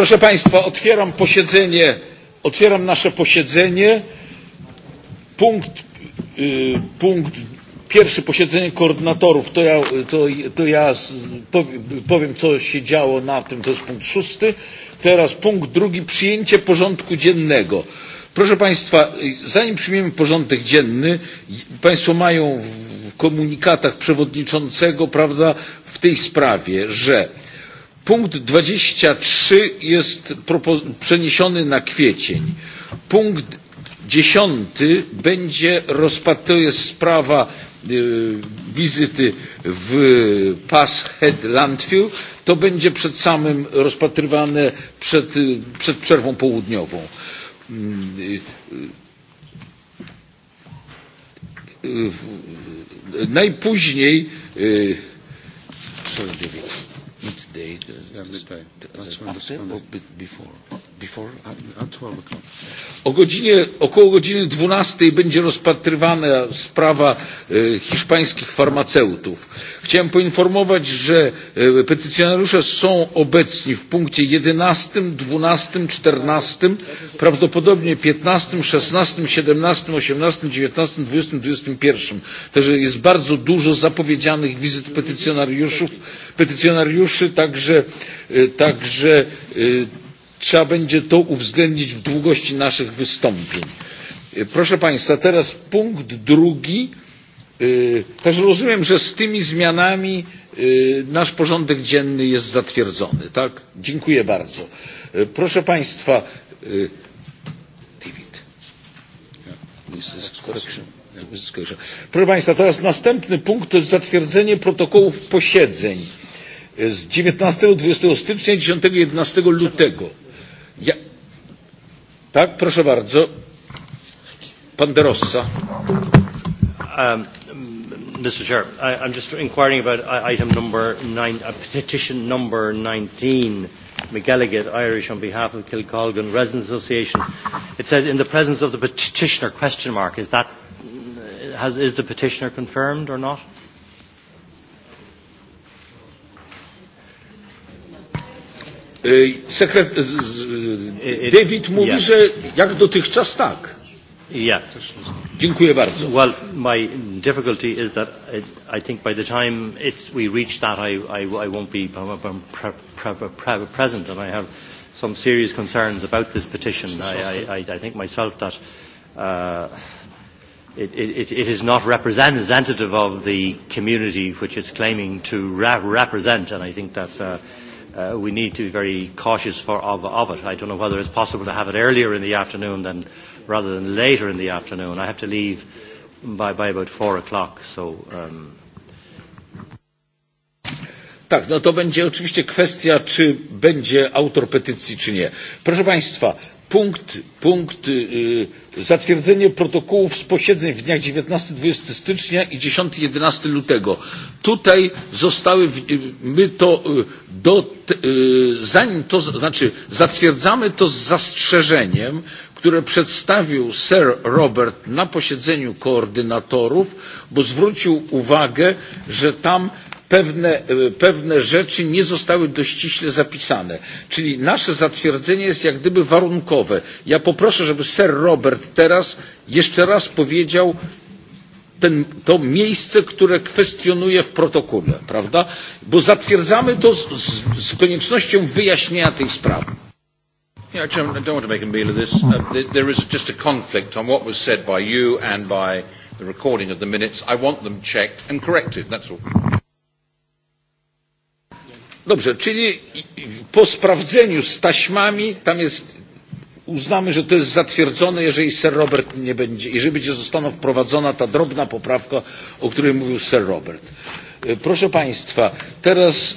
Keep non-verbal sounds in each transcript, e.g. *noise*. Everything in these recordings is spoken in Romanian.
Proszę Państwa, otwieram posiedzenie, otwieram nasze posiedzenie. Punkt, y, punkt pierwsze posiedzenie koordynatorów, to ja, to, to ja powiem, co się działo na tym, to jest punkt szósty. Teraz punkt drugi, przyjęcie porządku dziennego. Proszę Państwa, zanim przyjmiemy porządek dzienny, Państwo mają w komunikatach przewodniczącego, prawda, w tej sprawie, że Punkt 23 jest przeniesiony na kwiecień. Punkt 10 będzie rozpatruje sprawa y, wizyty w Pass Head Landfill. To będzie przed samym rozpatrywane przed, przed przerwą południową. Mm, y, y, najpóźniej co Which date? Uh, yeah, midday. That's when after or before? Before, at 12 o godzinie, około godziny 12 będzie rozpatrywana sprawa e, hiszpańskich farmaceutów. Chciałem poinformować, że e, petycjonariusze są obecni w punkcie 11, 12, 14, prawdopodobnie 15, 16, 17, 18, 19, 20, 21. Także jest bardzo dużo zapowiedzianych wizyt petycjonariuszy, także, e, także trzeba będzie to uwzględnić w długości naszych wystąpień. Proszę Państwa, teraz punkt drugi. Też rozumiem, że z tymi zmianami nasz porządek dzienny jest zatwierdzony, tak? Dziękuję bardzo. Proszę Państwa, David. Proszę Państwa, teraz następny punkt to jest zatwierdzenie protokołów posiedzeń z 19-20 stycznia i 10-11 lutego. Ja... Tak, proszę bardzo. Pan De Rossa. Um, Mr. Chair, I, I'm just inquiring about item number nine, uh, petition number 19. McGilligan, Irish, on behalf of Kilcolgan Residents Association. It says, in the presence of the petitioner, question mark, is that, has, is the petitioner confirmed or not? Sekret... David mówi, yeah. że jak dotychczas tak. Yeah. Dziękuję bardzo. Well, my difficulty is that I, think by the time it's, we reach that, I, I, I won't be pre, pre, pre, pre, present, and I have some serious concerns about this petition. I, I, I think myself that uh, it, it, it is not representative of the community which it's claiming to re represent, and I think that's. Uh, uh, we need to be very cautious for, of, of it. I don't know whether it's possible to have it earlier in the afternoon than, rather than later in the afternoon. I have to leave by, by about four o'clock, so... Um, Tak, no to będzie oczywiście kwestia, czy będzie autor petycji, czy nie. Proszę Państwa, punkt, punkt yy, zatwierdzenie protokołów z posiedzeń w dniach 19-20 stycznia i 10-11 lutego. Tutaj zostały, yy, my to yy, do, zanim to, znaczy zatwierdzamy to z zastrzeżeniem, które przedstawił Sir Robert na posiedzeniu koordynatorów, bo zwrócił uwagę, że tam pewne, pewne rzeczy nie zostały dość ściśle zapisane. Czyli nasze zatwierdzenie jest jak gdyby warunkowe. Ja poproszę, żeby Sir Robert teraz jeszcze raz powiedział, ten, to miejsce, które kwestionuje w protokole, prawda? Bo zatwierdzamy to z, z, z koniecznością wyjaśnienia tej sprawy. Yeah, Chairman, I don't want to make a meal of this. Uh, there is just a conflict on what was said by you and by the recording of the minutes. I want them checked and corrected, that's all. Dobrze, czyli po sprawdzeniu z taśmami tam jest, uznamy, że to jest zatwierdzone, jeżeli Sir Robert nie będzie, jeżeli będzie zostaną wprowadzona ta drobna poprawka, o której mówił Sir Robert. Proszę Państwa, teraz,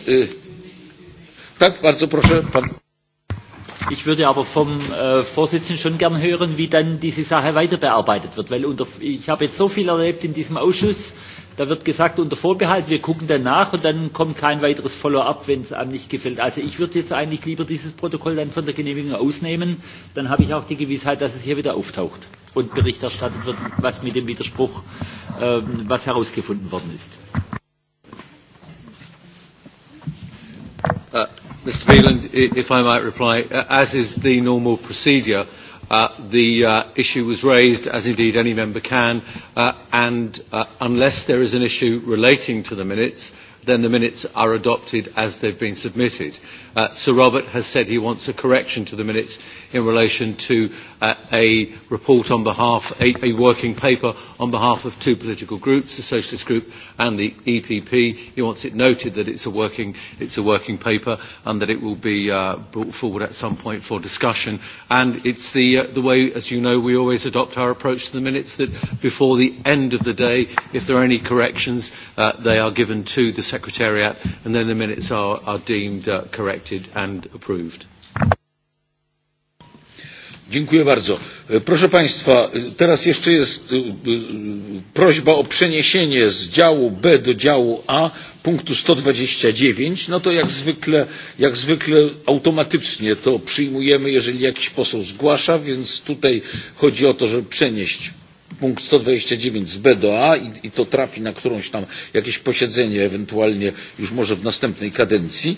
tak, bardzo proszę, Pan. Ich würde aber vom äh, Vorsitzenden schon gern hören, wie dann diese Sache weiter bearbeitet wird. Weil unter, ich habe jetzt so viel erlebt in diesem Ausschuss, da wird gesagt, unter Vorbehalt, wir gucken danach und dann kommt kein weiteres Follow-up, wenn es einem nicht gefällt. Also ich würde jetzt eigentlich lieber dieses Protokoll dann von der Genehmigung ausnehmen. Dann habe ich auch die Gewissheit, dass es hier wieder auftaucht und Bericht erstattet wird, was mit dem Widerspruch, äh, was herausgefunden worden ist. Uh. Mr. Veland, if I might reply, uh, as is the normal procedure, uh, the uh, issue was raised, as indeed any member can, uh, and uh, unless there is an issue relating to the minutes, then the minutes are adopted as they've been submitted. Uh, Uh, Sir Robert has said he wants a correction to the minutes in relation to uh, a report on behalf, a, a working paper on behalf of two political groups, the Socialist Group and the EPP. He wants it noted that it's a working, it's a working paper and that it will be uh, brought forward at some point for discussion. And it's the, uh, the way, as you know, we always adopt our approach to the minutes that before the end of the day, if there are any corrections, uh, they are given to the Secretariat and then the minutes are, are deemed uh, correct rejected and approved. Dziękuję bardzo. Proszę Państwa, teraz jeszcze jest prośba o przeniesienie z działu B do działu A punktu 129. No to jak zwykle, jak zwykle automatycznie to przyjmujemy, jeżeli jakiś poseł zgłasza, więc tutaj chodzi o to, żeby przenieść punkt 129 z B do A i, i to trafi na którąś tam jakieś posiedzenie, ewentualnie już może w następnej kadencji.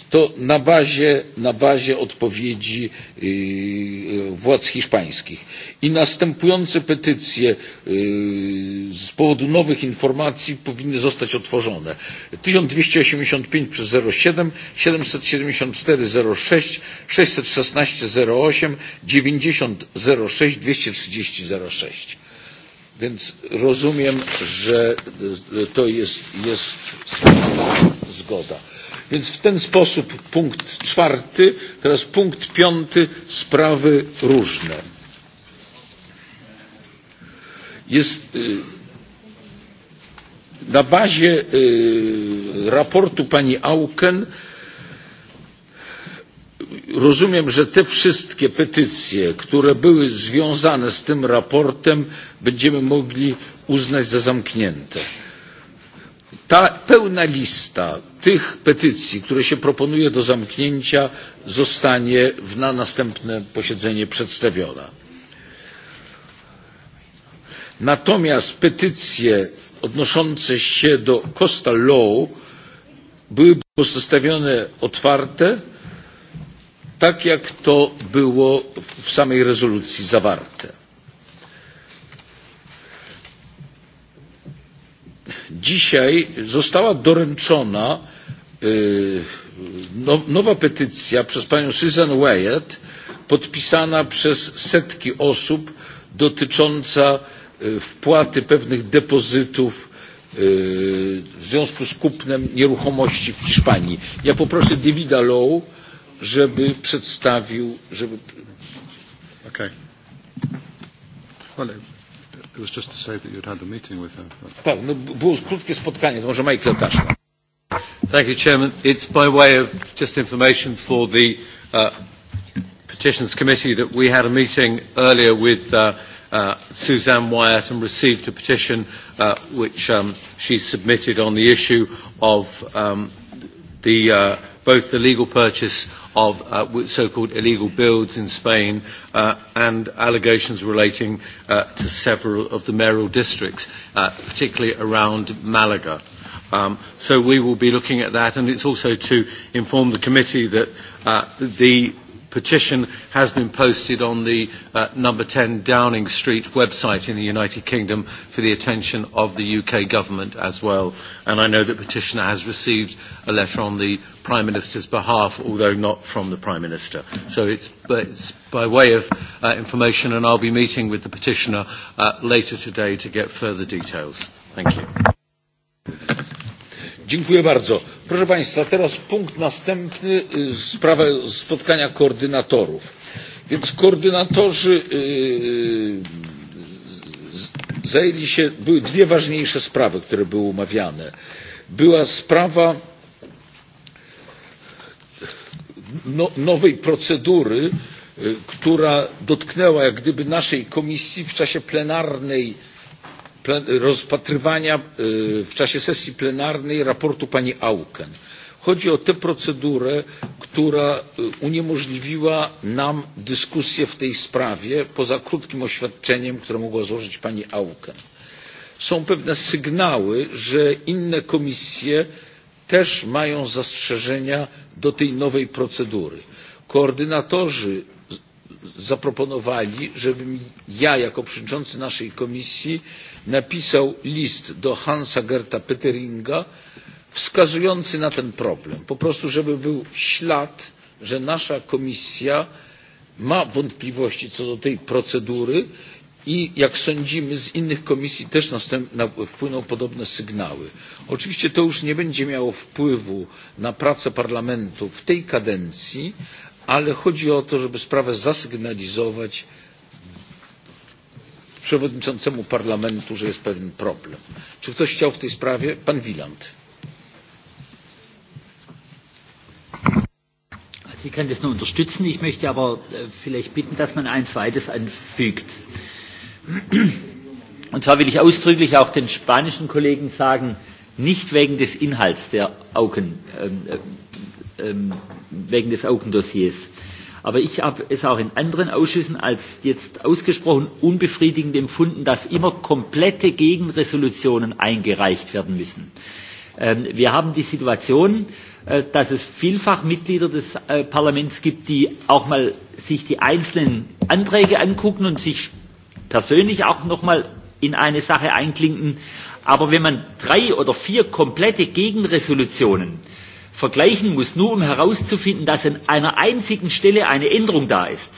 to na bazie, na bazie odpowiedzi władz hiszpańskich. I następujące petycje z powodu nowych informacji powinny zostać otworzone. 1285 przez 07, 774 06, 616 08, 90 06, 230 06. Więc rozumiem, że to jest, jest zgoda. Więc w ten sposób punkt czwarty, teraz punkt piąty, sprawy różne. Jest na bazie raportu pani Auken rozumiem, że te wszystkie petycje, które były związane z tym raportem, będziemy mogli uznać za zamknięte. Ta pełna lista tych petycji, które się proponuje do zamknięcia, zostanie na następne posiedzenie przedstawiona. Natomiast petycje odnoszące się do Costa Law były pozostawione otwarte, tak jak to było w samej rezolucji zawarte. dzisiaj została doręczona nowa petycja przez panią Susan Wyatt podpisana przez setki osób dotycząca wpłaty pewnych depozytów w związku z kupnem nieruchomości w Hiszpanii. Ja poproszę Davida Lowe, żeby przedstawił, żeby... Okay. Hello. It was just to say that you'd had a meeting with her. Tak, no, było krótkie spotkanie, to może Michael też. Thank you, Chairman. It's by way of just information for the uh, Petitions Committee that we had a meeting earlier with uh, uh, Suzanne Wyatt and received a petition uh, which um, she submitted on the issue of um, the, uh, both the legal purchase of uh, so-called illegal builds in Spain uh, and allegations relating uh, to several of the mayoral districts, uh, particularly around Malaga. Um, so we will be looking at that, and it's also to inform the committee that uh, the petition has been posted on the uh, number 10 Downing Street website in the United Kingdom for the attention of the UK government as well. And I know that petitioner has received a letter on the Prime Minister's behalf, although not from the Prime Minister. So it's, it's by way of uh, information, and I'll be meeting with the petitioner uh, later today to get further details. Thank you. Dziękuję bardzo. Proszę Państwa, teraz punkt następny, sprawa spotkania koordynatorów. Więc koordynatorzy zajęli się, były dwie ważniejsze sprawy, które były umawiane. Była sprawa no, nowej procedury, która dotknęła jak gdyby naszej komisji w czasie plenarnej rozpatrywania w czasie sesji plenarnej raportu pani Auken. Chodzi o tę procedurę, która uniemożliwiła nam dyskusję w tej sprawie poza krótkim oświadczeniem, które mogła złożyć pani Auken. Są pewne sygnały, że inne komisje też mają zastrzeżenia do tej nowej procedury. Koordynatorzy zaproponowali, żebym ja jako przewodniczący naszej komisji napisał list do Hansa Gerta Peteringa wskazujący na ten problem. Po prostu, żeby był ślad, że nasza komisja ma wątpliwości co do tej procedury i jak sądzimy z innych komisji też wpłyną podobne sygnały. Oczywiście to już nie będzie miało wpływu na pracę parlamentu w tej kadencji, ale chodzi o to, żeby sprawę zasygnalizować przewodniczącemu parlamentu, że jest pewien problem. Czy ktoś chciał w tej sprawie? Pan Wiland. Sie können das nur unterstützen. Ich möchte aber äh, vielleicht bitten, dass man ein zweites anfügt. Und zwar will ich ausdrücklich auch den spanischen Kollegen sagen, nicht wegen des Inhalts der Augen, ähm, ähm, ähm wegen des Augendossiers. Aber ich habe es auch in anderen Ausschüssen als jetzt ausgesprochen unbefriedigend empfunden, dass immer komplette Gegenresolutionen eingereicht werden müssen. Ähm, wir haben die Situation, äh, dass es vielfach Mitglieder des äh, Parlaments gibt, die auch mal sich die einzelnen Anträge angucken und sich persönlich auch noch mal in eine Sache einklinken. Aber wenn man drei oder vier komplette Gegenresolutionen äh, vergleichen muss, nur um herauszufinden, dass an einer einzigen Stelle eine Änderung da ist.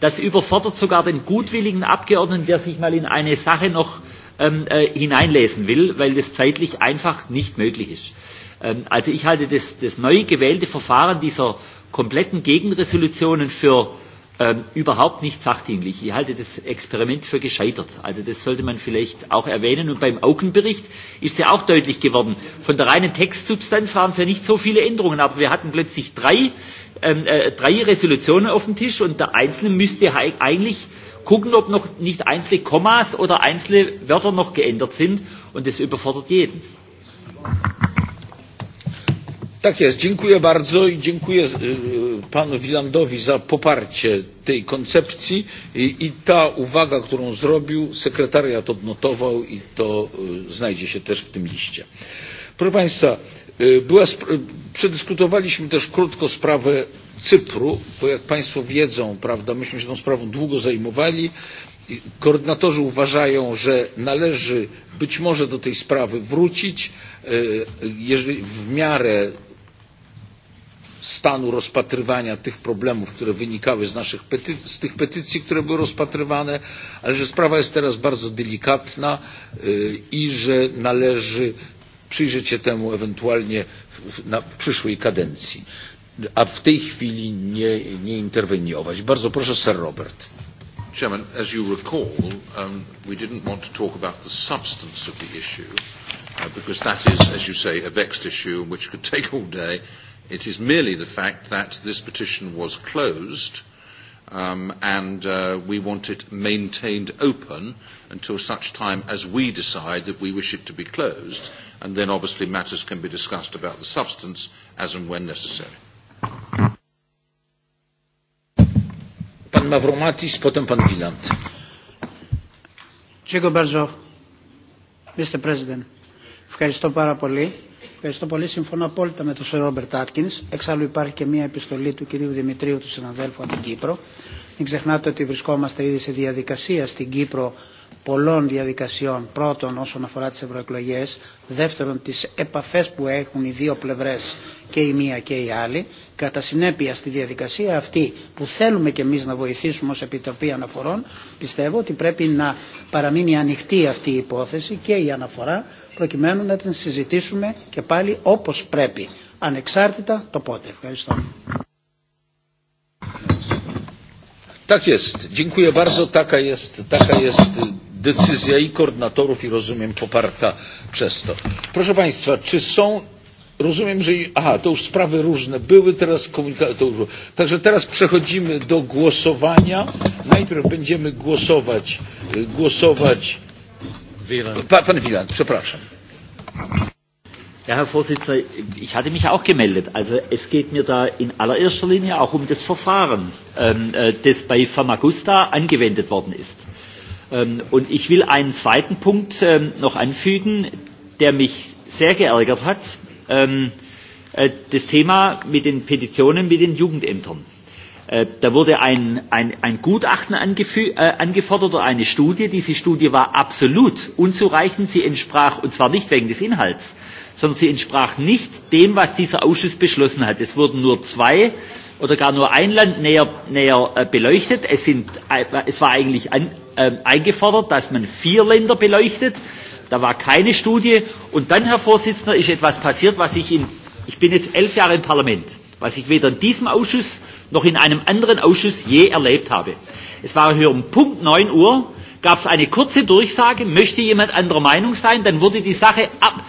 Das überfordert sogar den gutwilligen Abgeordneten, der sich mal in eine Sache noch ähm, äh, hineinlesen will, weil das zeitlich einfach nicht möglich ist. Ähm, also ich halte das, das neu gewählte Verfahren dieser kompletten Gegenresolutionen für äh, Ähm, überhaupt nicht sachdienlich. Ich halte das Experiment für gescheitert. Also das sollte man vielleicht auch erwähnen. Und beim Augenbericht ist ja auch deutlich geworden. Von der reinen Textsubstanz waren es ja nicht so viele Änderungen, aber wir hatten plötzlich drei, ähm, äh, drei Resolutionen auf dem Tisch und der Einzelne müsste eigentlich gucken, ob noch nicht einzelne Kommas oder einzelne Wörter noch geändert sind. Und das überfordert jeden. Thank you. Tak jest. Dziękuję bardzo i dziękuję panu Wilandowi za poparcie tej koncepcji i, i ta uwaga, którą zrobił, sekretariat odnotował i to znajdzie się też w tym liście. Proszę państwa, była, przedyskutowaliśmy też krótko sprawę Cypru, bo jak państwo wiedzą, prawda, myśmy się tą sprawą długo zajmowali. Koordynatorzy uważają, że należy być może do tej sprawy wrócić, jeżeli w miarę stanu rozpatrywania tych problemów, które wynikały z, naszych pety z tych petycji, które były rozpatrywane, ale że sprawa jest teraz bardzo delikatna i że należy przyjrzeć się temu ewentualnie w, na, w przyszłej kadencji, a w tej chwili nie, nie interweniować. Bardzo proszę, Sir Robert. Chairman, as you recall, um, we didn't want to talk about the substance of the issue, uh, because that is, as you say, a vexed issue which could take all day It is merely the fact that this petition was closed um, and uh, we want it maintained open until such time as we decide that we wish it to be closed and then obviously matters can be discussed about the substance as and when necessary. Pan Mavromatis, potem pan Wiland. Dziękuję bardzo, Mr. President. Ευχαριστώ πάρα πολύ. Ευχαριστώ πολύ. Συμφωνώ απόλυτα με τον Σερ Ρόμπερτ Άτκιν. Εξάλλου υπάρχει και μια επιστολή του κυρίου Δημητρίου, του συναδέλφου από την Κύπρο. Μην ξεχνάτε ότι βρισκόμαστε ήδη σε διαδικασία στην Κύπρο πολλών διαδικασιών. Πρώτον όσον αφορά τις ευρωεκλογέ, δεύτερον τις επαφές που έχουν οι δύο πλευρές και η μία και η άλλη. Κατά συνέπεια στη διαδικασία αυτή που θέλουμε και εμείς να βοηθήσουμε ως Επιτροπή Αναφορών πιστεύω ότι πρέπει να παραμείνει ανοιχτή αυτή η υπόθεση και η αναφορά προκειμένου να την συζητήσουμε και πάλι όπως πρέπει ανεξάρτητα το πότε. Ευχαριστώ. Tak jest. Dziękuję bardzo. Taka jest, taka jest decyzja i koordynatorów i rozumiem poparta przez to. Proszę Państwa, czy są rozumiem, że aha, to już sprawy różne były, teraz komunikaty Także teraz przechodzimy do głosowania. Najpierw będziemy głosować głosować pa, pan Wilan, przepraszam. Ja, Herr Vorsitzender, ich hatte mich auch gemeldet. Also es geht mir da in allererster Linie auch um das Verfahren, ähm, äh, das bei Famagusta angewendet worden ist. Ähm, und ich will einen zweiten Punkt ähm, noch anfügen, der mich sehr geärgert hat. Ähm, äh, das Thema mit den Petitionen mit den Jugendämtern. Äh, da wurde ein, ein, ein Gutachten äh, angefordert oder eine Studie. Diese Studie war absolut unzureichend. Sie entsprach, und zwar nicht wegen des Inhalts, sondern sie entsprach nicht dem, was dieser Ausschuss beschlossen hat. Es wurden nur zwei oder gar nur ein Land näher, näher äh, beleuchtet. Es, sind, es war eigentlich an, äh, eingefordert, dass man vier Länder beleuchtet. Da war keine Studie. Und dann, Herr Vorsitzender, ist etwas passiert, was ich in, ich bin jetzt elf Jahre im Parlament, was ich weder in diesem Ausschuss noch in einem anderen Ausschuss je erlebt habe. Es war hier um Punkt 9 Uhr, gab es eine kurze Durchsage, möchte jemand anderer Meinung sein, dann wurde die Sache ab,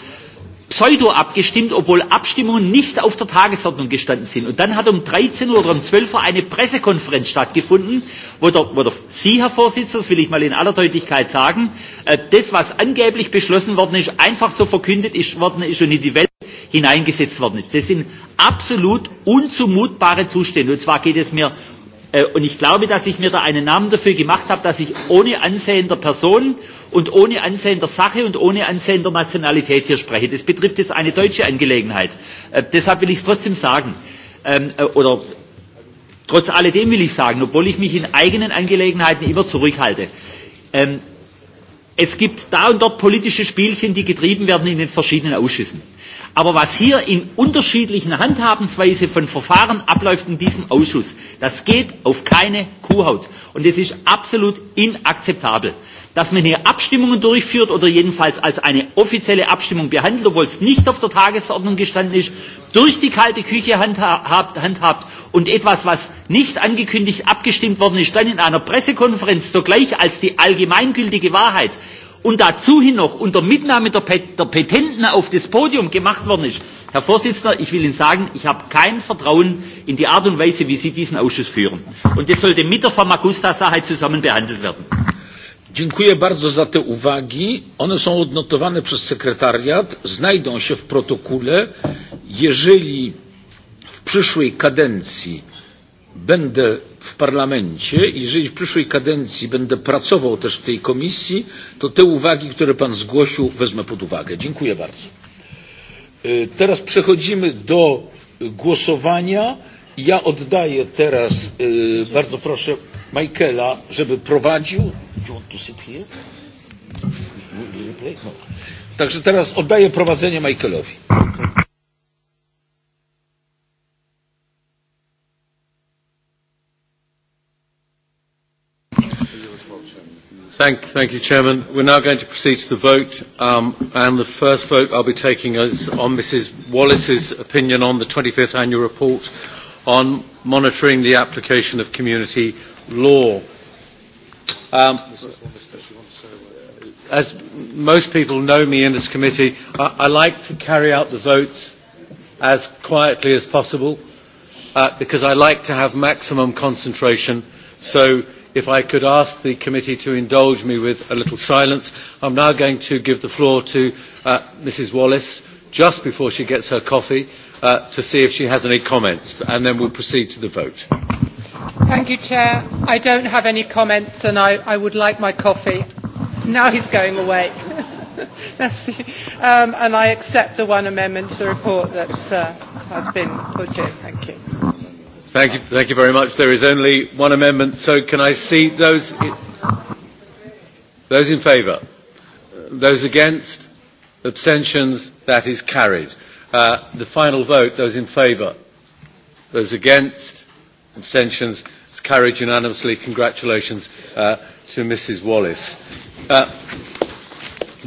pseudo abgestimmt, obwohl Abstimmungen nicht auf der Tagesordnung gestanden sind. Und dann hat um 13 Uhr oder um 12 Uhr eine Pressekonferenz stattgefunden, wo, der, wo der Sie, Herr Vorsitzender, das will ich mal in aller Deutlichkeit sagen, äh, das, was angeblich beschlossen worden ist, einfach so verkündet ist, worden ist und in die Welt hineingesetzt worden ist. Das sind absolut unzumutbare Zustände. Und zwar geht es mir äh, und ich glaube, dass ich mir da einen Namen dafür gemacht habe, dass ich ohne Ansehen der Person und ohne Ansehen der Sache und ohne Ansehen der Nationalität hier spreche. Das betrifft jetzt eine deutsche Angelegenheit. Äh, deshalb will ich es trotzdem sagen. Ähm, äh, oder trotz alledem will ich sagen, obwohl ich mich in eigenen Angelegenheiten immer zurückhalte. Ähm, es gibt da und dort politische Spielchen, die getrieben werden in den verschiedenen Ausschüssen. Aber was hier in unterschiedlichen Handhabensweise von Verfahren abläuft in diesem Ausschuss, das geht auf keine Kuhhaut. Und es ist absolut inakzeptabel. Dass man hier Abstimmungen durchführt oder jedenfalls als eine offizielle Abstimmung behandelt, obwohl es nicht auf der Tagesordnung gestanden ist, durch die kalte Küche handhabt, handhabt und etwas, was nicht angekündigt abgestimmt worden ist, dann in einer Pressekonferenz sogleich als die allgemeingültige Wahrheit und dazu hin noch unter Mitnahme der, Pet der Petenten auf das Podium gemacht worden ist. Herr Vorsitzender, ich will Ihnen sagen, ich habe kein Vertrauen in die Art und Weise, wie Sie diesen Ausschuss führen. Und das sollte mit der Famagusta-Sache zusammen behandelt werden. Dziękuję bardzo za te uwagi. One są odnotowane przez sekretariat, znajdą się w protokole. Jeżeli w przyszłej kadencji będę w parlamencie i jeżeli w przyszłej kadencji będę pracował też w tej komisji, to te uwagi, które Pan zgłosił, wezmę pod uwagę. Dziękuję bardzo. Teraz przechodzimy do głosowania. Ja oddaję teraz, bardzo proszę, Michaela, żeby prowadził. Także teraz oddaję prowadzenie Michaelowi. Okay. Thank, thank you, Chairman. We're now going to proceed to the vote, um, and the first vote I'll be taking is on Mrs. Wallace's opinion on the 25th annual report on monitoring the application of community law. Um, as most people know me in this committee, I, I like to carry out the votes as quietly as possible uh, because I like to have maximum concentration. So if I could ask the committee to indulge me with a little silence. I'm now going to give the floor to uh, Mrs Wallace just before she gets her coffee uh, to see if she has any comments and then we'll proceed to the vote. Thank you, Chair. I don't have any comments and I, I would like my coffee. Now he's going away. *laughs* um, and I accept the one amendment to the report that uh, has been put in. Thank you. Thank you, thank you very much. There is only one amendment, so can I see those, those in favour? Those against? Abstentions? That is carried. Uh, the final vote, those in favour? Those against? Abstentions? It's carried unanimously. Congratulations uh, to Mrs. Wallace. Uh,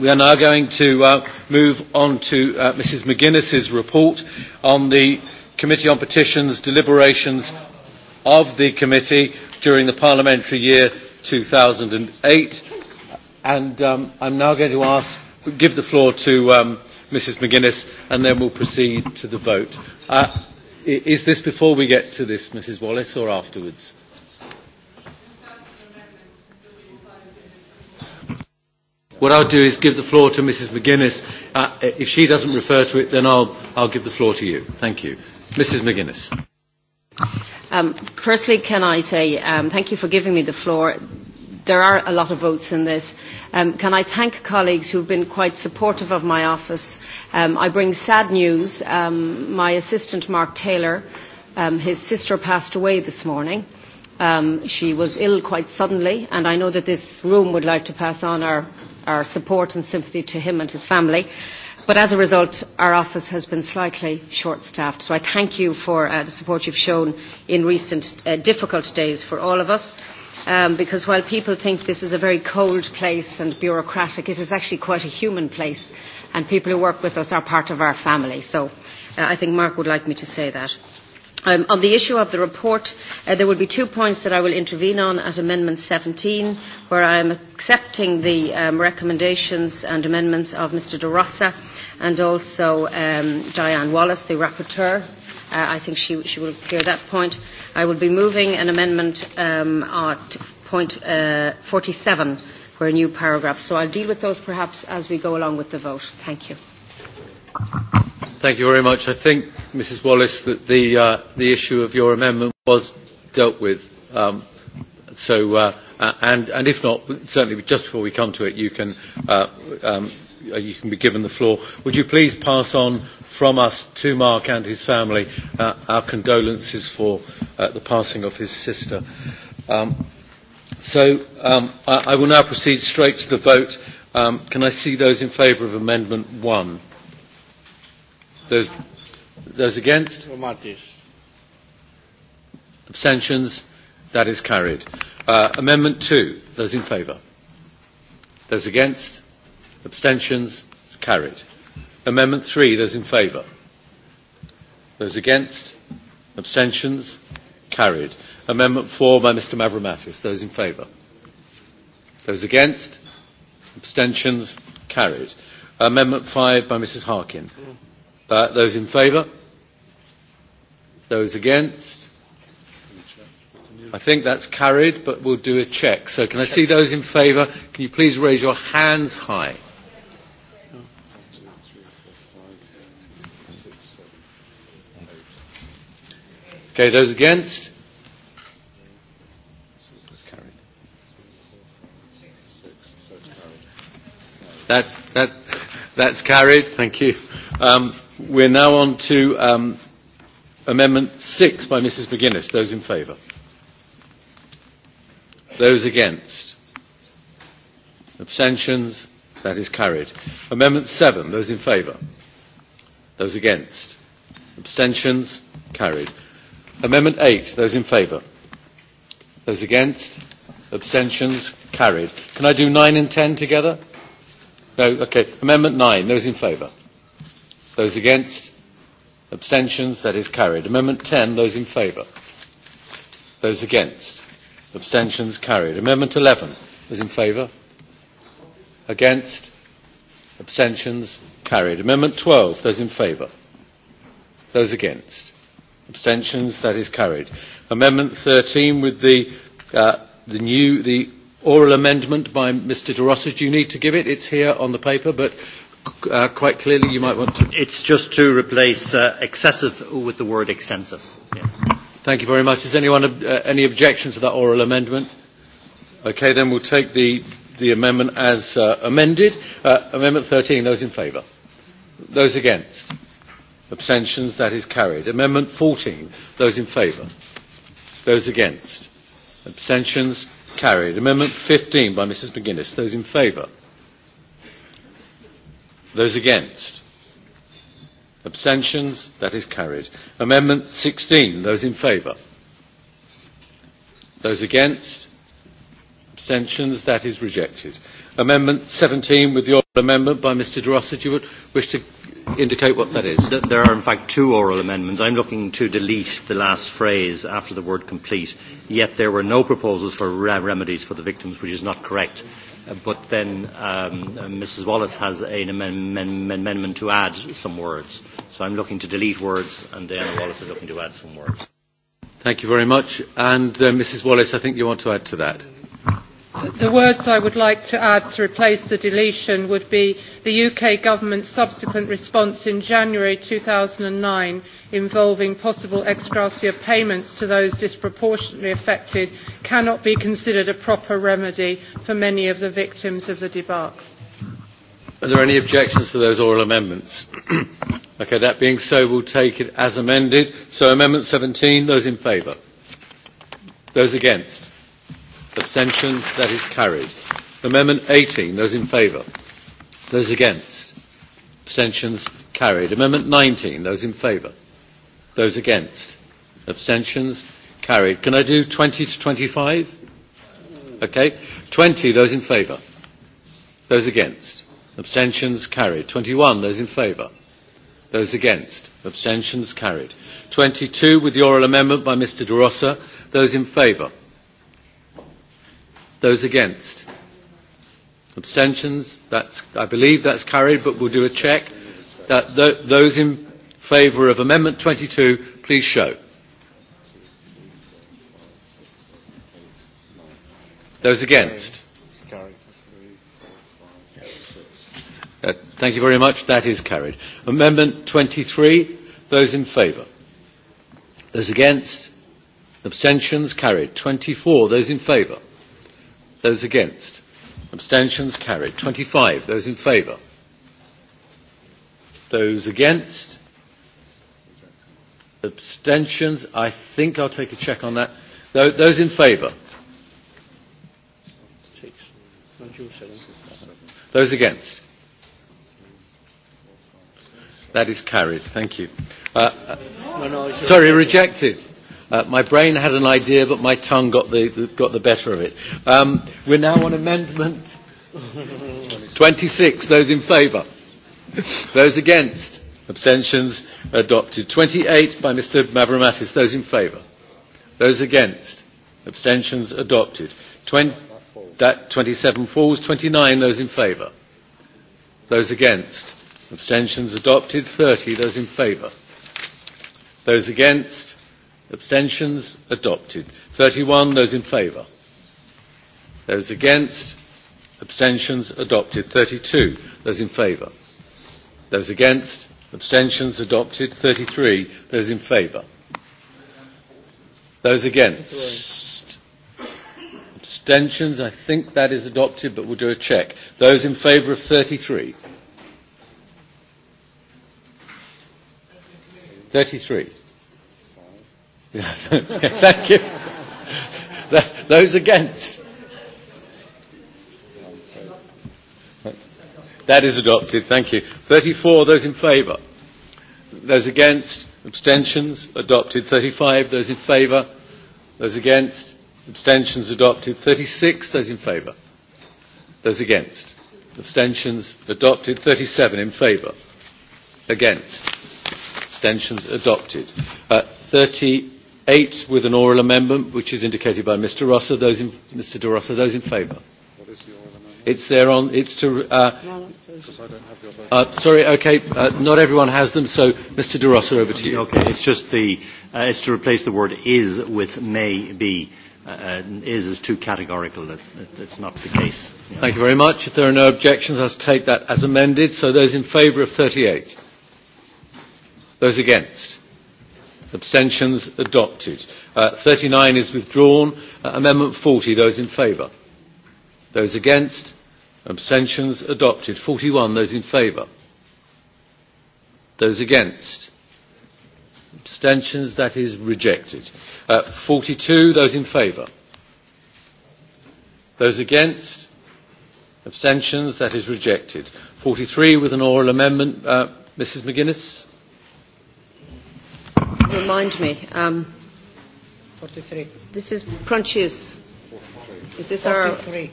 we are now going to uh, move on to uh, Mrs. McGuinness's report on the Committee on Petitions deliberations of the committee during the parliamentary year 2008. And um, I'm now going to ask, give the floor to um, Mrs McGuinness and then we'll proceed to the vote. Uh, is this before we get to this, Mrs Wallace, or afterwards? What I'll do is give the floor to Mrs McGuinness. Uh, if she doesn't refer to it, then I'll, I'll give the floor to you. Thank you. Mrs. McGuinness. Um, firstly, can I say um, thank you for giving me the floor. There are a lot of votes in this. Um, can I thank colleagues who have been quite supportive of my office? Um, I bring sad news. Um, my assistant, Mark Taylor, um, his sister passed away this morning. Um, she was ill quite suddenly, and I know that this room would like to pass on our, our support and sympathy to him and his family. But as a result, our office has been slightly short-staffed. So I thank you for uh, the support you've shown in recent uh, difficult days for all of us. Um, because while people think this is a very cold place and bureaucratic, it is actually quite a human place. And people who work with us are part of our family. So uh, I think Mark would like me to say that. Um, on the issue of the report, uh, there will be two points that I will intervene on at Amendment 17, where I am accepting the um, recommendations and amendments of Mr De Rossa and also um, Diane Wallace, the rapporteur. Uh, I think she, she will hear that point. I will be moving an amendment um, at point uh, 47 for a new paragraph. So I'll deal with those perhaps as we go along with the vote. Thank you. Thank you very much. I think, Mrs Wallace, that the, uh, the issue of your amendment was dealt with. Um, so, uh, and, and if not, certainly just before we come to it, you can uh, um, Uh, you can be given the floor. Would you please pass on from us to Mark and his family uh, our condolences for uh, the passing of his sister. Um, so um, I, I will now proceed straight to the vote. Um, can I see those in favour of Amendment 1? Those, those against? Abstentions? That is carried. Uh, amendment 2. Those in favour? Those against? Abstentions? It's carried. Amendment 3, those in favour? Those against? Abstentions? Carried. Amendment 4 by Mr Mavromatis. Those in favour? Those against? Abstentions? Carried. Amendment 5 by Mrs Harkin. Uh, those in favour? Those against? I think that's carried, but we'll do a check. So can I see those in favour? Can you please raise your hands high? Okay, those against? That, that, that's carried. Thank you. Um, we're now on to um, Amendment 6 by Mrs McGuinness. Those in favour? Those against? Abstentions? That is carried. Amendment 7. Those in favour? Those against? Abstentions? Carried. Amendment 8, those in favour? Those against? Abstentions? Carried. Can I do 9 and 10 together? No, okay. Amendment 9, those in favour? Those against? Abstentions? That is carried. Amendment 10, those in favour? Those against? Abstentions? Carried. Amendment 11, those in favour? Against? Abstentions? Carried. Amendment 12, those in favour? Those against? Abstentions? That is carried. Amendment 13 with the, uh, the new, the oral amendment by Mr. De Rossi. Do you need to give it? It's here on the paper, but uh, quite clearly you might want to. It's just to replace uh, excessive with the word extensive. Yeah. Thank you very much. Is anyone uh, any objection to that oral amendment? Okay, then we'll take the, the amendment as uh, amended. Uh, amendment 13, those in favour. Those against? Abstentions? That is carried. Amendment 14. Those in favour? Those against? Abstentions? Carried. Amendment 15 by Mrs McGuinness. Those in favour? Those against? Abstentions? That is carried. Amendment 16. Those in favour? Those against? Abstentions? That is rejected. Amendment 17 with the oral amendment by Mr de Rossa. Do you wish to indicate what that is? There are, in fact, two oral amendments. I'm looking to delete the last phrase after the word complete, yet there were no proposals for re- remedies for the victims, which is not correct. Uh, but then um, uh, Mrs. Wallace has an amendment, amendment to add some words. So I'm looking to delete words, and Diana Wallace is looking to add some words. Thank you very much. And uh, Mrs. Wallace, I think you want to add to that the words I would like to add to replace the deletion would be the UK government's subsequent response in January 2009 involving possible ex gratia payments to those disproportionately affected cannot be considered a proper remedy for many of the victims of the debacle. Are there any objections to those oral amendments? *clears throat* okay, that being so, we'll take it as amended. So amendment 17, those in favour? Those against? Abstentions? That is carried. Amendment 18. Those in favour? Those against? Abstentions? Carried. Amendment 19. Those in favour? Those against? Abstentions? Carried. Can I do 20 to 25? Okay. 20. Those in favour? Those against? Abstentions? Carried. 21. Those in favour? Those against? Abstentions? Carried. 22 with the oral amendment by Mr De Those in favour? Those against? Abstentions? That's, I believe that's carried, but we'll do a check. That, th those in favour of Amendment 22, please show. Those against? Uh, thank you very much. That is carried. Amendment 23. Those in favour? Those against? Abstentions? Carried. 24. Those in favour? Those against? Abstentions carried. 25. Those in favour? Those against? Abstentions? I think I'll take a check on that. Those in favour? Those against? That is carried. Thank you. Uh, uh sorry, rejected. Uh, my brain had an idea, but my tongue got the, got the better of it. Um, we're now on amendment 26. Those in favour? Those against? Abstentions adopted. 28 by Mr Mavromatis. Those in favour? Those against? Abstentions adopted. 20, that 27 falls. 29. Those in favour? Those against? Abstentions adopted. 30. Those in favour? Those against? Abstentions? Adopted. 31. Those in favour? Those against? Abstentions? Adopted. 32. Those in favour? Those against? Abstentions? Adopted. 33. Those in favour? Those against? Abstentions? I think that is adopted, but we'll do a check. Those in favour of 33? 33. *laughs* Thank you. Those against? That is adopted. Thank you. 34, those in favour. Those against? Abstentions? Adopted. 35, those in favour. Those against? Abstentions? Adopted. 36, those in favour. Those against? Abstentions? Adopted. 37, in favour. Against? Abstentions? Adopted. Uh, 38. 8 with an oral amendment, which is indicated by Mr. Rossa. Those in, Mr. De Rossa, those in favour? What is the oral amendment? It's there on. It's to. Uh, no, I don't have your vote. Uh, sorry. Okay. Uh, not everyone has them. So, Mr. De Rossa, over to you. Okay. It's just the. Uh, it's to replace the word "is" with "may be." Uh, uh is is too categorical. That, that, that's not the case. Yeah. Thank you very much. If there are no objections, I'll take that as amended. So, those in favour of 38. Those against. Abstentions? Adopted. Uh, 39 is withdrawn. Uh, amendment 40, those in favour? Those against? Abstentions? Adopted. 41, those in favour? Those against? Abstentions? That is rejected. Uh, 42, those in favour? Those against? Abstentions? That is rejected. 43 with an oral amendment. Uh, Mrs McGuinness? remind me. Um, 43. This is Crunchy's. Is this 43.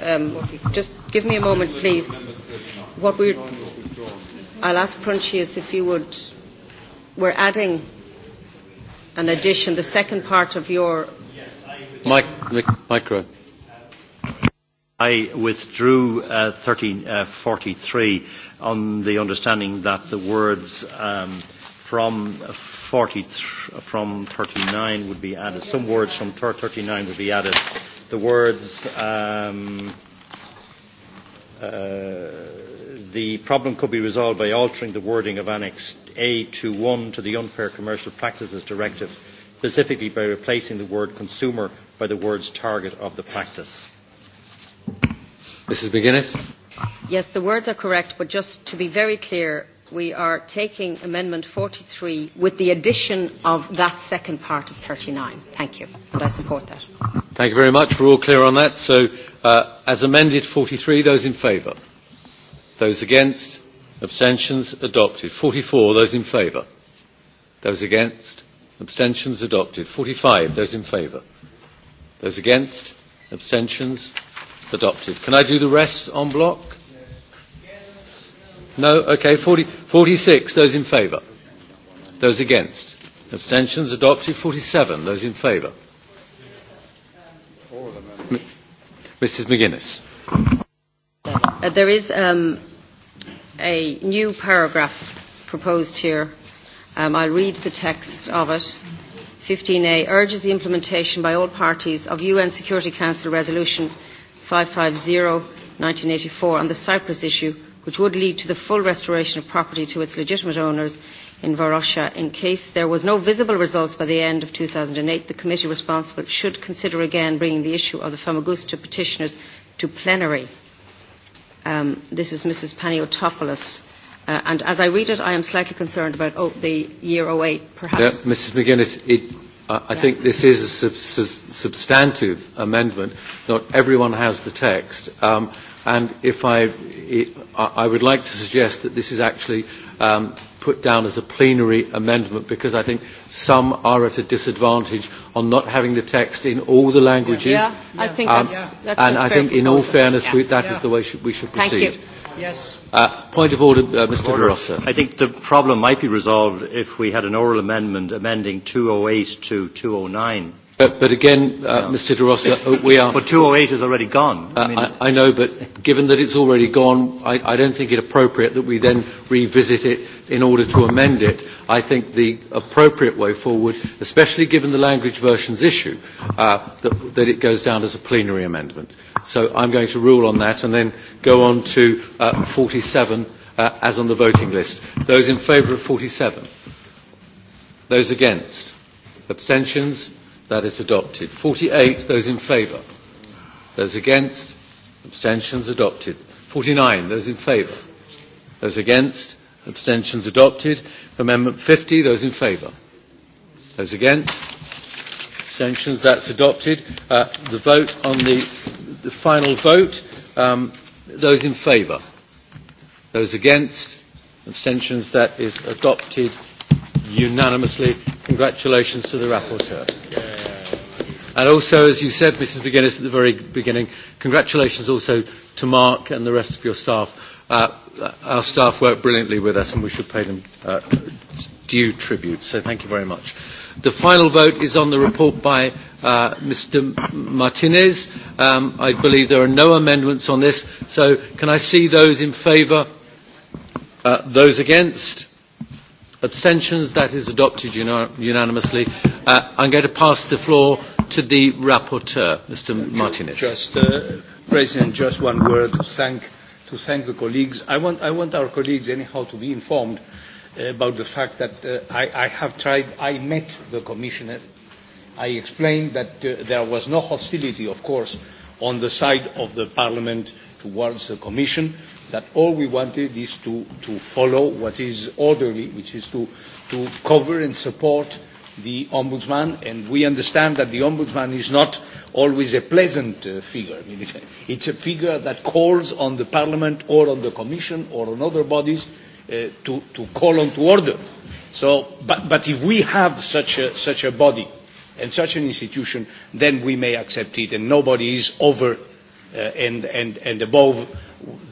our... Um, 43. Just give me a moment, please. What we? I'll ask Prunchius if you would... We're adding an addition, the second part of your... Mic, mic, micro. I withdrew uh, 13, uh, 43 on the understanding that the words um, from 40 from 39 would be added. Some words from 39 would be added. The words um, uh, the problem could be resolved by altering the wording of Annex A to 1 to the Unfair Commercial Practices Directive, specifically by replacing the word consumer by the words target of the practice. Mrs McGuinness? Yes, the words are correct, but just to be very clear, we are taking Amendment 43 with the addition of that second part of 39. Thank you, and I support that. Thank you very much. We're all clear on that. So, uh, as amended 43, those in favour? Those against? Abstentions? Adopted. 44, those in favour? Those against? Abstentions? Adopted. 45, those in favour? Those against? Abstentions? Adopted. Can I do the rest en bloc? No? Okay, 40, 46, those in favour. Those against. Abstentions adopted. 47, those in favour. Mrs McGuinness. Uh, there is um, a new paragraph proposed here. Um, I'll read the text of it. 15A urges the implementation by all parties of UN Security Council Resolution 550 1984 on the Cyprus issue which would lead to the full restoration of property to its legitimate owners in Varosha. In case there was no visible results by the end of 2008, the committee responsible should consider again bringing the issue of the Famagusta petitioners to plenary. Um, this is Mrs. Paniotopoulos. Uh, and as I read it, I am slightly concerned about oh, the year 08, perhaps. Yeah, Mrs. McGuinness, it, uh, I yeah. think this is a sub- sub- substantive amendment. Not everyone has the text. Um, And if I, I would like to suggest that this is actually um, put down as a plenary amendment because I think some are at a disadvantage on not having the text in all the languages. Yeah, yeah. I think um, that's, that's And I think, proposal. in all fairness, yeah. we, that yeah. is the way should, we should proceed. Thank you. Yes. Uh, point of order, uh, Mr. Order. Verossa. I think the problem might be resolved if we had an oral amendment amending 208 to 209 But, but again, uh, Mr. De Rossa, uh, we are. But 208 is already gone. Uh, I, mean, I, I know, but given that it's already gone, I, I don't think it appropriate that we then revisit it in order to amend it. I think the appropriate way forward, especially given the language versions issue, uh, that, that it goes down as a plenary amendment. So I'm going to rule on that and then go on to uh, 47 uh, as on the voting list. Those in favour of 47? Those against? Abstentions? That is adopted. 48, those in favour. Those against, abstentions adopted. 49, those in favour. Those against, abstentions adopted. Amendment 50, those in favour. Those against, abstentions, that's adopted. Uh, the vote on the, the final vote, um, those in favour. Those against, abstentions, that is adopted unanimously. Congratulations to the rapporteur. Yeah. And also, as you said, Mrs. McGuinness, at the very beginning, congratulations also to Mark and the rest of your staff. Uh, our staff work brilliantly with us and we should pay them uh, due tribute. So thank you very much. The final vote is on the report by uh, Mr. Martinez. Um, I believe there are no amendments on this. So can I see those in favour? Uh, those against? Abstentions? That is adopted unan unanimously. Uh, I'm going to pass the floor to the rapporteur, Mr. Martinez. Just, uh, President, just one word to thank, to thank the colleagues. I want, I want our colleagues, anyhow, to be informed uh, about the fact that uh, I, I have tried, I met the Commissioner. I explained that uh, there was no hostility, of course, on the side of the Parliament towards the Commission, that all we wanted is to, to follow what is orderly, which is to, to cover and support the Ombudsman, and we understand that the Ombudsman is not always a pleasant uh, figure. I mean, it's, a, it's a figure that calls on the Parliament or on the Commission or on other bodies uh, to, to call on to order. So, but, but if we have such a, such a body and such an institution, then we may accept it, and nobody is over uh, and, and, and above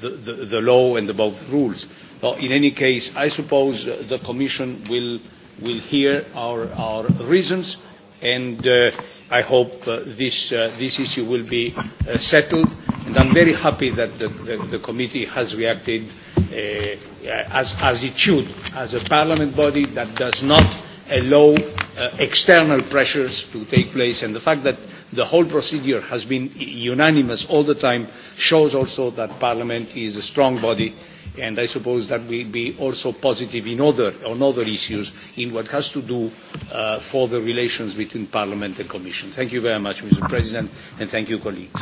the, the, the law and above the rules. So in any case, I suppose uh, the Commission will will hear our, our reasons and uh, I hope uh, this, uh, this issue will be uh, settled. And I'm very happy that the, the, the committee has reacted uh, as, as it should, as a parliament body that does not allow uh, external pressures to take place. And the fact that the whole procedure has been unanimous all the time shows also that parliament is a strong body and I suppose that will be also positive in other, on other issues in what has to do uh, for the relations between Parliament and Commission. Thank you very much, Mr. President, and thank you, colleagues.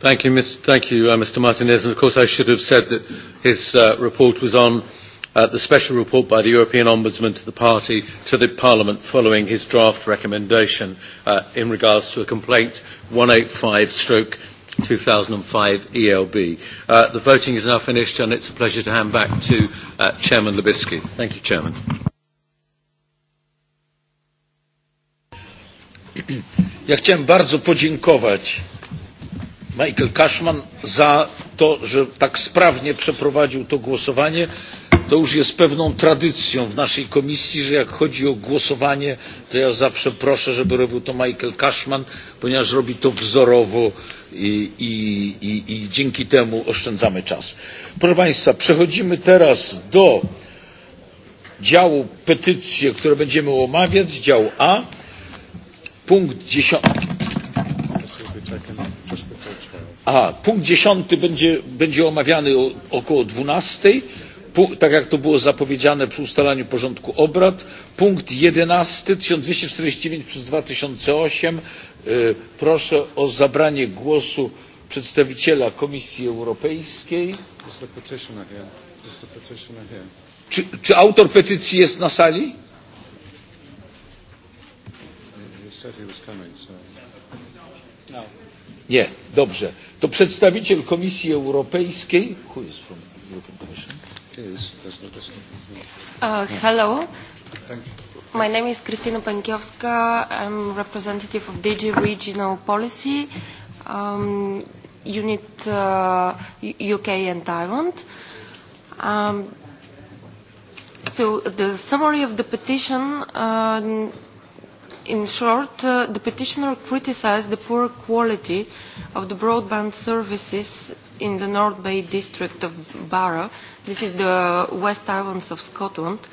Thank you, Mr. Thank you, uh, Mr. Martinez. And of course, I should have said that his uh, report was on uh, the special report by the European Ombudsman to the party to the Parliament following his draft recommendation uh, in regards to a complaint 185 stroke 2005 ELB. Uh, the voting is now finished and it's a pleasure to hand back to uh, Chairman Libisky. Thank you, Chairman. *clears throat* Ja chciałem bardzo podziękować Michael Cashman za to, że tak sprawnie przeprowadził to głosowanie. To już jest pewną tradycją w naszej komisji, że jak chodzi o głosowanie, to ja zawsze proszę, żeby robił to Michael Cashman, ponieważ robi to wzorowo, i, i, i dzięki temu oszczędzamy czas. Proszę Państwa, przechodzimy teraz do działu petycje, które będziemy omawiać, dział A, punkt 10. A, punkt dziesiąty będzie, będzie omawiany o, około dwunastej, tak jak to było zapowiedziane przy ustalaniu porządku obrad. Punkt jedenasty, 1249 przez 2008 proszę o zabranie głosu przedstawiciela Komisji Europejskiej. Czy, czy autor petycji jest na sali? Nie, dobrze. To przedstawiciel Komisji Europejskiej. Who is from European Commission? Uh, hello. Thank you. My name is Kristina Pankiewska. I'm representative of DG Regional Policy, um, Unit uh, UK and Taiwan. Um, so the summary of the petition, uh, in short, uh, the petitioner criticized the poor quality of the broadband services in the North Bay district of Barra. This is the West Islands of Scotland. Uh,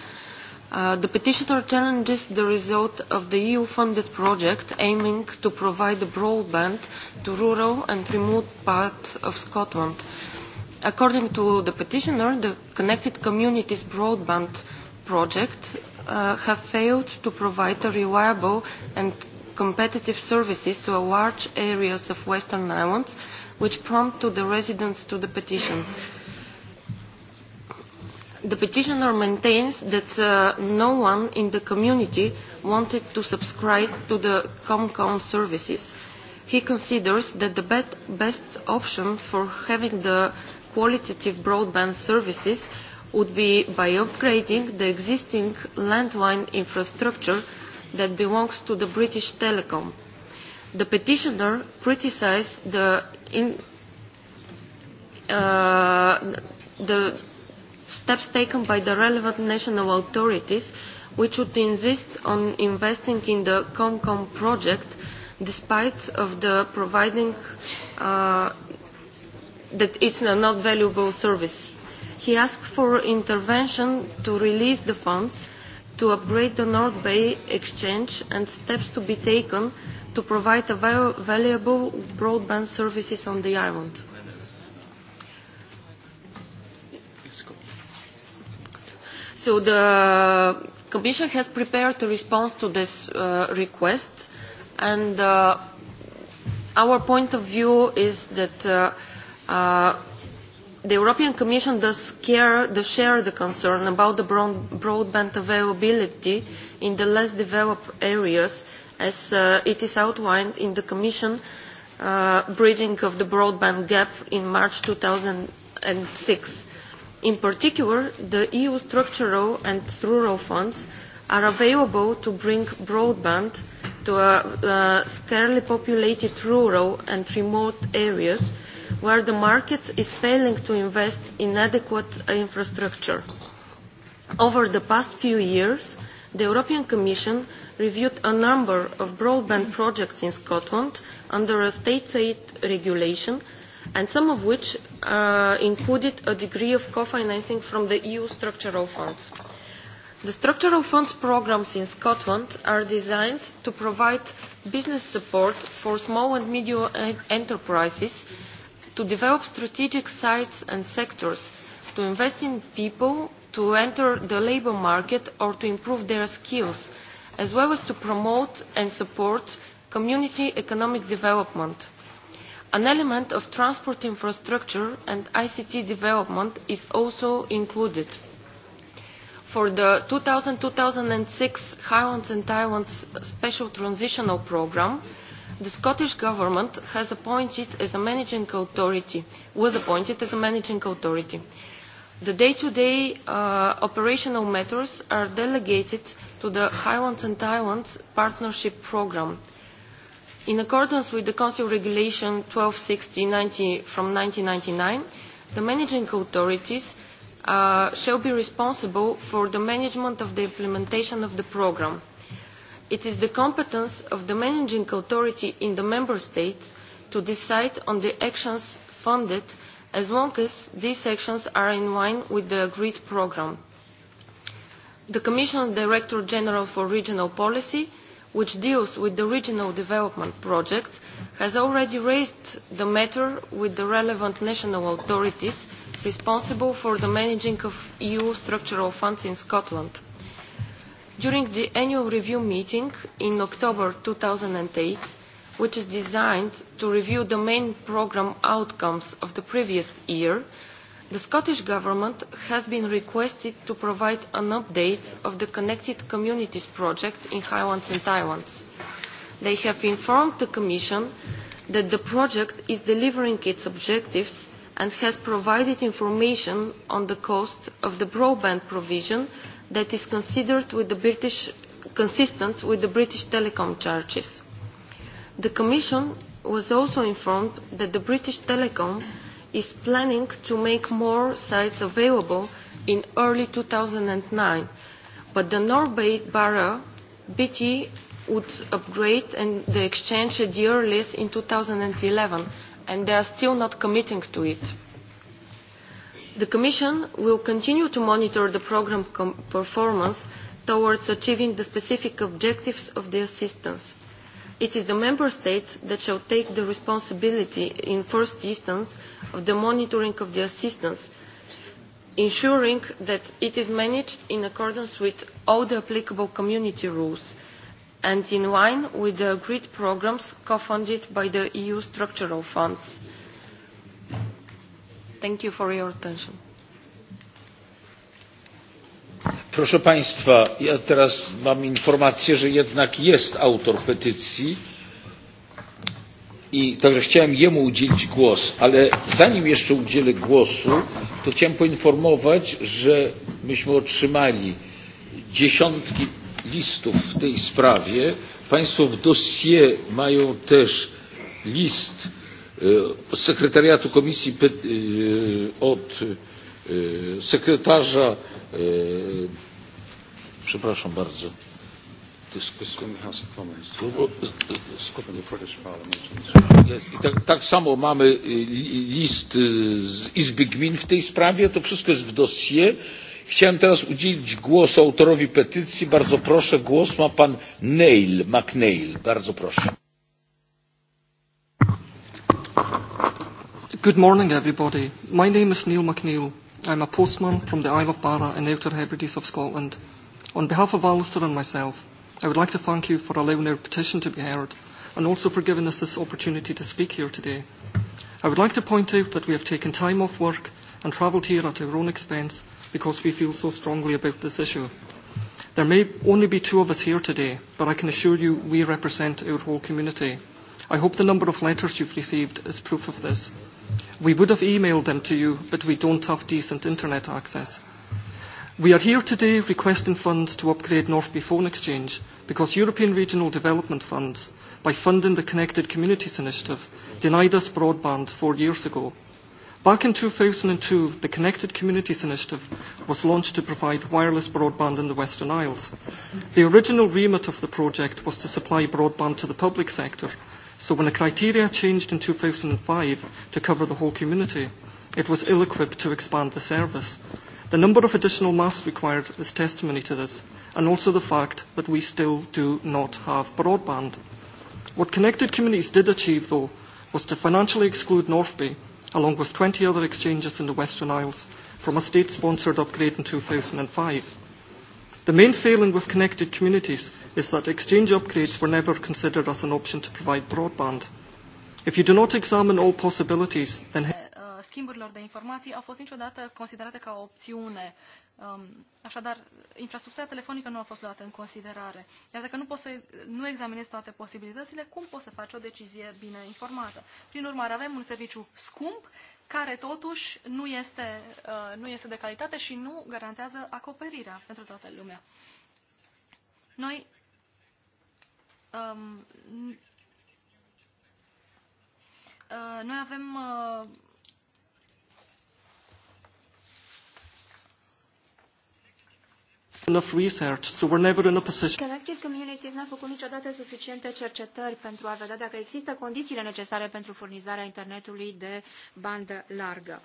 Uh, the petitioner challenges the result of the EU-funded project aiming to provide broadband to rural and remote parts of Scotland. According to the petitioner, the Connected Communities Broadband project uh, have failed to provide reliable and competitive services to large areas of Western Islands, which prompted the residents to the petition. The petitioner maintains that uh, no one in the community wanted to subscribe to the ComCom services. He considers that the bet best option for having the qualitative broadband services would be by upgrading the existing landline infrastructure that belongs to the British Telecom. The petitioner criticized the, in, uh, the steps taken by the relevant national authorities which should insist on investing in the COMCOM project despite of the providing uh, that it's a not valuable service. He asked for intervention to release the funds to upgrade the North Bay exchange and steps to be taken to provide a valuable broadband services on the island. So the Commission has prepared a response to this uh, request and uh, our point of view is that uh, uh, the European Commission does care, does share the concern about the broad, broadband availability in the less developed areas as uh, it is outlined in the Commission uh, Bridging of the Broadband Gap in March 2006. In particular, the EU structural and rural funds are available to bring broadband to a, uh, a uh, scarcely populated rural and remote areas where the market is failing to invest in adequate infrastructure. Over the past few years, the European Commission reviewed a number of broadband projects in Scotland under a state aid regulation and some of which uh, included a degree of co-financing from the EU structural funds. The structural funds programs in Scotland are designed to provide business support for small and medium enterprises to develop strategic sites and sectors, to invest in people, to enter the labour market or to improve their skills, as well as to promote and support community economic development an element of transport infrastructure and ict development is also included. for the 2000 2006 highlands and islands special transitional programme the scottish government has appointed as a managing authority was appointed as a managing authority. the day to day uh, operational matters are delegated to the highlands and islands partnership programme In accordance with the Council Regulation 1260 from 1999, the managing authorities uh, shall be responsible for the management of the implementation of the program. It is the competence of the managing authority in the Member State to decide on the actions funded as long as these actions are in line with the agreed program. The Commission Director General for Regional Policy which deals with the regional development projects, has already raised the matter with the relevant national authorities responsible for the managing of EU structural funds in Scotland. During the annual review meeting in October 2008, which is designed to review the main programme outcomes of the previous year, The Scottish Government has been requested to provide an update of the Connected Communities project in Highlands and Islands. They have informed the Commission that the project is delivering its objectives and has provided information on the cost of the broadband provision that is considered with the British, consistent with the British telecom charges. The Commission was also informed that the British telecom is planning to make more sites available in early 2009, but the Norbeit Barra BT would upgrade and the exchange a year list in 2011, and they are still not committing to it. The Commission will continue to monitor the program performance towards achieving the specific objectives of the assistance. It is the member states that shall take the responsibility in first instance of the monitoring of the assistance, ensuring that it is managed in accordance with all the applicable community rules and in line with the agreed programmes co-funded by the EU structural funds. Thank you for your attention. Proszę Państwa, ja teraz mam informację, że jednak jest autor petycji i także chciałem jemu udzielić głos, ale zanim jeszcze udzielę głosu, to chciałem poinformować, że myśmy otrzymali dziesiątki listów w tej sprawie. Państwo w dossier mają też list sekretariatu komisji od sekretarza Przepraszam bardzo. I tak, tak samo mamy list z Izby Gmin w tej sprawie. To wszystko jest w dosie. Chciałem teraz udzielić głosu autorowi petycji. Bardzo proszę, głos ma pan Neil McNeil. Bardzo proszę. Good morning everybody. My name is Neil McNeil. I'm a postman from the Isle of Barra in the Outer Hebrides of Scotland. On behalf of Alistair and myself, I would like to thank you for allowing our petition to be heard and also for giving us this opportunity to speak here today. I would like to point out that we have taken time off work and travelled here at our own expense because we feel so strongly about this issue. There may only be two of us here today, but I can assure you we represent our whole community. I hope the number of letters you've received is proof of this. We would have emailed them to you, but we don't have decent internet access. We are here today requesting funds to upgrade Northby Phone Exchange because European Regional Development Funds, by funding the Connected Communities Initiative, denied us broadband four years ago. Back in 2002, the Connected Communities Initiative was launched to provide wireless broadband in the Western Isles. The original remit of the project was to supply broadband to the public sector, So when the criteria changed in 2005 to cover the whole community, it was ill-equipped to expand the service. The number of additional masks required is testimony to this, and also the fact that we still do not have broadband. What Connected Communities did achieve, though, was to financially exclude North Bay, along with 20 other exchanges in the Western Isles, from a state-sponsored upgrade in 2005. The main failing with connected communities is that exchange upgrades were never considered as an option to provide broadband. If you do not examine all possibilities, then eh, schimburilor de informații au fost niciodată considerate ca o opțiune Um, așadar, infrastructura telefonică nu a fost luată în considerare. Iar dacă nu poți să nu examinezi toate posibilitățile, cum poți să faci o decizie bine informată? Prin urmare, avem un serviciu scump care totuși nu este, uh, nu este de calitate și nu garantează acoperirea pentru toată lumea. Noi um, uh, noi avem uh, enough research, so we're never in a position. Connective Communities n-a făcut niciodată suficiente cercetări pentru a vedea dacă există condițiile necesare pentru furnizarea internetului de bandă largă.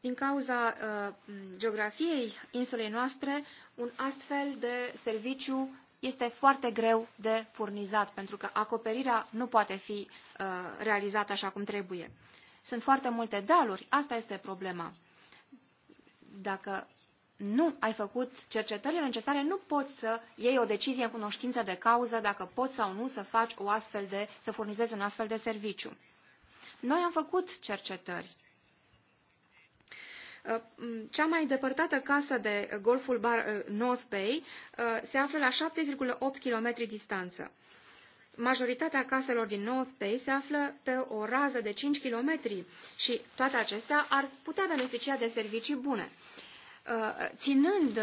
Din cauza uh, geografiei insulei noastre, un astfel de serviciu este foarte greu de furnizat, pentru că acoperirea nu poate fi uh, realizată așa cum trebuie. Sunt foarte multe daluri, asta este problema dacă nu ai făcut cercetările necesare, nu poți să iei o decizie în cunoștință de cauză dacă poți sau nu să faci o astfel de, să furnizezi un astfel de serviciu. Noi am făcut cercetări. Uh, cea mai depărtată casă de golful Bar uh, North Bay uh, se află la 7,8 km distanță. Majoritatea caselor din North Bay se află pe o rază de 5 km și toate acestea ar putea beneficia de servicii bune. Uh, ținând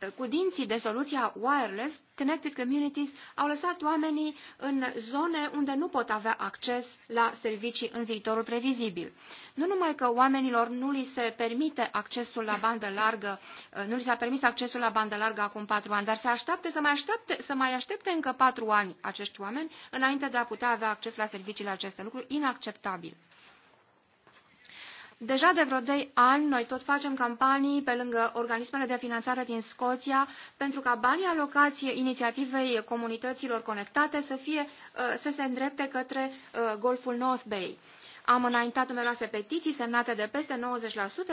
uh, cu dinții de soluția wireless, Connected Communities au lăsat oamenii în zone unde nu pot avea acces la servicii în viitorul previzibil. Nu numai că oamenilor nu li se permite accesul la bandă largă, uh, nu li s-a permis accesul la bandă largă acum patru ani, dar se așteaptă să mai aștepte, să mai aștepte încă patru ani acești oameni înainte de a putea avea acces la serviciile acestea. Lucru inacceptabil. Deja de vreo 2 ani noi tot facem campanii pe lângă organismele de finanțare din Scoția pentru ca banii alocați inițiativei comunităților conectate să, fie, să se îndrepte către uh, Golful North Bay. Am înaintat numeroase petiții semnate de peste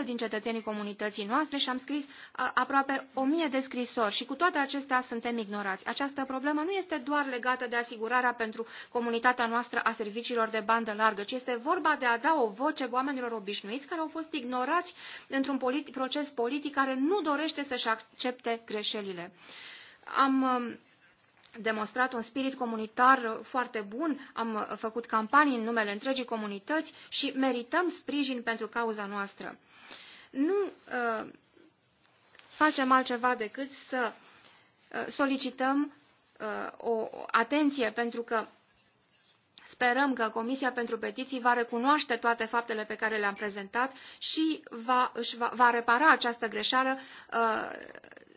90% din cetățenii comunității noastre și am scris aproape 1000 de scrisori și cu toate acestea suntem ignorați. Această problemă nu este doar legată de asigurarea pentru comunitatea noastră a serviciilor de bandă largă, ci este vorba de a da o voce oamenilor obișnuiți care au fost ignorați într-un proces politic care nu dorește să-și accepte greșelile. Am demonstrat un spirit comunitar foarte bun, am uh, făcut campanii în numele întregii comunități și merităm sprijin pentru cauza noastră. Nu uh, facem altceva decât să uh, solicităm uh, o atenție pentru că Sperăm că Comisia pentru Petiții va recunoaște toate faptele pe care le-am prezentat și va, își va, va repara această greșeală uh,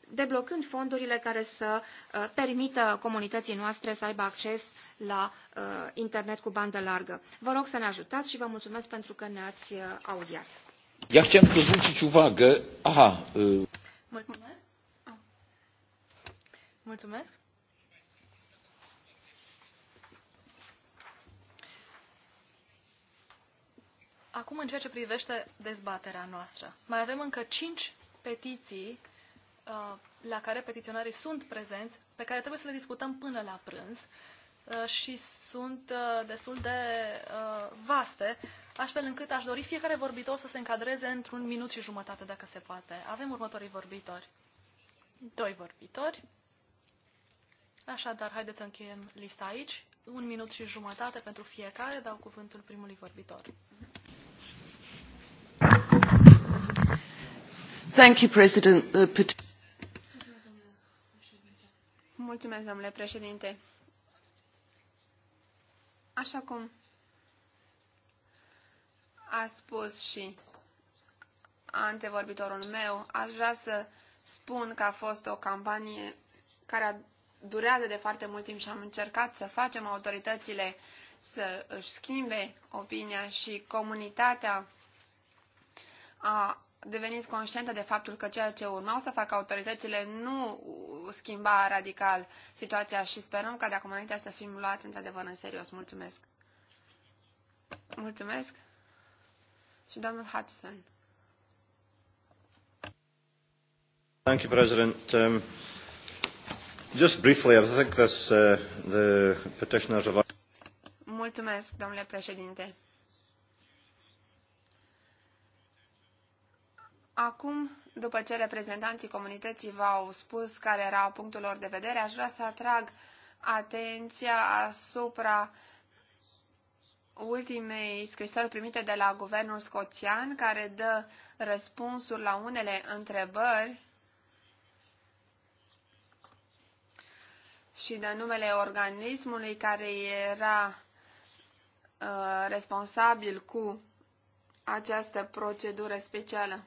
deblocând fondurile care să uh, permită comunității noastre să aibă acces la uh, internet cu bandă largă. Vă rog să ne ajutați și vă mulțumesc pentru că ne-ați uh, audiat. Ja chciałem tu zwrócić uwagę. Aha. Y... Mulțumesc. Ah. Mulțumesc. Acum, în ceea ce privește dezbaterea noastră, mai avem încă cinci petiții Uh, la care petiționarii sunt prezenți, pe care trebuie să le discutăm până la prânz uh, și sunt uh, destul de vaste, astfel încât aș dori fiecare vorbitor să se încadreze într-un minut și jumătate, dacă se poate. Avem următorii vorbitori. Doi vorbitori. Așadar, haideți să încheiem lista aici. Un minut și jumătate pentru fiecare. Dau cuvântul primului vorbitor. Thank you, President. Mulțumesc, domnule președinte. Așa cum a spus și antevorbitorul meu, aș vrea să spun că a fost o campanie care durează de foarte mult timp și am încercat să facem autoritățile să își schimbe opinia și comunitatea a deveniți conștientă de faptul că ceea ce urmau să facă autoritățile nu schimba radical situația și sperăm ca de acum înainte să fim luați într-adevăr în serios. Mulțumesc! Mulțumesc! Și domnul Hudson. Thank you, President. Um, just briefly, I think this, uh, the petitioners have... Mulțumesc, domnule președinte. Acum, după ce reprezentanții comunității v-au spus care era punctul lor de vedere, aș vrea să atrag atenția asupra ultimei scrisori primite de la guvernul scoțian, care dă răspunsuri la unele întrebări și de numele organismului care era uh, responsabil cu această procedură specială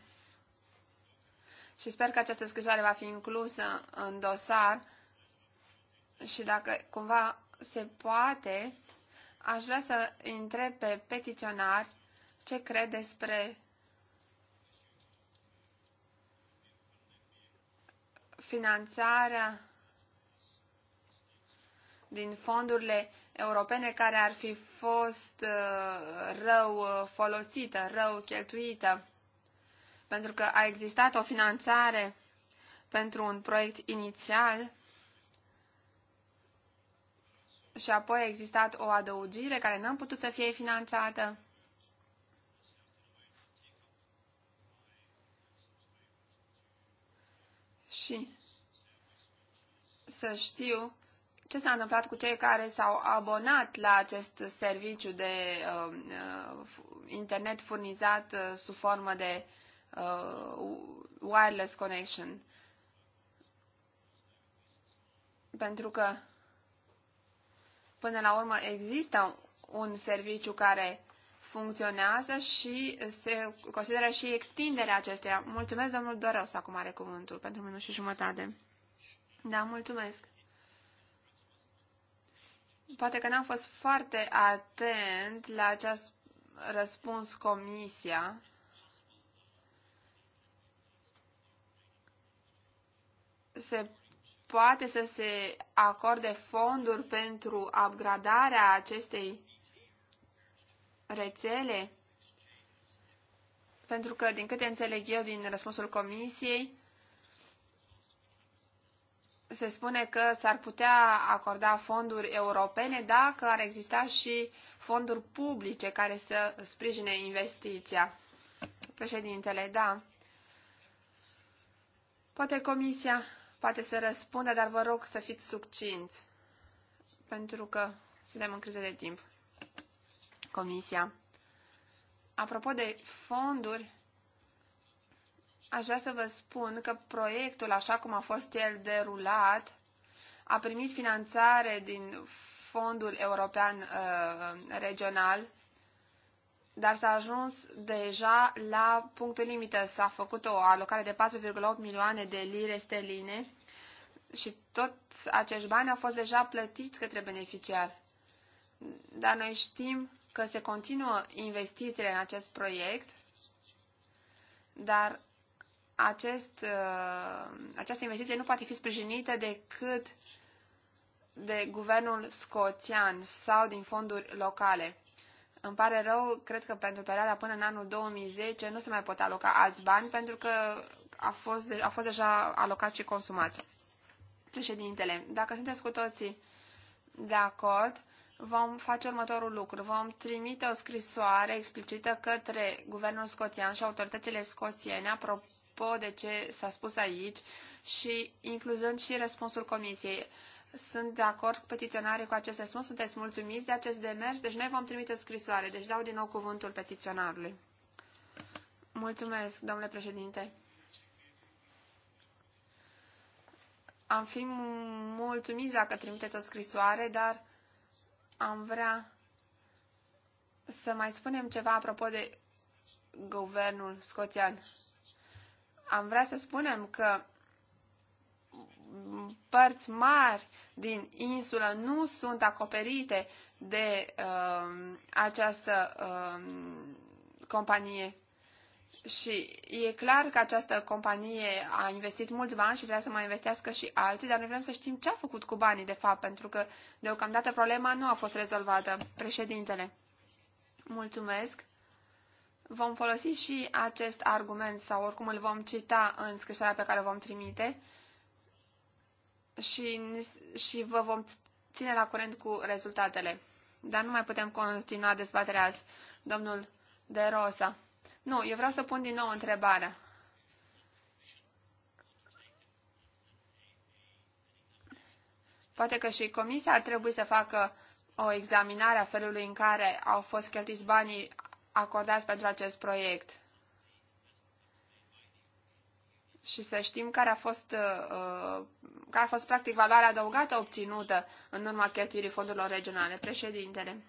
și sper că această scrisoare va fi inclusă în dosar și dacă cumva se poate, aș vrea să întreb pe petiționar ce crede despre finanțarea din fondurile europene care ar fi fost uh, rău uh, folosită, rău cheltuită pentru că a existat o finanțare pentru un proiect inițial și apoi a existat o adăugire care n-a putut să fie finanțată. Și să știu ce s-a întâmplat cu cei care s-au abonat la acest serviciu de uh, uh internet furnizat uh, sub formă de uh, wireless connection. Pentru că, până la urmă, există un serviciu care funcționează și se consideră și extinderea acesteia. Mulțumesc, domnul Doros, acum are cuvântul, pentru minut și jumătate. Da, mulțumesc. Poate că n-am fost foarte atent la ce a răspuns comisia, se poate să se acorde fonduri pentru upgradarea acestei rețele? Pentru că, din câte înțeleg eu din răspunsul comisiei, se spune că s-ar putea acorda fonduri europene dacă ar exista și fonduri publice care să sprijine investiția. Președintele, da. Poate comisia poate să răspundă, dar vă rog să fiți succinți, pentru că suntem în criză de timp. Comisia. Apropo de fonduri, aș vrea să vă spun că proiectul, așa cum a fost el derulat, a primit finanțare din Fondul European uh, Regional dar s-a ajuns deja la punctul limită. S-a făcut o alocare de 4,8 milioane de lire sterline și toți acești bani au fost deja plătiți către beneficiar. Dar noi știm că se continuă investițiile în acest proiect, dar acest, uh, această investiție nu poate fi sprijinită decât de guvernul scoțian sau din fonduri locale. Îmi pare rău, cred că pentru perioada până în anul 2010 nu se mai pot aloca alți bani pentru că a fost, a fost deja alocat și consumați. Președintele, dacă sunteți cu toții de acord, vom face următorul lucru. Vom trimite o scrisoare explicită către guvernul scoțian și autoritățile scoțiene apropo de ce s-a spus aici și incluzând și răspunsul comisiei. Sunt de acord cu petiționarii cu acest răspuns, sunteți mulțumiți de acest demers, deci noi vom trimite o scrisoare, deci dau din nou cuvântul petiționarului. Mulțumesc, domnule președinte. Am fi mulțumiți dacă trimiteți o scrisoare, dar am vrea să mai spunem ceva apropo de guvernul scoțian. Am vrea să spunem că părți mari din insulă nu sunt acoperite de uh, această uh, companie. Și e clar că această companie a investit mulți bani și vrea să mai investească și alții, dar noi vrem să știm ce a făcut cu banii, de fapt, pentru că deocamdată problema nu a fost rezolvată. Președintele, mulțumesc. Vom folosi și acest argument sau oricum îl vom cita în scrisoarea pe care o vom trimite și, și vă vom ține la curent cu rezultatele. Dar nu mai putem continua dezbaterea azi, domnul De Rosa. Nu, eu vreau să pun din nou întrebarea. Poate că și comisia ar trebui să facă o examinare a felului în care au fost cheltuiți banii acordați pentru acest proiect și să știm care a fost, uh, care a fost practic valoarea adăugată obținută în urma cheltuirii fondurilor regionale. Președintele.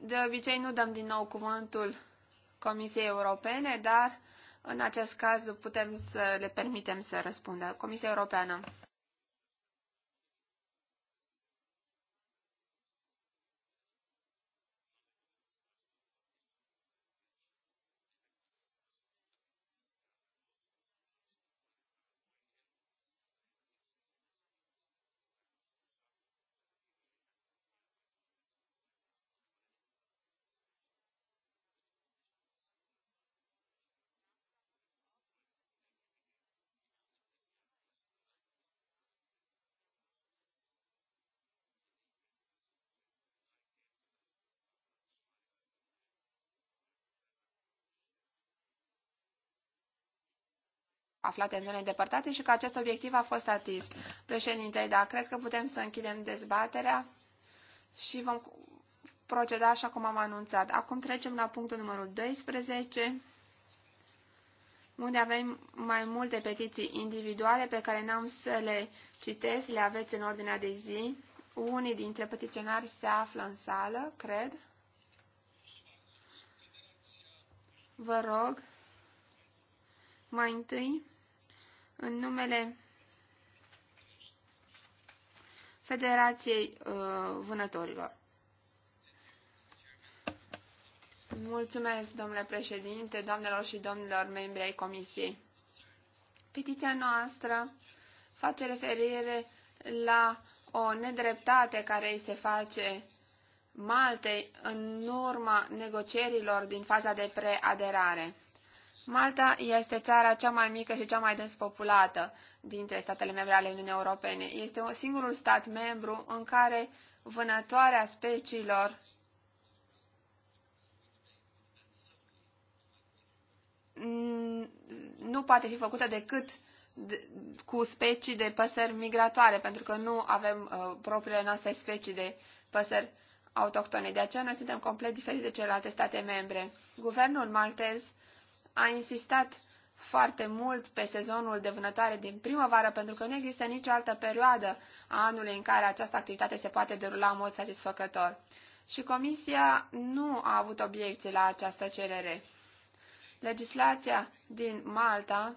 De obicei nu dăm din nou cuvântul Comisiei Europene, dar în acest caz putem să le permitem să răspundă. Comisia Europeană. aflate în zone îndepărtate și că acest obiectiv a fost atins. Președinte, da, cred că putem să închidem dezbaterea și vom proceda așa cum am anunțat. Acum trecem la punctul numărul 12, unde avem mai multe petiții individuale pe care n-am să le citesc, le aveți în ordinea de zi. Unii dintre petiționari se află în sală, cred. Vă rog, mai întâi, în numele Federației uh, Vânătorilor. Mulțumesc, domnule președinte, doamnelor și domnilor membri ai comisiei. Petiția noastră face referire la o nedreptate care îi se face Maltei în urma negocierilor din faza de preaderare. Malta este țara cea mai mică și cea mai dens populată dintre statele membre ale Uniunii Europene. Este un singurul stat membru în care vânătoarea speciilor nu poate fi făcută decât cu specii de păsări migratoare, pentru că nu avem uh, propriile noastre specii de păsări autohtone. De aceea noi suntem complet diferiți de celelalte state membre. Guvernul maltez a insistat foarte mult pe sezonul de vânătoare din primăvară, pentru că nu există nicio altă perioadă a anului în care această activitate se poate derula în mod satisfăcător. Și Comisia nu a avut obiecții la această cerere. Legislația din Malta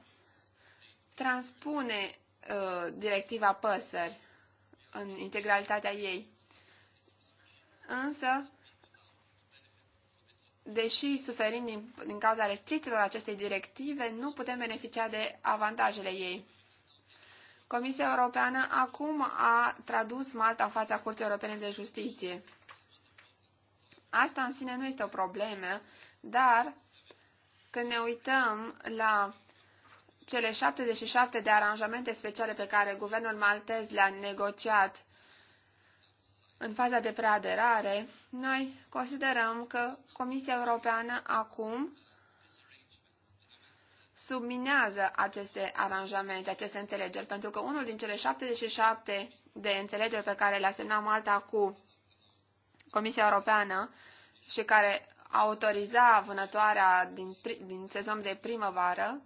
transpune uh, directiva păsări în integralitatea ei. Însă, deși suferim din, din cauza restricțiilor acestei directive, nu putem beneficia de avantajele ei. Comisia Europeană acum a tradus Malta în fața Curții Europene de Justiție. Asta în sine nu este o problemă, dar când ne uităm la cele 77 de aranjamente speciale pe care guvernul maltez le-a negociat în faza de preaderare, noi considerăm că Comisia Europeană acum subminează aceste aranjamente, aceste înțelegeri, pentru că unul din cele 77 de înțelegeri pe care le-a semnat Malta cu Comisia Europeană și care autoriza vânătoarea din, din sezon de primăvară,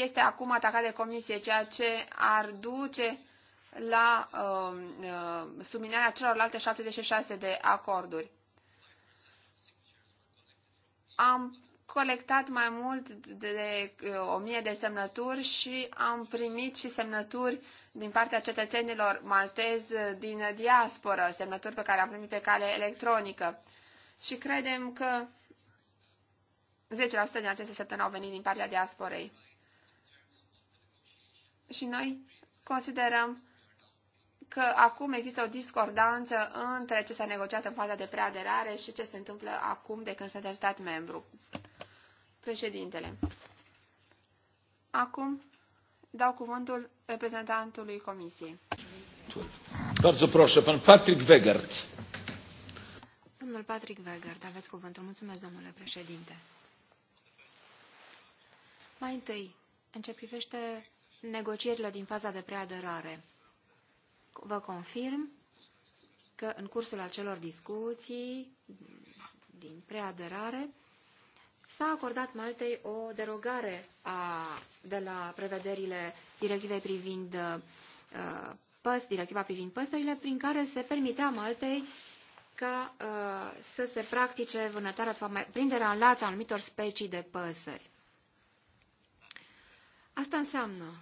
este acum atacat de comisie, ceea ce ar duce la um, uh, uh, subminarea celorlalte 76 de acorduri. Am colectat mai mult de uh, o mie de semnături și am primit și semnături din partea cetățenilor maltezi din diasporă, semnături pe care am primit pe cale electronică. Și credem că 10% din aceste săptămâni au venit din partea diasporei și noi considerăm că acum există o discordanță între ce s-a negociat în faza de preaderare și ce se întâmplă acum de când suntem stat membru. Președintele. Acum dau cuvântul reprezentantului Comisiei. Bardzo proszę, pan Patrick Wegert. Domnul Patrick Wegert, aveți cuvântul. Mulțumesc, domnule președinte. Mai întâi, în ce privește negocierile din faza de preaderare. Vă confirm că în cursul acelor discuții din preaderare s-a acordat Maltei o derogare a, de la prevederile directivei privind uh, păs, directiva privind păsările, prin care se permitea Maltei ca uh, să se practice vânătoarea, prinderea în laț anumitor specii de păsări. Asta înseamnă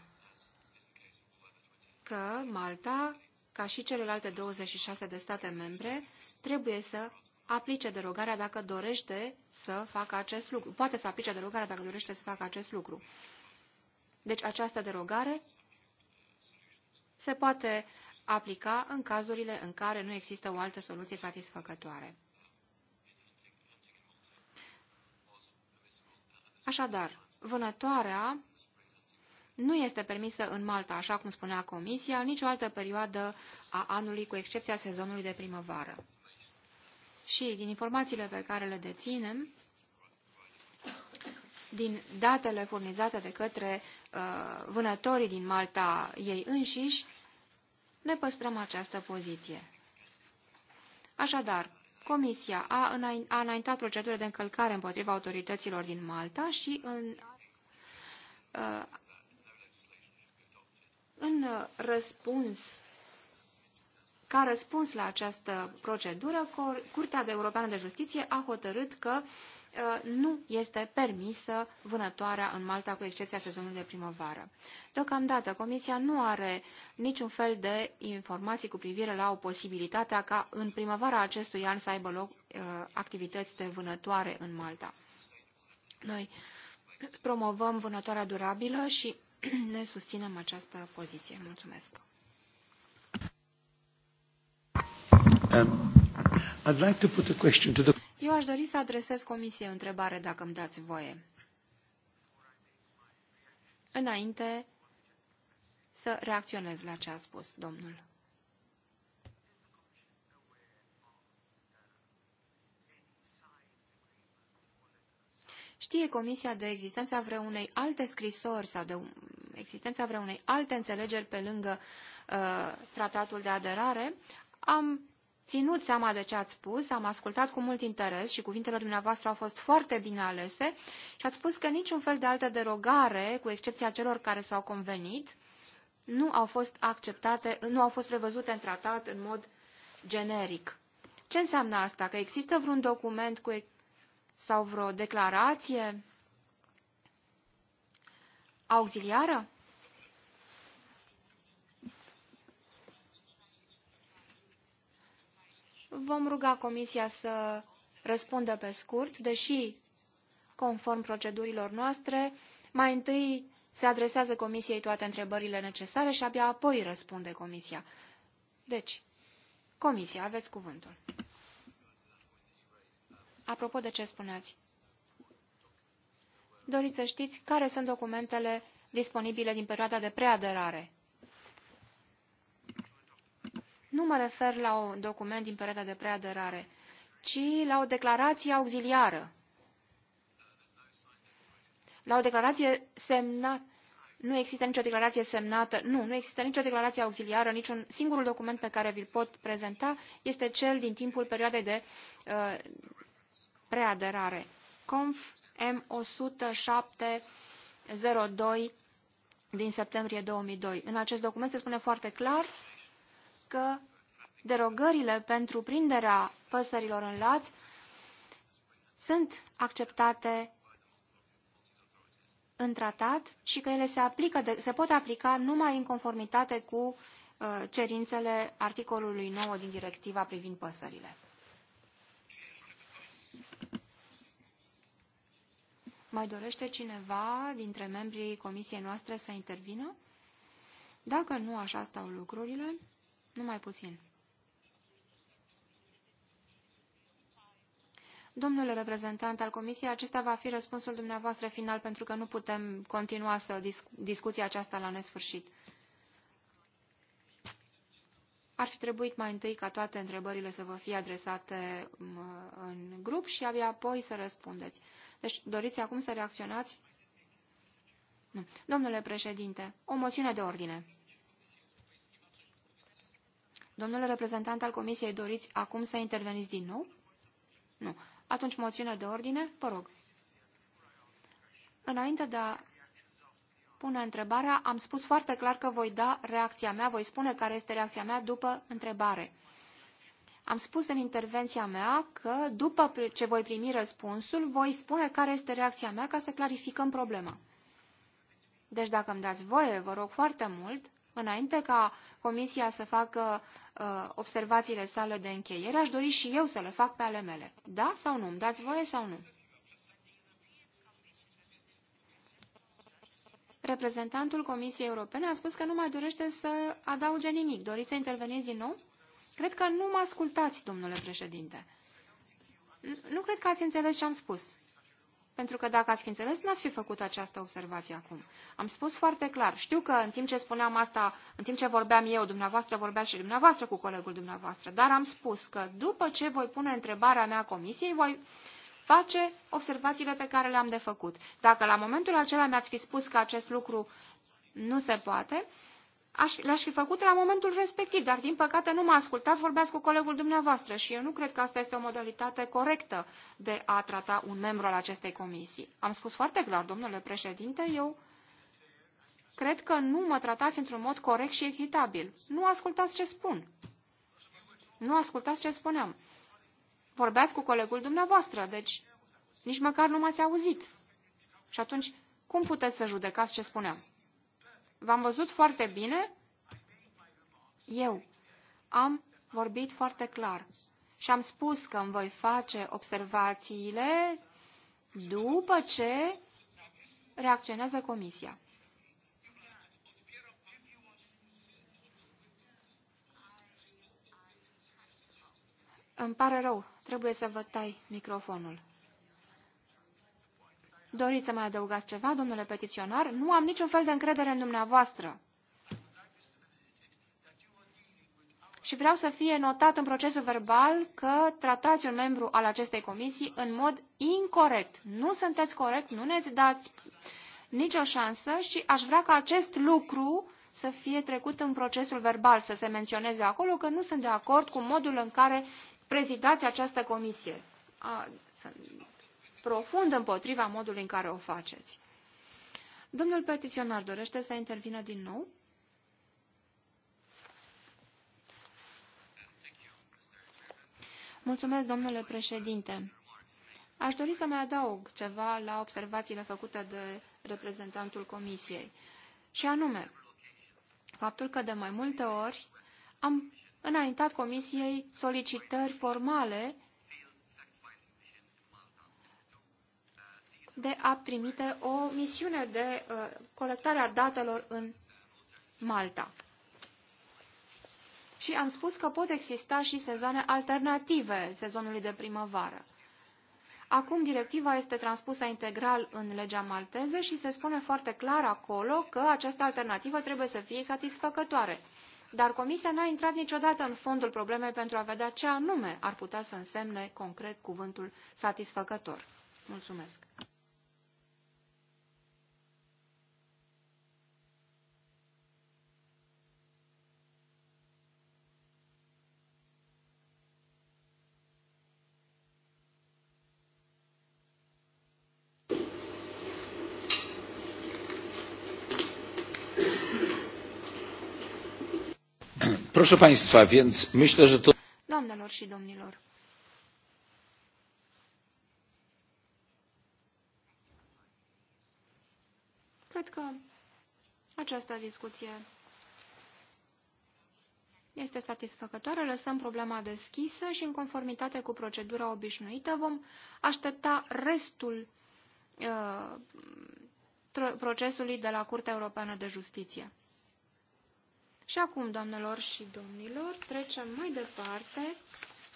că Malta, ca și celelalte 26 de state membre, trebuie să aplice derogarea dacă dorește să facă acest lucru. Poate să aplice derogarea dacă dorește să facă acest lucru. Deci această derogare se poate aplica în cazurile în care nu există o altă soluție satisfăcătoare. Așadar, vânătoarea nu este permisă în Malta, așa cum spunea Comisia, în nicio altă perioadă a anului, cu excepția sezonului de primăvară. Și din informațiile pe care le deținem, din datele furnizate de către uh, vânătorii din Malta ei înșiși, ne păstrăm această poziție. Așadar, Comisia a, înain- a înaintat procedură de încălcare împotriva autorităților din Malta și în, uh, în răspuns, ca răspuns la această procedură, Curtea de Europeană de Justiție a hotărât că uh, nu este permisă vânătoarea în Malta, cu excepția sezonului de primăvară. Deocamdată, Comisia nu are niciun fel de informații cu privire la o posibilitatea ca în primăvara acestui an să aibă loc uh, activități de vânătoare în Malta. Noi promovăm vânătoarea durabilă și *clears throat* Ne susținem această poziție. Mulțumesc. Um, I'd like to put a question to the... Eu aș dori să adresez comisiei o întrebare, dacă îmi dați voie. Înainte să reacționez la ce a spus domnul Știe Comisia de existența vreunei alte scrisori sau de existența vreunei alte înțelegeri pe lângă uh, tratatul de aderare? Am ținut seama de ce ați spus, am ascultat cu mult interes și cuvintele dumneavoastră au fost foarte bine alese și ați spus că niciun fel de altă derogare, cu excepția celor care s-au convenit, nu au fost acceptate, nu au fost prevăzute în tratat în mod generic. Ce înseamnă asta? Că există vreun document cu sau vreo declarație auxiliară? Vom ruga Comisia să răspundă pe scurt, deși, conform procedurilor noastre, mai întâi se adresează Comisiei toate întrebările necesare și abia apoi răspunde Comisia. Deci, Comisia, aveți cuvântul apropo de ce spuneați, doriți să știți care sunt documentele disponibile din perioada de preaderare. Nu mă refer la un document din perioada de preaderare, ci la o declarație auxiliară. La o declarație semnată. Nu există nicio declarație semnată, nu, nu există nicio declarație auxiliară, niciun singurul document pe care vi-l pot prezenta este cel din timpul perioadei de uh, preaderare. Conf M10702 din septembrie 2002. În acest document se spune foarte clar că derogările pentru prinderea păsărilor în lați sunt acceptate în tratat și că ele se, aplică de, se pot aplica numai în conformitate cu uh, cerințele articolului 9 din directiva privind păsările. Mai dorește cineva dintre membrii comisiei noastre să intervină? Dacă nu așa stau lucrurile, numai puțin. Domnule reprezentant al Comisiei, acesta va fi răspunsul dumneavoastră final, pentru că nu putem continua să discu discuția aceasta la nesfârșit. Ar fi trebuit mai întâi ca toate întrebările să vă fie adresate în grup și abia apoi să răspundeți. Deci doriți acum să reacționați? Nu. Domnule președinte, o moțiune de ordine. Domnule reprezentant al comisiei, doriți acum să interveniți din nou? Nu. Atunci moțiune de ordine, vă rog. Înainte de a pune întrebarea, am spus foarte clar că voi da reacția mea, voi spune care este reacția mea după întrebare. Am spus în intervenția mea că după ce voi primi răspunsul, voi spune care este reacția mea ca să clarificăm problema. Deci dacă îmi dați voie, vă rog foarte mult, înainte ca comisia să facă uh, observațiile sale de încheiere, aș dori și eu să le fac pe ale mele. Da sau nu? Îmi dați voie sau nu? reprezentantul Comisiei Europene a spus că nu mai dorește să adauge nimic. Doriți să interveniți din nou? Cred că nu mă ascultați, domnule președinte. Nu cred că ați înțeles ce am spus. Pentru că dacă ați fi înțeles, n-ați fi făcut această observație acum. Am spus foarte clar. Știu că în timp ce spuneam asta, în timp ce vorbeam eu, dumneavoastră vorbea și dumneavoastră cu colegul dumneavoastră, dar am spus că după ce voi pune întrebarea mea comisiei, voi face observațiile pe care le-am de făcut. Dacă la momentul acela mi-ați fi spus că acest lucru nu se poate, le-aș fi făcut la momentul respectiv, dar din păcate nu mă ascultați, vorbeați cu colegul dumneavoastră și eu nu cred că asta este o modalitate corectă de a trata un membru al acestei comisii. Am spus foarte clar, domnule președinte, eu cred că nu mă tratați într-un mod corect și echitabil. Nu ascultați ce spun. Nu ascultați ce spuneam. Vorbeați cu colegul dumneavoastră, deci nici măcar nu m-ați auzit. Și atunci, cum puteți să judecați ce spuneam? V-am văzut foarte bine? Eu am vorbit foarte clar și am spus că îmi voi face observațiile după ce reacționează comisia. Îmi pare rău, Trebuie să vă tai microfonul. Doriți să mai adăugați ceva, domnule petiționar? Nu am niciun fel de încredere în dumneavoastră. Și vreau să fie notat în procesul verbal că tratați un membru al acestei comisii în mod incorrect. Nu sunteți corect, nu ne-ți dați nicio șansă și aș vrea ca acest lucru să fie trecut în procesul verbal, să se menționeze acolo că nu sunt de acord cu modul în care prezidați această comisie. A, sunt profund împotriva modului în care o faceți. Domnul petiționar dorește să intervină din nou? Mulțumesc, domnule președinte. Aș dori să mai adaug ceva la observațiile făcute de reprezentantul Comisiei, și anume faptul că de mai multe ori am înaintat Comisiei solicitări formale de a trimite o misiune de uh, colectare a datelor în Malta. Și am spus că pot exista și sezoane alternative sezonului de primăvară. Acum directiva este transpusă integral în legea malteză și se spune foarte clar acolo că această alternativă trebuie să fie satisfăcătoare dar Comisia n-a intrat niciodată în fondul problemei pentru a vedea ce anume ar putea să însemne concret cuvântul satisfăcător. Mulțumesc! Proszę Państwa, więc myślę, że to... Doamnelor și domnilor, cred că această discuție este satisfăcătoare, lăsăm problema deschisă și în conformitate cu procedura obișnuită vom aștepta restul uh, procesului de la Curtea Europeană de Justiție. Și acum, doamnelor și domnilor, trecem mai departe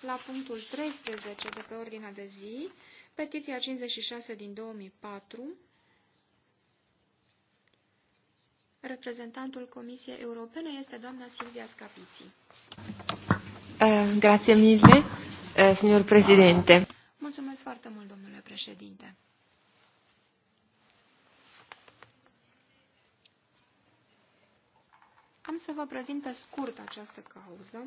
la punctul 13 de pe ordinea de zi, petiția 56 din 2004, Reprezentantul Comisiei Europene este doamna Silvia Scapiți. Uh, eh, grazie mille, uh, signor Presidente. Mulțumesc foarte mult, domnule președinte. Am să vă prezint pe scurt această cauză.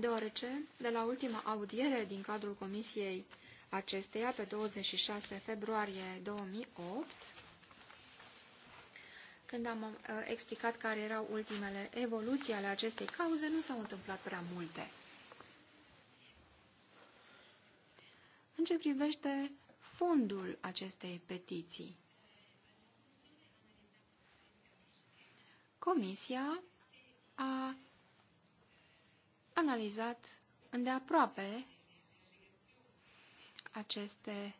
deoarece de la ultima audiere din cadrul comisiei acesteia, pe 26 februarie 2008, când am uh, explicat care erau ultimele evoluții ale acestei cauze, nu s-au întâmplat prea multe. În ce privește fundul acestei petiții. Comisia a analizat îndeaproape aceste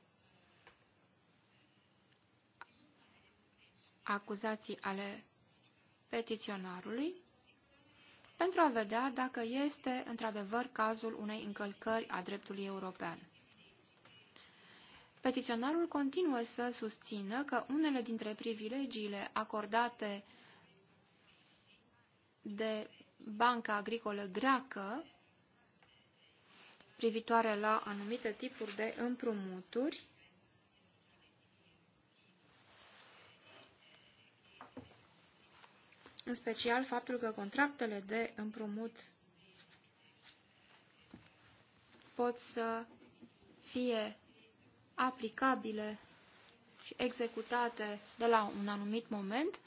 acuzații ale petiționarului pentru a vedea dacă este într-adevăr cazul unei încălcări a dreptului european. Petiționarul continuă să susțină că unele dintre privilegiile acordate de Banca Agricolă Greacă privitoare la anumite tipuri de împrumuturi în special faptul că contractele de împrumut pot să fie aplicabile și executate de la un anumit moment,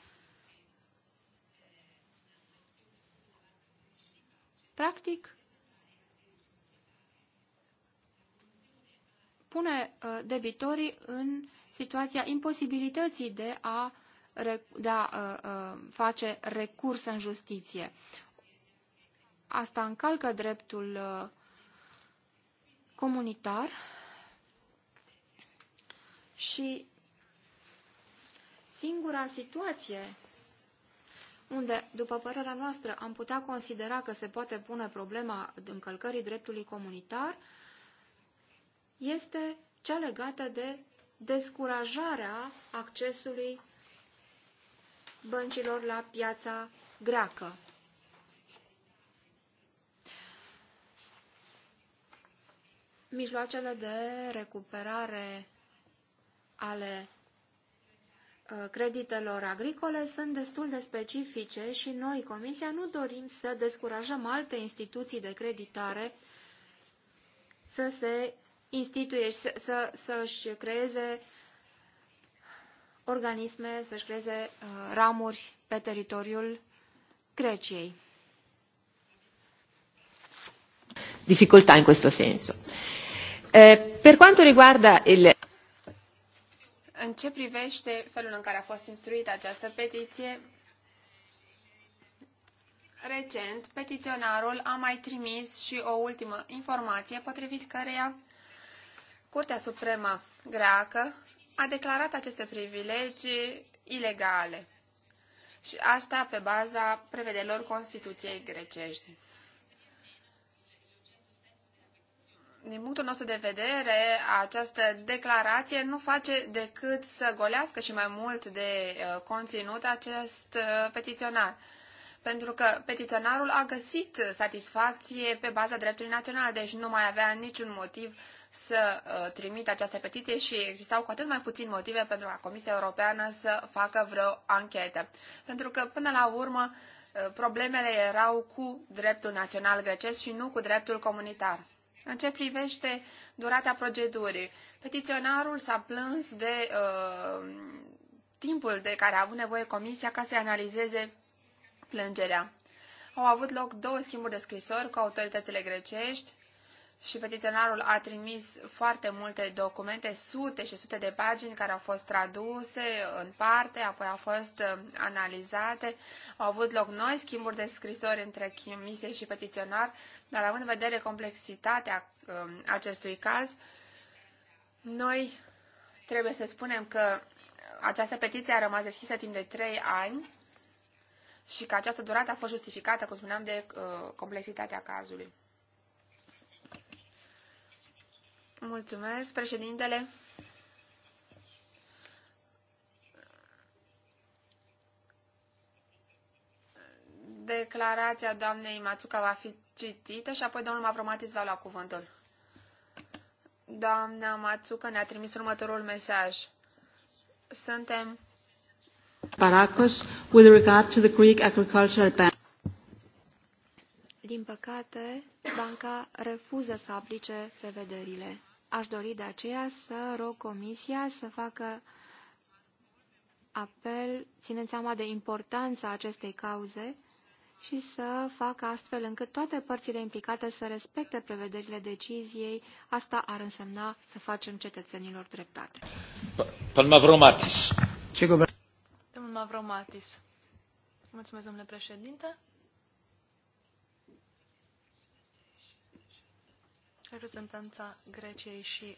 practic pune uh, debitorii în situația imposibilității de a, de a uh, uh, face recurs în justiție. Asta încalcă dreptul comunitar și singura situație unde, după părerea noastră, am putea considera că se poate pune problema încălcării dreptului comunitar, este cea legată de descurajarea accesului băncilor la piața greacă. Mijloacele de recuperare ale uh, creditelor agricole sunt destul de specifice și noi, Comisia, nu dorim să descurajăm alte instituții de creditare să se instituie, să, să, să-și creeze organisme, să-și creeze uh, ramuri pe teritoriul Greciei. Dificoltà in questo senso. Eh, per quanto riguarda il în ce privește felul în care a fost instruită această petiție, recent petiționarul a mai trimis și o ultimă informație potrivit căreia Curtea Supremă greacă a declarat aceste privilegii ilegale și asta pe baza prevederilor Constituției grecești. din punctul nostru de vedere, această declarație nu face decât să golească și mai mult de uh, conținut acest uh, petiționar. Pentru că petiționarul a găsit satisfacție pe baza dreptului național, deci nu mai avea niciun motiv să uh, trimită această petiție și existau cu atât mai puțin motive pentru ca Comisia Europeană să facă vreo anchetă. Pentru că, până la urmă, problemele erau cu dreptul național grecesc și nu cu dreptul comunitar. În ce privește durata procedurii, petiționarul s-a plâns de uh, timpul de care a avut nevoie comisia ca să analizeze plângerea. Au avut loc două schimburi de scrisori cu autoritățile grecești și petiționarul a trimis foarte multe documente, sute și sute de pagini care au fost traduse în parte, apoi au fost uh, analizate, au avut loc noi schimburi de scrisori între comisie și petiționar, dar având în vedere complexitatea um, acestui caz, noi trebuie să spunem că această petiție a rămas deschisă timp de trei ani și că această durată a fost justificată, cum spuneam, de uh, complexitatea cazului. Mulțumesc, președintele. Declarația doamnei Matsuka va fi citită și apoi domnul Mavromatis va lua cuvântul. Doamna Matsuka ne-a trimis următorul mesaj. Suntem Paracos. with regard to the Greek Agricultural Bank. Din păcate, banca refuză să aplice prevederile. Aș dori de aceea să rog Comisia să facă apel, ținând seama de importanța acestei cauze, și să facă astfel încât toate părțile implicate să respecte prevederile deciziei. Asta ar însemna să facem cetățenilor dreptate. Mavromatis. Domnul Mavromatis. Mulțumesc, domnule președinte. reprezentanța Greciei și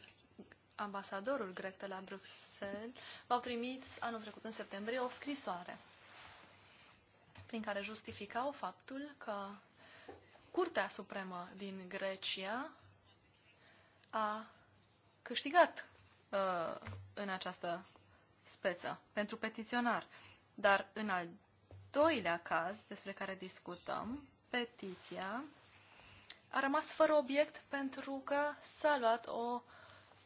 ambasadorul grec de la Bruxelles v-au trimis anul trecut în septembrie o scrisoare prin care justificau faptul că Curtea Supremă din Grecia a câștigat uh, în această speță pentru petiționar. Dar în al doilea caz despre care discutăm, petiția a rămas fără obiect pentru că s-a luat o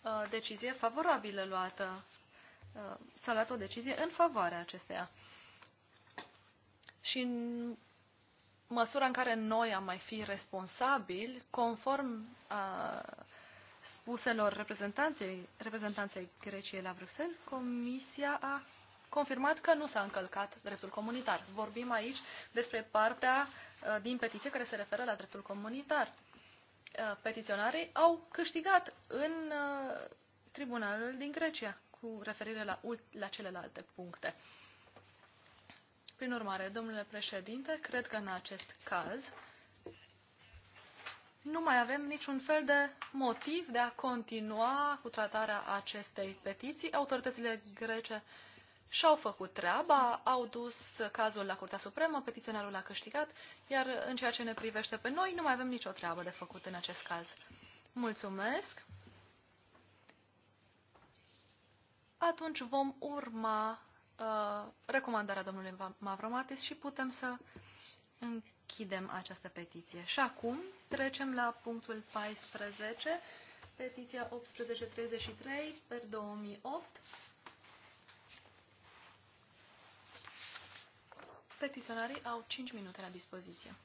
uh, decizie favorabilă luată, uh, s-a luat o decizie în favoarea acesteia. Și în măsura în care noi am mai fi responsabili, conform uh, spuselor reprezentanței, reprezentanței Greciei la Bruxelles, Comisia a confirmat că nu s-a încălcat dreptul comunitar. Vorbim aici despre partea Uh, din petiție care se referă la dreptul comunitar. Uh, petiționarii au câștigat în uh, tribunalul din Grecia cu referire la, la celelalte puncte. Prin urmare, domnule președinte, cred că în acest caz nu mai avem niciun fel de motiv de a continua cu tratarea acestei petiții. Autoritățile grece uh, și-au făcut treaba, au dus cazul la Curtea Supremă, petiționarul a câștigat, iar în ceea ce ne privește pe noi, nu mai avem nicio treabă de făcut în acest caz. Mulțumesc! Atunci vom urma uh, recomandarea domnului Mavromatis și putem să închidem această petiție. Și acum trecem la punctul 14, petiția 1833 per 2008, Petiționarii au 5 minute la dispoziție.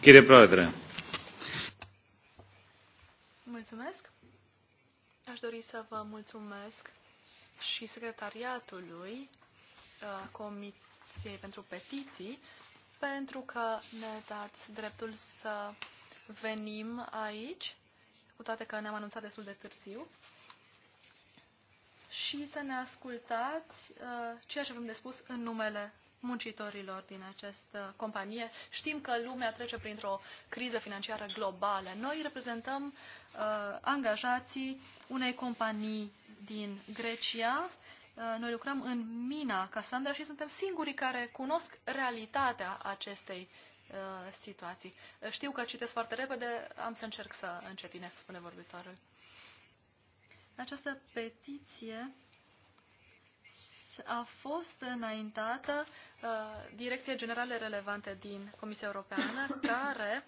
Chire Prodre. Mulțumesc. Aș dori să vă mulțumesc și secretariatului uh, Comisiei pentru Petiții pentru că ne dați dreptul să venim aici, cu toate că ne-am anunțat destul de târziu, și să ne ascultați uh, ceea ce avem de spus în numele muncitorilor din această companie. Știm că lumea trece printr-o criză financiară globală. Noi reprezentăm uh, angajații unei companii din Grecia. Uh, noi lucrăm în mina Cassandra și suntem singurii care cunosc realitatea acestei uh, situații. Uh, știu că citesc foarte repede, am să încerc să încetinesc, spune vorbitorul. Această petiție a fost înaintată uh, Direcției Generale Relevante din Comisia Europeană, *coughs* care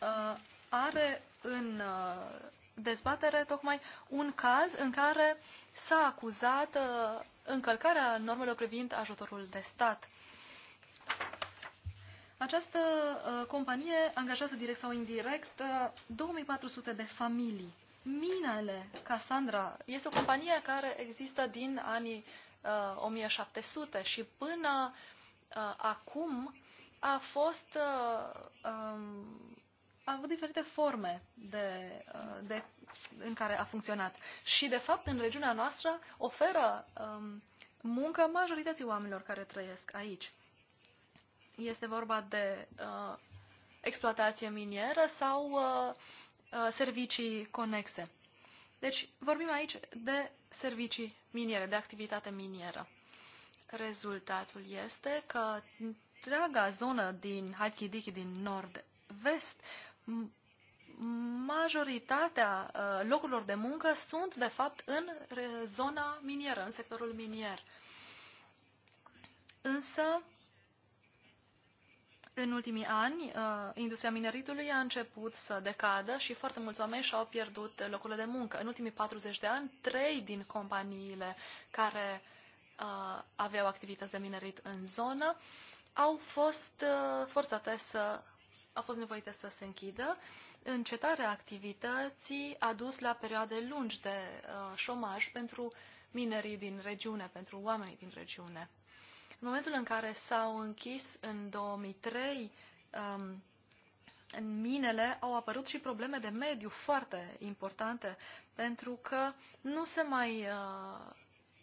uh, are în uh, dezbatere tocmai un caz în care s-a acuzat uh, încălcarea normelor privind ajutorul de stat. Această uh, companie angajează direct sau indirect uh, 2400 de familii. Minele Cassandra este o companie care există din anii 1700 uh, și până uh, acum a fost uh, um, a avut diferite forme de, de, în care a funcționat. Și, de fapt, în regiunea noastră oferă um, muncă majorității oamenilor care trăiesc aici. Este vorba de uh, exploatație minieră sau uh, servicii conexe. Deci vorbim aici de servicii miniere, de activitate minieră. Rezultatul este că întreaga zonă din Haidkidiki din nord-vest, majoritatea uh, locurilor de muncă sunt, de fapt, în zona minieră, în sectorul minier. Însă, în ultimii ani, uh, industria mineritului a început să decadă și foarte mulți oameni și-au pierdut locurile de muncă. În ultimii 40 de ani, trei din companiile care uh, aveau activități de minerit în zonă au fost uh, forțate să au fost nevoite să se închidă. Încetarea activității a dus la perioade lungi de uh, șomaj pentru minerii din regiune, pentru oamenii din regiune. În momentul în care s-au închis în 2003 um, în minele au apărut și probleme de mediu foarte importante, pentru că nu se mai uh,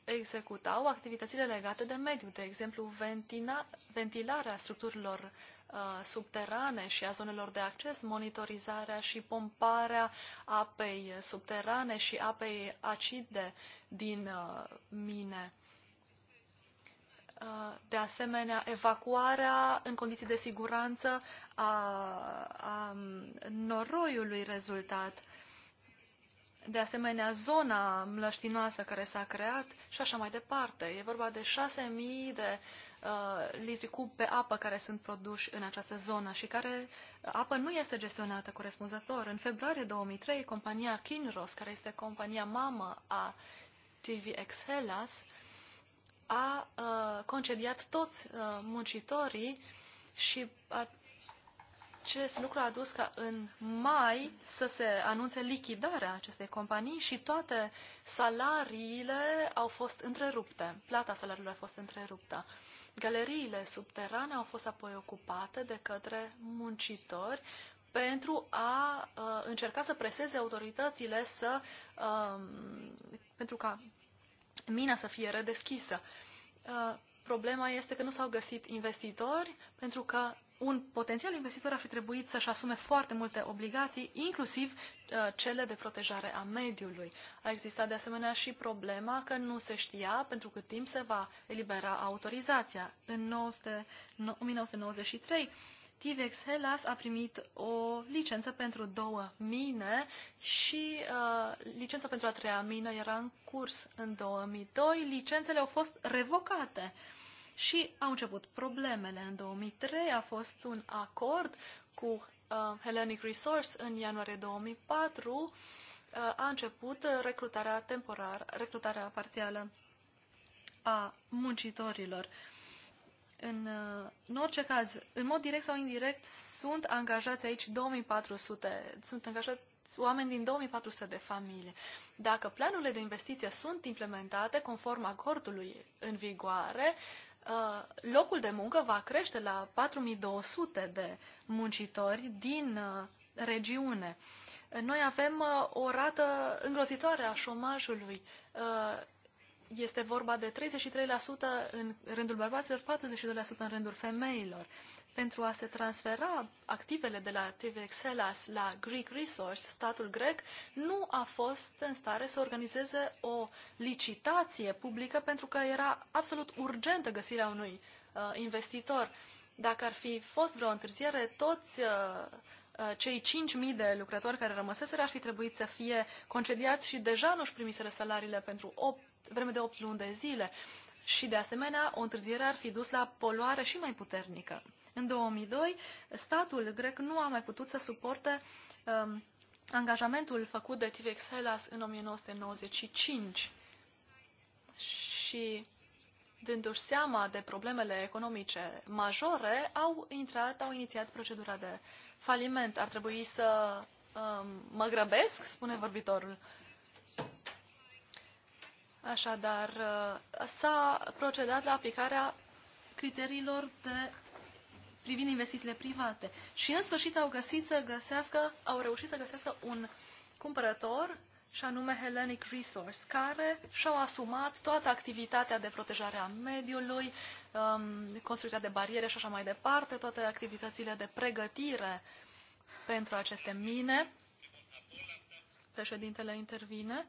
executau activitățile legate de mediu, de exemplu ventina, ventilarea structurilor uh, subterane și a zonelor de acces, monitorizarea și pomparea apei subterane și apei acide din uh, mine de asemenea, evacuarea în condiții de siguranță a, a noroiului rezultat, de asemenea, zona mlăștinoasă care s-a creat și așa mai departe. E vorba de 6.000 de uh, litri cub pe apă care sunt produși în această zonă și care apă nu este gestionată corespunzător. În februarie 2003, compania Kinross, care este compania mamă a TV Excelas, uh, a concediat toți muncitorii și acest lucru a dus ca în mai să se anunțe lichidarea acestei companii și toate salariile au fost întrerupte. Plata salariilor a fost întreruptă. Galeriile subterane au fost apoi ocupate de către muncitori pentru a uh, încerca să preseze autoritățile să, uh, pentru ca mina să fie redeschisă. Uh, problema este că nu s-au găsit investitori pentru că un potențial investitor ar fi trebuit să-și asume foarte multe obligații, inclusiv uh, cele de protejare a mediului. A existat de asemenea și problema că nu se știa pentru cât timp se va elibera autorizația. În 1993 Tivex Hellas a primit o licență pentru două mine și uh, licența pentru a treia mină era în curs în 2002. Licențele au fost revocate și au început problemele. În 2003 a fost un acord cu uh, Hellenic Resource în ianuarie 2004 uh, a început recrutarea temporară, recrutarea parțială a muncitorilor. Uh, în, în orice caz, în mod direct sau indirect, sunt angajați aici 2400, sunt angajați oameni din 2400 de familii. Dacă planurile de investiție sunt implementate conform acordului în vigoare, uh, locul de muncă va crește la 4200 de muncitori din uh, regiune. Noi avem uh, o rată îngrozitoare a șomajului este vorba de 33% în rândul bărbaților, 42% în rândul femeilor. Pentru a se transfera activele de la TV Excelas la Greek Resource, statul grec nu a fost în stare să organizeze o licitație publică pentru că era absolut urgentă găsirea unui uh, investitor. Dacă ar fi fost vreo întârziere, toți uh, uh cei 5.000 de lucrători care rămăseseră ar fi trebuit să fie concediați și deja nu-și primiseră salariile pentru 8 vreme de 8 luni de zile. Și, de asemenea, o întârziere ar fi dus la poluare și mai puternică. În 2002, statul grec nu a mai putut să suporte um, angajamentul făcut de Tivex Hellas în 1995 și dându-și seama de problemele economice majore, au intrat, au inițiat procedura de faliment. Ar trebui să um, mă grăbesc, spune vorbitorul. Uh, Așadar, uh, s-a procedat la aplicarea criteriilor de privind investițiile private. Și în sfârșit au găsit să găsească, au reușit să găsească un cumpărător și anume Hellenic Resource, care și-au asumat toată activitatea de protejare a mediului, um, construirea de bariere și așa mai departe, toate activitățile de pregătire pentru aceste mine. Președintele intervine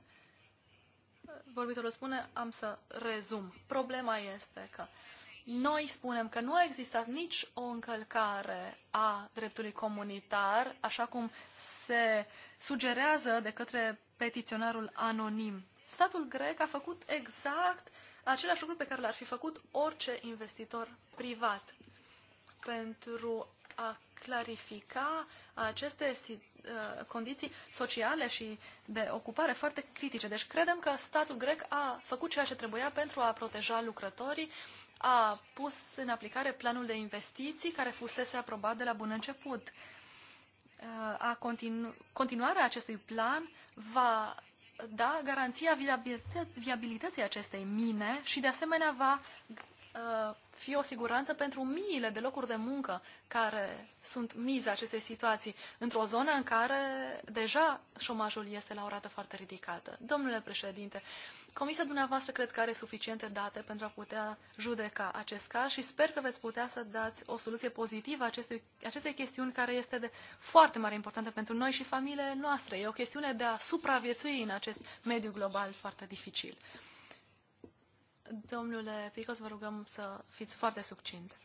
vorbitorul spune, am să rezum. Problema este că noi spunem că nu a existat nici o încălcare a dreptului comunitar, așa cum se sugerează de către petiționarul anonim. Statul grec a făcut exact același lucru pe care l-ar fi făcut orice investitor privat pentru a clarifica aceste uh, condiții sociale și de ocupare foarte critice. Deci credem că statul grec a făcut ceea ce trebuia pentru a proteja lucrătorii, a pus în aplicare planul de investiții care fusese aprobat de la bun început. Uh, a continu- continuarea acestui plan va da garanția viabilității acestei mine și de asemenea va Uh, fi o siguranță pentru miile de locuri de muncă care sunt miza acestei situații, într-o zonă în care deja șomajul este la o rată foarte ridicată. Domnule președinte, comisia dumneavoastră cred că are suficiente date pentru a putea judeca acest caz și sper că veți putea să dați o soluție pozitivă acestei acestei chestiuni care este de foarte mare importantă pentru noi și familiile noastre. E o chestiune de a supraviețui în acest mediu global foarte dificil. Domnule Picos, vă rugăm să fiți foarte succint.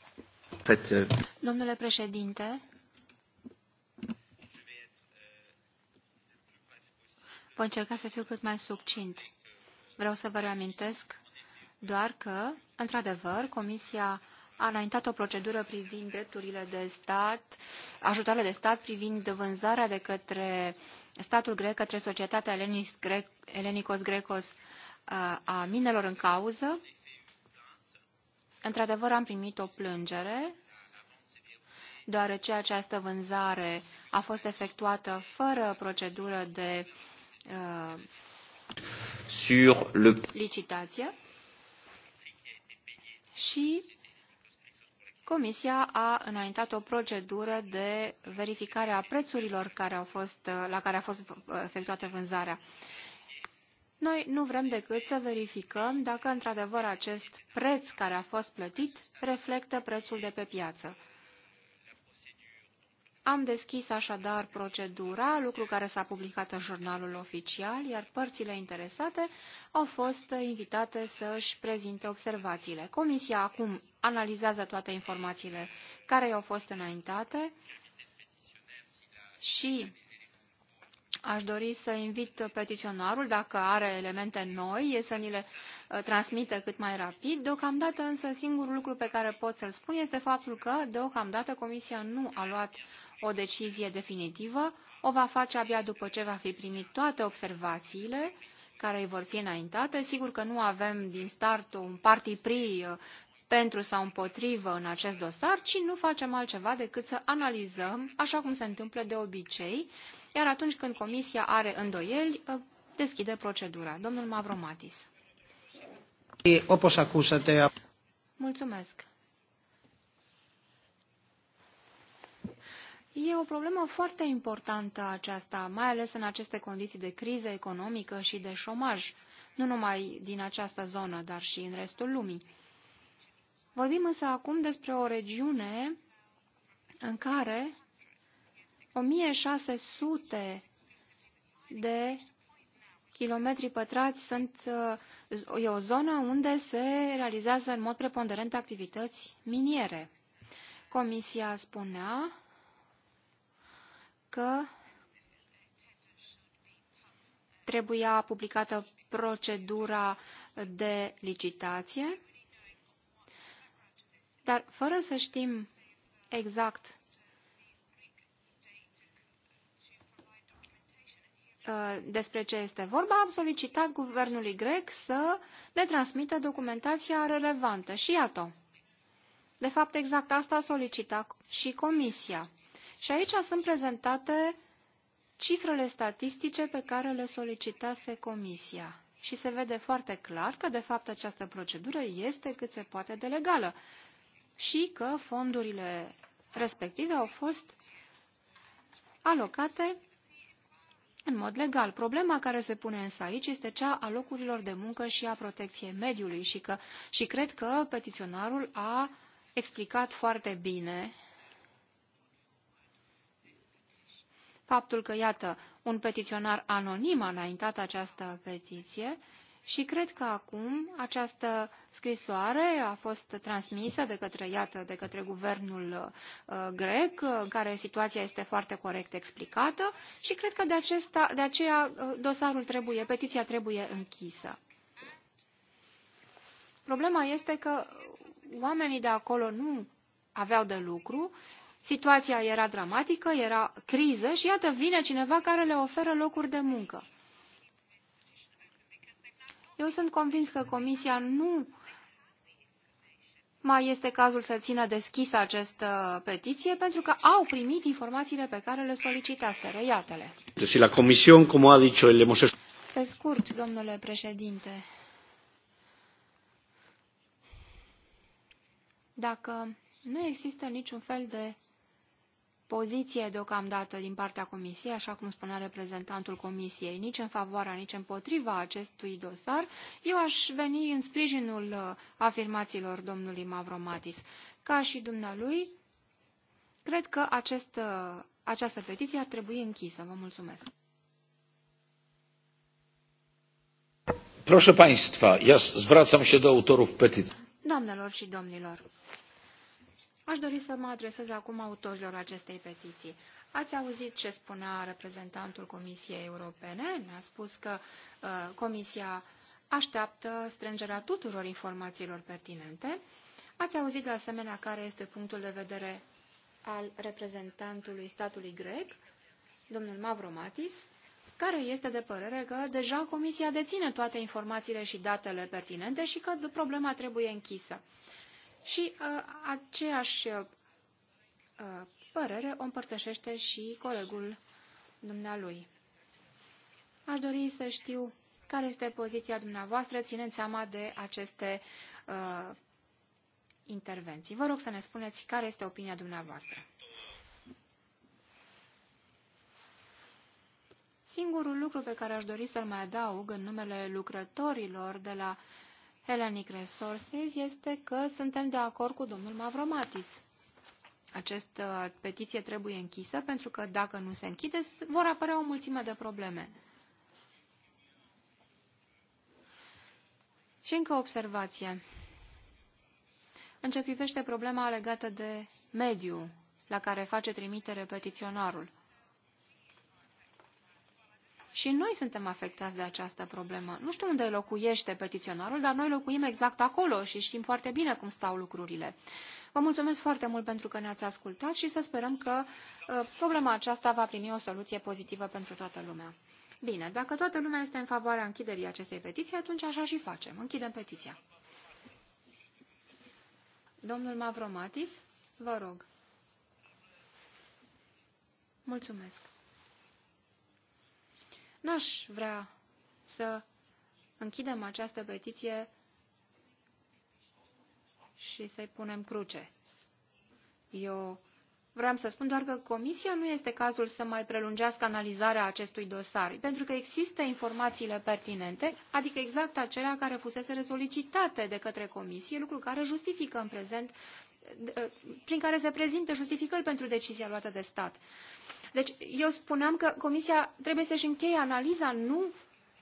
Eh, Domnule președinte, voi încerca să fiu cât mai succint. Vreau să vă reamintesc doar că, într-adevăr, Comisia a înaintat o procedură privind drepturile de stat, ajutoarele de stat privind vânzarea de către statul grec, către societatea Elenicos Grecos a minelor în cauză, într-adevăr am primit o plângere, deoarece această vânzare a fost efectuată fără procedură de uh, Sur le... licitație și Comisia a înaintat o procedură de verificare a prețurilor care au fost, la care a fost efectuată vânzarea. Noi nu vrem decât să verificăm dacă într-adevăr acest preț care a fost plătit reflectă prețul de pe piață. Am deschis așadar procedura, lucru care s-a publicat în jurnalul oficial, iar părțile interesate au fost invitate să-și prezinte observațiile. Comisia acum analizează toate informațiile care i-au fost înaintate și Aș dori să invit petiționarul, dacă are elemente noi, să ni le uh, transmită cât mai rapid. Deocamdată însă singurul lucru pe care pot să-l spun este faptul că deocamdată Comisia nu a luat o decizie definitivă, o va face abia după ce va fi primit toate observațiile care îi vor fi înaintate. Sigur că nu avem din start un party pri uh, pentru sau împotrivă în acest dosar, ci nu facem altceva decât să analizăm, așa cum se întâmplă de obicei, iar atunci când Comisia are îndoieli, ă, deschide procedura. Domnul Mavromatis. Mulțumesc. E o problemă foarte importantă aceasta, mai ales în aceste condiții de criză economică și de șomaj, nu numai din această zonă, dar și în restul lumii. Vorbim însă acum despre o regiune în care 1600 de kilometri pătrați sunt, uh, e o zonă unde se realizează în mod preponderent activități miniere. Comisia spunea că trebuia publicată procedura de licitație, dar fără să știm exact Uh, despre ce este vorba, am solicitat guvernului grec să ne transmită documentația relevantă. Și iată, de fapt exact asta solicita și comisia. Și aici sunt prezentate cifrele statistice pe care le solicitase comisia. Și se vede foarte clar că, de fapt, această procedură este cât se poate de legală și că fondurile respective au fost alocate în mod legal. Problema care se pune însă aici este cea a locurilor de muncă și a protecției mediului și, că, și cred că petiționarul a explicat foarte bine faptul că, iată, un petiționar anonim a înaintat această petiție și cred că acum această scrisoare a fost transmisă de către, iată, de către guvernul uh, grec, uh, în care situația este foarte corect explicată și cred că de, acesta, de aceea uh, dosarul trebuie, petiția trebuie închisă. Problema este că oamenii de acolo nu aveau de lucru, situația era dramatică, era criză și iată vine cineva care le oferă locuri de muncă. Eu sunt convins că Comisia nu mai este cazul să țină deschisă această petiție, pentru că au primit informațiile pe care le solicitaseră. Iată-le. Deci la comisión, cum a dicho, le hemos... Pe scurt, domnule președinte, dacă nu există niciun fel de poziție deocamdată din partea Comisiei, așa cum spunea reprezentantul Comisiei, nici în favoarea, nici împotriva acestui dosar, eu aș veni în sprijinul uh, afirmațiilor domnului Mavromatis. Ca și dumnealui, cred că acest, uh, această petiție ar trebui închisă. Vă mulțumesc. Proszę Państwa, ja zwracam się do autorów petycji. Doamnelor și domnilor, Aș dori să mă adresez acum autorilor acestei petiții. Ați auzit ce spunea reprezentantul Comisiei Europene? Ne-a spus că uh, Comisia așteaptă strângerea tuturor informațiilor pertinente. Ați auzit de asemenea care este punctul de vedere al reprezentantului statului grec, domnul Mavromatis, care este de părere că deja Comisia deține toate informațiile și datele pertinente și că problema trebuie închisă. Și uh, aceeași uh, părere o împărtășește și colegul dumnealui. Aș dori să știu care este poziția dumneavoastră, ținând seama de aceste uh, intervenții. Vă rog să ne spuneți care este opinia dumneavoastră. Singurul lucru pe care aș dori să-l mai adaug în numele lucrătorilor de la uh, Hellenic Resources este că suntem de acord cu domnul Mavromatis. Această petiție trebuie închisă pentru că dacă nu se închide, vor apărea o mulțime de probleme. Și încă o observație. În ce privește problema legată de mediu la care face trimitere petiționarul, și noi suntem afectați de această problemă. Nu știu unde locuiește petiționarul, dar noi locuim exact acolo și știm foarte bine cum stau lucrurile. Vă mulțumesc foarte mult pentru că ne-ați ascultat și să sperăm că uh, problema aceasta va primi o soluție pozitivă pentru toată lumea. Bine, dacă toată lumea este în favoarea închiderii acestei petiții, atunci așa și facem. Închidem petiția. Domnul Mavromatis, vă rog. Mulțumesc. N-aș vrea să închidem această petiție și să-i punem cruce. Eu vreau să spun doar că Comisia nu este cazul să mai prelungească analizarea acestui dosar, pentru că există informațiile pertinente, adică exact acelea care fusese solicitate de către Comisie, lucru care justifică în prezent, prin care se prezintă justificări pentru decizia luată de stat. Deci eu spuneam că Comisia trebuie să-și încheie analiza, nu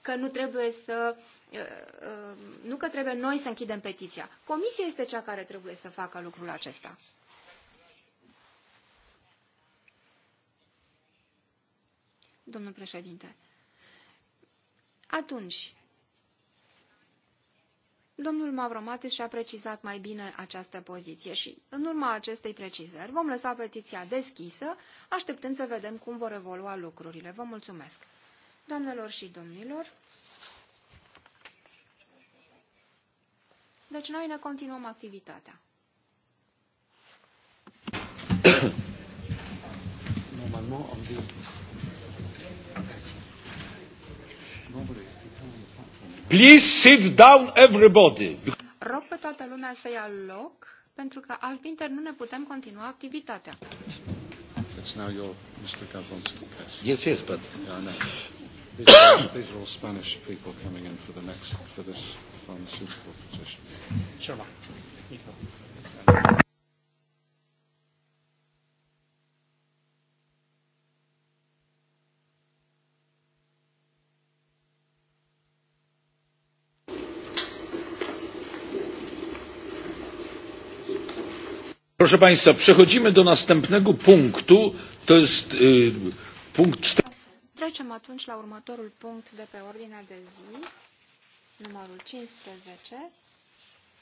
că nu trebuie să uh, uh, nu că trebuie noi să închidem petiția. Comisia este cea care trebuie să facă lucrul acesta. Domnul președinte, atunci, Domnul Mavromatis și-a precizat mai bine această poziție și, în urma acestei precizări, vom lăsa petiția deschisă, așteptând să vedem cum vor evolua lucrurile. Vă mulțumesc! Doamnelor și domnilor, deci noi ne continuăm activitatea. Normalement, on dit Please sit down everybody. Rog pe toată lumea să ia loc, pentru că altfel nu ne putem continua activitatea. It's now your Mr. Gavronsky case. Yes, yes, but... Yeah, I know. These are, these are all Spanish people coming in for the next, for this pharmaceutical position. Sure, Proszę Państwa, przechodzimy do następnego punktu. To jest y, punkt 4. Trecem atunci la următorul punct de pe ordinea de zi, numărul 15,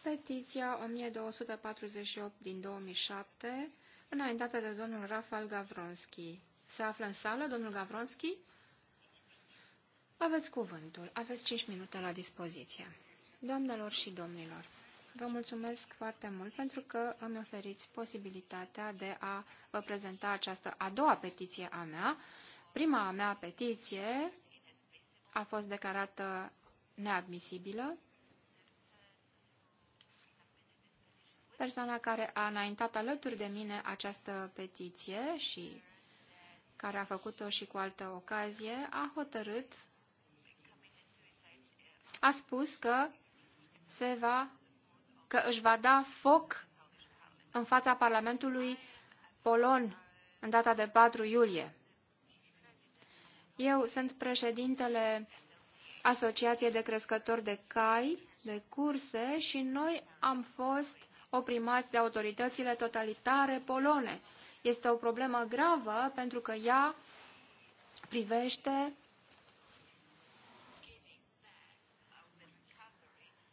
petiția 1248 din 2007, înaintată de domnul Rafael Gavronski. Se află în sală, domnul Gavronski? Aveți cuvântul. Aveți 5 minute la dispoziție. Doamnelor și domnilor, Vă mulțumesc foarte mult pentru că îmi oferiți posibilitatea de a vă prezenta această a doua petiție a mea. Prima a mea petiție a fost declarată neadmisibilă. Persoana care a înaintat alături de mine această petiție și care a făcut-o și cu altă ocazie, a hotărât, a spus că se va că își va da foc în fața Parlamentului Polon în data de 4 iulie. Eu sunt președintele Asociației de Crescători de Cai, de curse, și noi am fost oprimați de autoritățile totalitare polone. Este o problemă gravă pentru că ea privește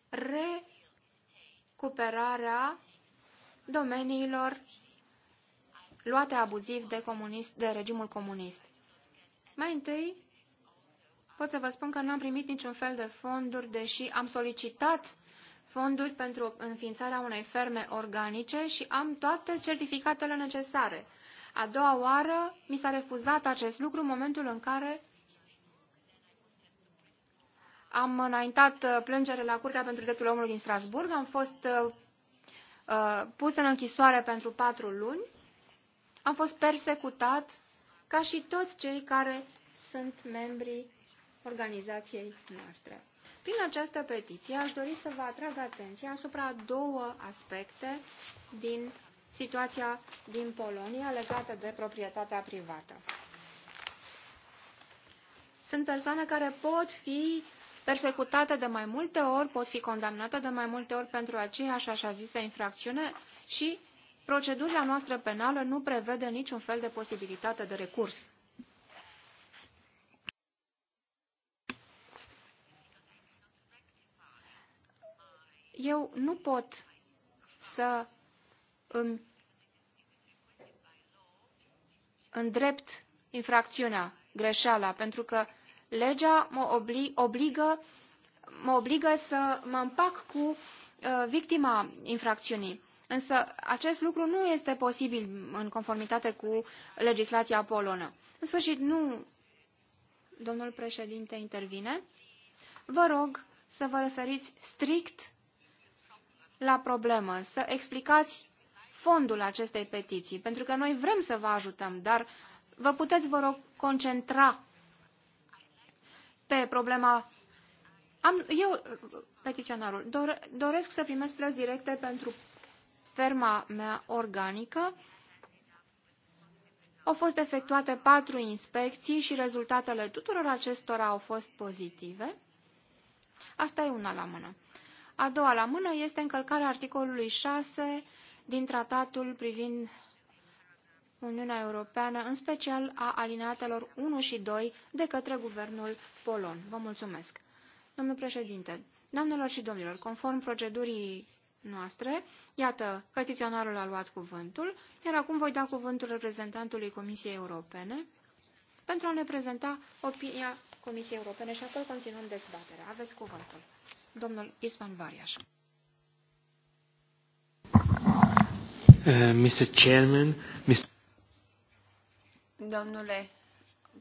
re recuperarea domeniilor luate abuziv de, comunist, de regimul comunist. Mai întâi, pot să vă spun că nu am primit niciun fel de fonduri, deși am solicitat fonduri pentru înființarea unei ferme organice și am toate certificatele necesare. A doua oară mi s-a refuzat acest lucru în momentul în care am înaintat uh, plângere la Curtea pentru Drepturile Omului din Strasburg, am fost uh, uh, pus în închisoare pentru patru luni, am fost persecutat ca și toți cei care sunt membrii organizației noastre. Prin această petiție aș dori să vă atrag atenția asupra două aspecte din situația din Polonia legată de proprietatea privată. Sunt persoane care pot fi persecutate de mai multe ori, pot fi condamnate de mai multe ori pentru aceeași așa zisă infracțiune și procedura noastră penală nu prevede niciun fel de posibilitate de recurs. Eu nu pot să îmi îndrept infracțiunea, greșeala, pentru că legea mă, obli obligă, mă obligă să mă împac cu uh, victima infracțiunii. Însă acest lucru nu este posibil în conformitate cu legislația polonă. În sfârșit, nu... Domnul președinte intervine. Vă rog să vă referiți strict la problemă, să explicați fondul acestei petiții, pentru că noi vrem să vă ajutăm, dar vă puteți, vă rog, concentra pe problema... Am, eu, petiționarul, dor, doresc să primesc plăți directe pentru ferma mea organică. Au fost efectuate patru inspecții și rezultatele tuturor acestora au fost pozitive. Asta e una la mână. A doua la mână este încălcarea articolului 6 din tratatul privind Uniunea Europeană, în special a alinatelor 1 și 2, de către guvernul polon. Vă mulțumesc. Domnul președinte, doamnelor și domnilor, conform procedurii noastre, iată, petiționarul a luat cuvântul, iar acum voi da cuvântul reprezentantului Comisiei Europene pentru a ne prezenta opinia Comisiei Europene și apoi continuăm dezbaterea. Aveți cuvântul. Domnul Isman Variaș. Uh, Mr. Chairman, Mr. Domnule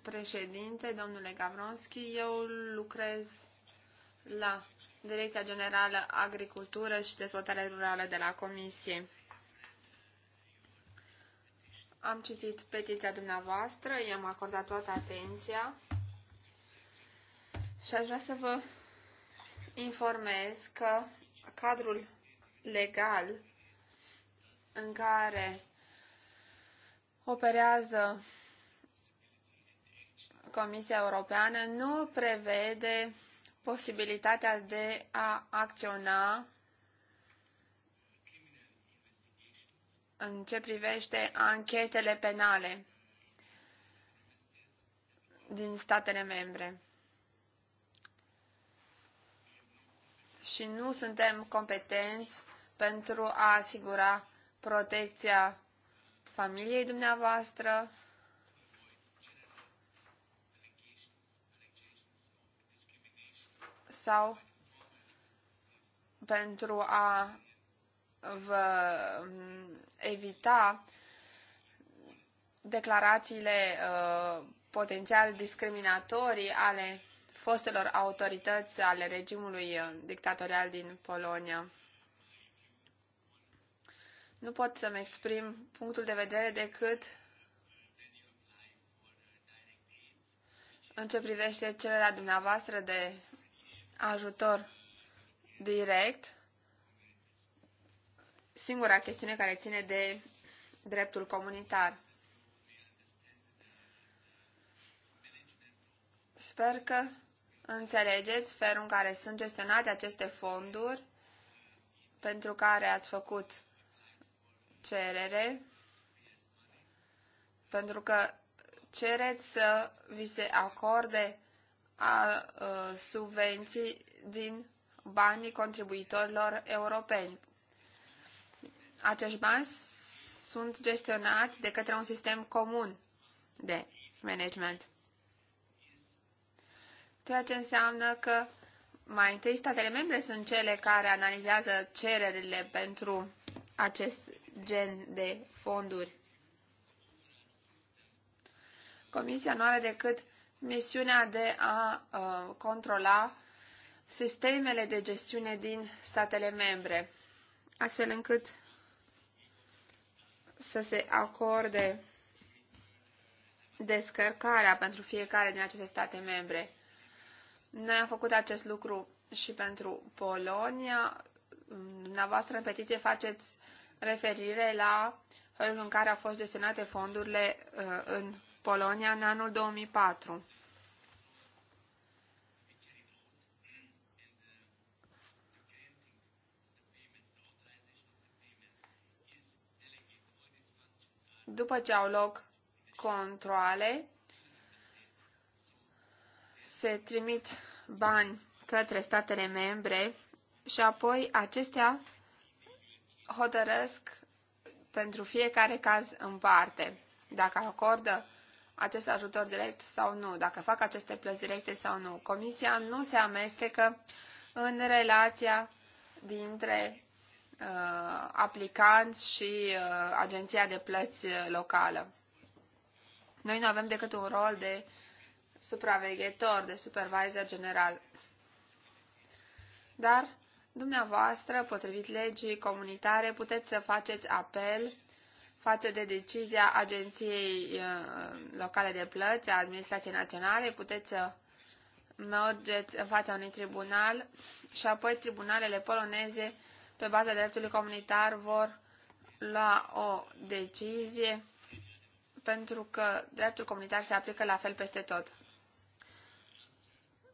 președinte, domnule Gavronski, eu lucrez la Direcția Generală Agricultură și Dezvoltare Rurală de la Comisie. Am citit petiția dumneavoastră, i-am acordat toată atenția și aș vrea să vă informez că cadrul legal în care operează Comisia Europeană nu prevede posibilitatea de a acționa în ce privește anchetele penale din statele membre. Și nu suntem competenți pentru a asigura protecția familiei dumneavoastră sau pentru a vă um, evita declarațiile uh, potențial discriminatorii ale fostelor autorități ale regimului uh, dictatorial din Polonia. Nu pot să-mi exprim punctul de vedere decât în ce privește cererea dumneavoastră de ajutor direct, singura chestiune care ține de dreptul comunitar. Sper că înțelegeți felul în care sunt gestionate aceste fonduri pentru care ați făcut cerere, pentru că cereți să vi se acorde a subvenții din banii contribuitorilor europeni. Acești bani sunt gestionați de către un sistem comun de management. Ceea ce înseamnă că mai întâi statele membre sunt cele care analizează cererile pentru acest gen de fonduri. Comisia nu are decât misiunea de a uh, controla sistemele de gestiune din statele membre, astfel încât să se acorde descărcarea pentru fiecare din aceste state membre. Noi am făcut acest lucru și pentru Polonia. Dumneavoastră în petiție faceți referire la felul în care au fost gestionate fondurile uh, în Polonia în anul 2004. După ce au loc controle, se trimit bani către statele membre și apoi acestea hotărăsc pentru fiecare caz în parte dacă acordă acest ajutor direct sau nu, dacă fac aceste plăți directe sau nu. Comisia nu se amestecă în relația dintre uh, aplicant și uh, agenția de plăți locală. Noi nu avem decât un rol de supraveghetor, de supervisor general. Dar dumneavoastră, potrivit legii comunitare, puteți să faceți apel față de decizia Agenției uh, Locale de Plăți, a Administrației Naționale, puteți să mergeți în fața unui tribunal și apoi tribunalele poloneze, pe baza dreptului comunitar, vor lua o decizie pentru că dreptul comunitar se aplică la fel peste tot.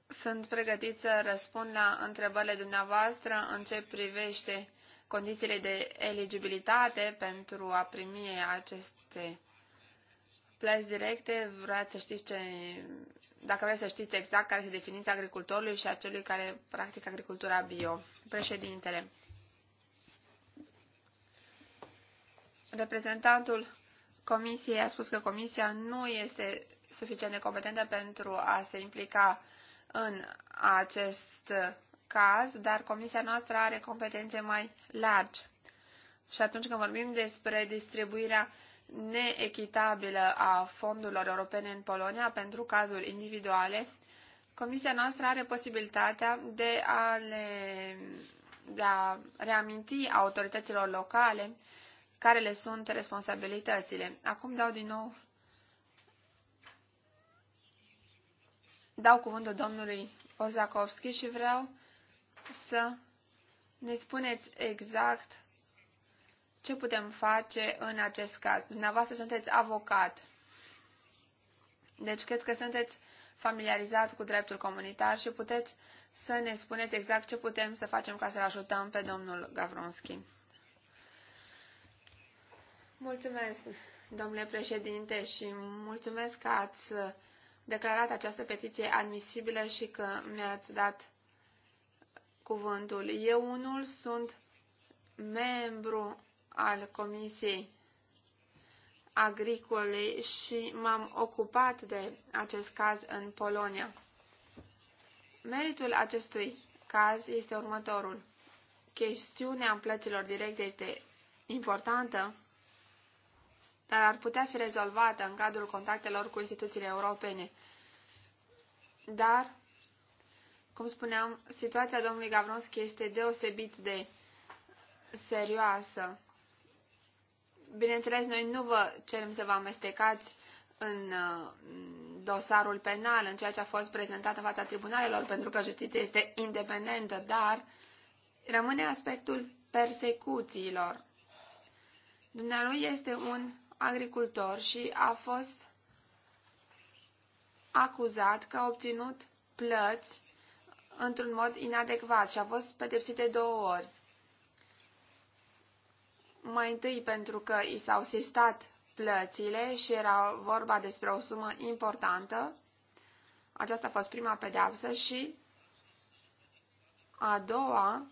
Sunt pregătit să răspund la întrebările dumneavoastră în ce privește condițiile de eligibilitate pentru a primi aceste plăți directe, vreau să știți ce, dacă vreți să știți exact care este definiția agricultorului și a celui care practică agricultura bio. Președintele. Reprezentantul Comisiei a spus că Comisia nu este suficient de competentă pentru a se implica în acest caz, dar comisia noastră are competențe mai largi. Și atunci când vorbim despre distribuirea neechitabilă a fondurilor europene în Polonia pentru cazuri individuale, comisia noastră are posibilitatea de a, le, de a reaminti autorităților locale care le sunt responsabilitățile. Acum dau din nou dau cuvântul domnului Ozakovski și vreau să ne spuneți exact ce putem face în acest caz. Dumneavoastră sunteți avocat, deci cred că sunteți familiarizat cu dreptul comunitar și puteți să ne spuneți exact ce putem să facem ca să-l ajutăm pe domnul Gavronski. Mulțumesc, domnule președinte, și mulțumesc că ați declarat această petiție admisibilă și că mi-ați dat cuvântul. Eu unul sunt membru al Comisiei Agricole și m-am ocupat de acest caz în Polonia. Meritul acestui caz este următorul. Chestiunea plăților directe este importantă, dar ar putea fi rezolvată în cadrul contactelor cu instituțiile europene. Dar cum spuneam, situația domnului Gavronski este deosebit de serioasă. Bineînțeles, noi nu vă cerem să vă amestecați în uh, dosarul penal, în ceea ce a fost prezentat în fața tribunalelor, pentru că justiția este independentă, dar rămâne aspectul persecuțiilor. Dumnealui este un agricultor și a fost acuzat că a obținut plăți într-un mod inadecvat și a fost pedepsit de două ori. Mai întâi pentru că i s-au sistat plățile și era vorba despre o sumă importantă. Aceasta a fost prima pedeapsă și a doua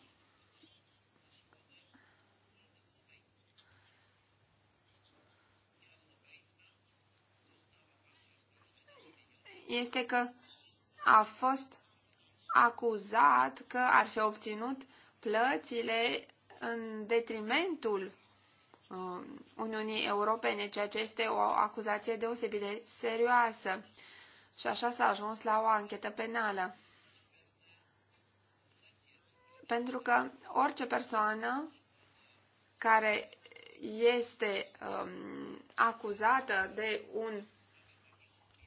este că a fost acuzat că ar fi obținut plățile în detrimentul um, Uniunii Europene, ceea ce este o acuzație deosebit de serioasă. Și așa s-a ajuns la o anchetă penală. Pentru că orice persoană care este um, acuzată de un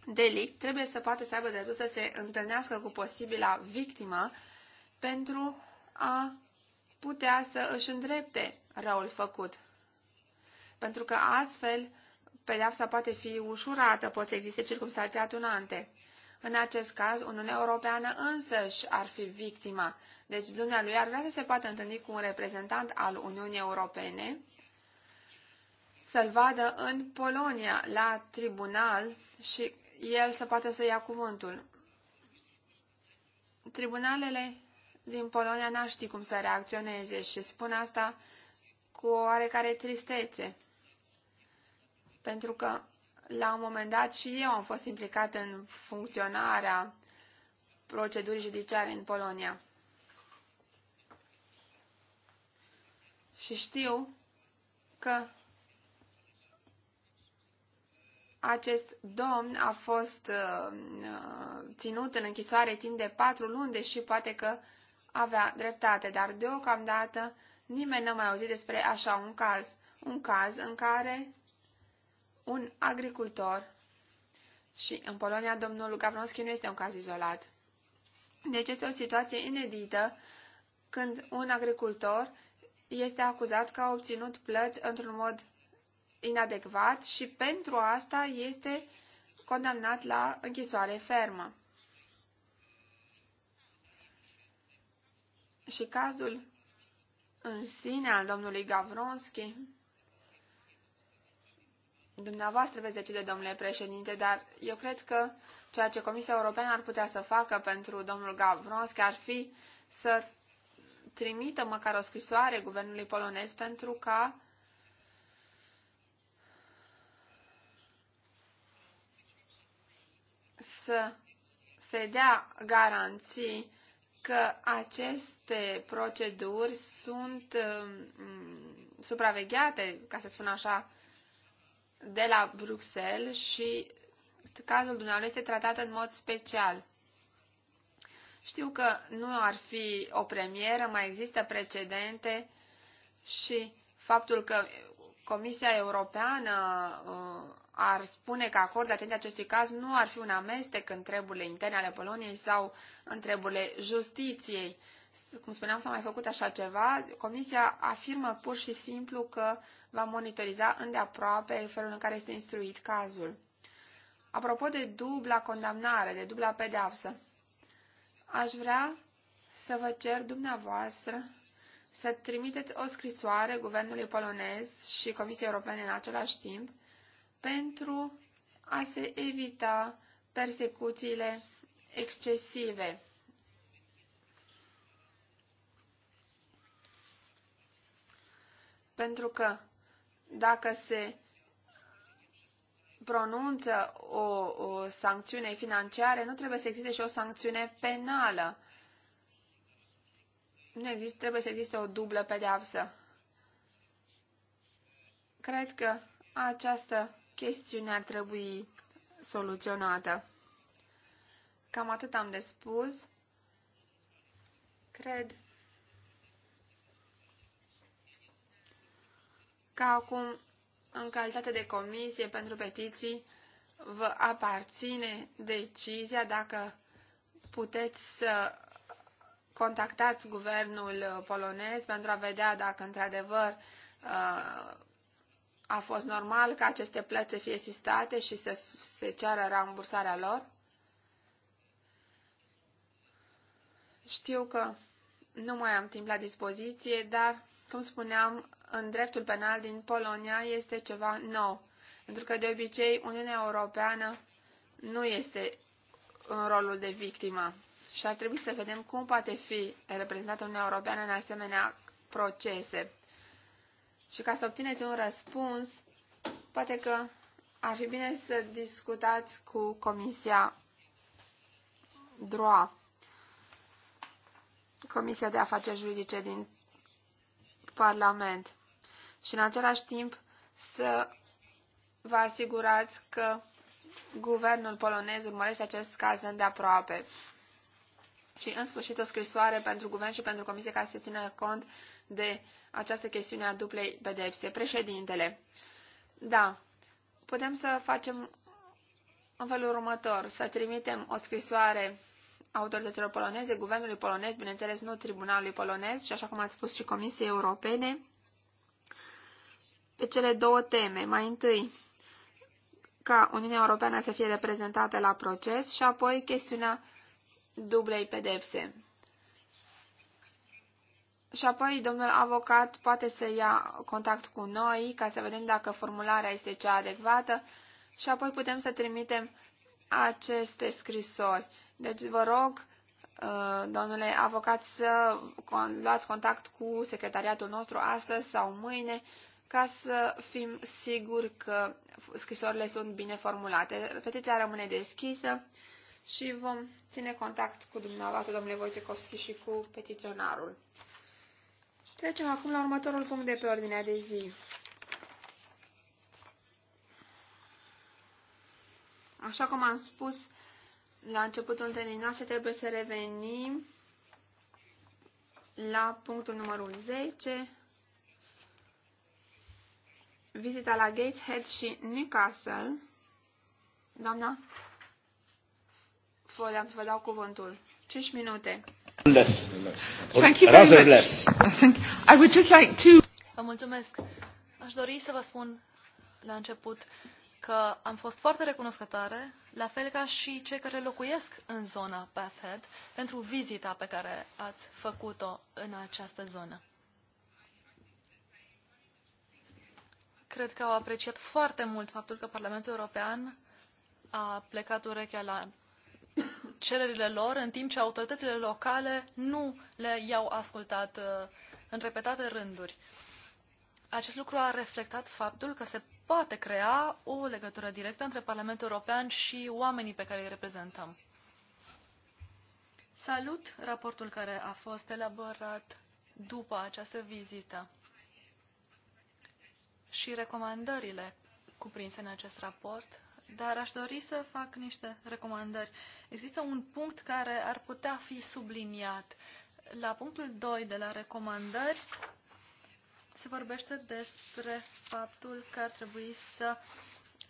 delict trebuie să poată să aibă dreptul să se întâlnească cu posibila victimă pentru a putea să își îndrepte răul făcut. Pentru că astfel pedeapsa poate fi ușurată, pot să existe circunstanțe atunante. În acest caz, Uniunea Europeană însăși ar fi victima, deci dumnealui ar vrea să se poată întâlni cu un reprezentant al Uniunii Europene, să-l vadă în Polonia, la tribunal și el să poată să ia cuvântul. Tribunalele din Polonia n ști cum să reacționeze și spun asta cu oarecare tristețe, pentru că la un moment dat și eu am fost implicat în funcționarea procedurii judiciare în Polonia. Și știu că acest domn a fost uh, uh, ținut în închisoare timp de patru luni, deși poate că avea dreptate, dar deocamdată nimeni n-a mai auzit despre așa un caz. Un caz în care un agricultor și în Polonia domnul Gavronski nu este un caz izolat. Deci este o situație inedită când un agricultor este acuzat că a obținut plăți într-un mod inadecvat și pentru asta este condamnat la închisoare fermă. Și cazul în sine al domnului Gavronski, dumneavoastră veți decide, domnule președinte, dar eu cred că ceea ce Comisia Europeană ar putea să facă pentru domnul Gavronski ar fi să trimită măcar o scrisoare guvernului polonez pentru ca să se dea garanții că aceste proceduri sunt um, supravegheate, ca să spun așa, de la Bruxelles și cazul dumneavoastră este tratat în mod special. Știu că nu ar fi o premieră, mai există precedente și faptul că Comisia Europeană uh, ar spune că acordul de atenție acestui caz nu ar fi un amestec în treburile interne ale Poloniei sau în treburile justiției. Cum spuneam, s-a mai făcut așa ceva. Comisia afirmă pur și simplu că va monitoriza îndeaproape felul în care este instruit cazul. Apropo de dubla condamnare, de dubla pedeapsă, aș vrea să vă cer dumneavoastră să trimiteți o scrisoare guvernului polonez și Comisiei Europene în același timp, pentru a se evita persecuțiile excesive. Pentru că dacă se pronunță o, o sancțiune financiară, nu trebuie să existe și o sancțiune penală. Nu există, trebuie să existe o dublă pedeapsă. Cred că această chestiunea ar trebui soluționată. Cam atât am de spus. Cred că acum, în calitate de comisie pentru petiții, vă aparține decizia dacă puteți să contactați guvernul polonez pentru a vedea dacă într-adevăr uh, a fost normal ca aceste plăți să fie sistate și să se ceară rambursarea lor? Știu că nu mai am timp la dispoziție, dar, cum spuneam, în dreptul penal din Polonia este ceva nou, pentru că de obicei Uniunea Europeană nu este în rolul de victimă și ar trebui să vedem cum poate fi reprezentată Uniunea Europeană în asemenea procese. Și ca să obțineți un răspuns, poate că ar fi bine să discutați cu Comisia DROA, Comisia de Afaceri Juridice din Parlament. Și în același timp să vă asigurați că guvernul polonez urmărește acest caz îndeaproape și, în sfârșit, o scrisoare pentru Guvern și pentru Comisie ca să se țină cont de această chestiune a duplei pedepse. Președintele, da, putem să facem în felul următor, să trimitem o scrisoare autorităților poloneze, guvernului polonez, bineînțeles nu tribunalului polonez și așa cum ați spus și Comisiei Europene, pe cele două teme. Mai întâi, ca Uniunea Europeană să fie reprezentată la proces și apoi chestiunea dublei pedepse. Și apoi domnul avocat poate să ia contact cu noi ca să vedem dacă formularea este cea adecvată și apoi putem să trimitem aceste scrisori. Deci vă rog, uh, domnule avocat, să luați contact cu secretariatul nostru astăzi sau mâine ca să fim siguri că scrisorile sunt bine formulate. Petiția rămâne deschisă și vom ține contact cu dumneavoastră, domnule Wojciechowski, și cu petiționarul. Trecem acum la următorul punct de pe ordinea de zi. Așa cum am spus la începutul întâlnirii noastre, trebuie să revenim la punctul numărul 10, vizita la Gateshead și Newcastle. Doamna vă, vă dau cuvântul. 5 minute. Less. Thank you very much. Less. I would just like to... Vă mulțumesc. Aș dori să vă spun la început că am fost foarte recunoscătoare, la fel ca și cei care locuiesc în zona Bathhead, pentru vizita pe care ați făcut-o în această zonă. Cred că au apreciat foarte mult faptul că Parlamentul European a plecat urechea la cererile lor, în timp ce autoritățile locale nu le i-au ascultat uh, în repetate rânduri. Acest lucru a reflectat faptul că se poate crea o legătură directă între Parlamentul European și oamenii pe care îi reprezentăm. Salut raportul care a fost elaborat după această vizită și recomandările cuprinse în acest raport dar aș dori să fac niște recomandări. Există un punct care ar putea fi subliniat. La punctul 2 de la recomandări se vorbește despre faptul că ar trebui să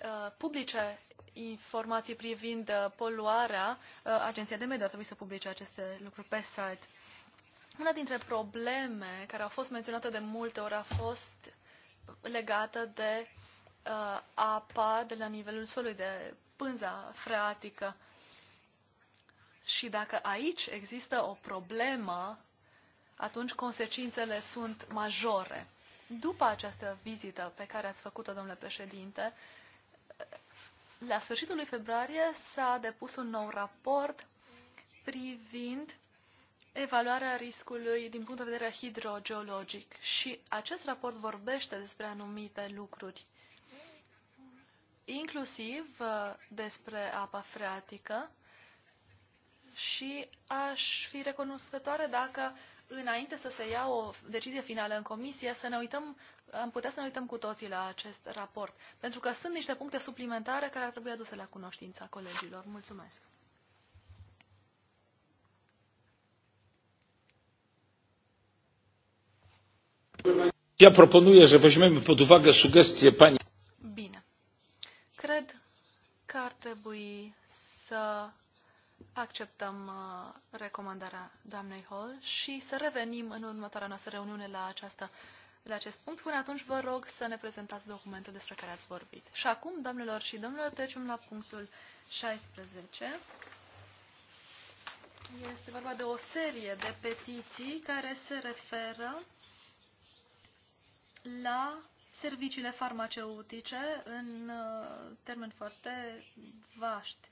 uh, publice informații privind uh, poluarea. Uh, Agenția de Mediu ar trebui să publice aceste lucruri pe site. Una dintre probleme care au fost menționate de multe ori a fost legată de uh, apa de la nivelul solului, de pânza freatică. Și dacă aici există o problemă, atunci consecințele sunt majore. După această vizită pe care ați făcut-o, domnule președinte, la sfârșitul lui februarie s-a depus un nou raport privind evaluarea riscului din punct de vedere hidrogeologic și acest raport vorbește despre anumite lucruri inclusiv uh, despre apa freatică și aș fi recunoscătoare dacă înainte să se ia o decizie finală în comisie, să ne uităm, am putea să ne uităm cu toții la acest raport. Pentru că sunt niște puncte suplimentare care ar trebui aduse la cunoștința colegilor. Mulțumesc! Ja proponuję, że weźmiemy pod uwagę sugestie pani. Cred că ar trebui să acceptăm uh, recomandarea doamnei Hall și să revenim în următoarea noastră reuniune la, această, la acest punct. Până atunci vă rog să ne prezentați documentul despre care ați vorbit. Și acum, doamnelor și domnilor, trecem la punctul 16. Este vorba de o serie de petiții care se referă la serviciile farmaceutice în uh, termeni foarte vaști.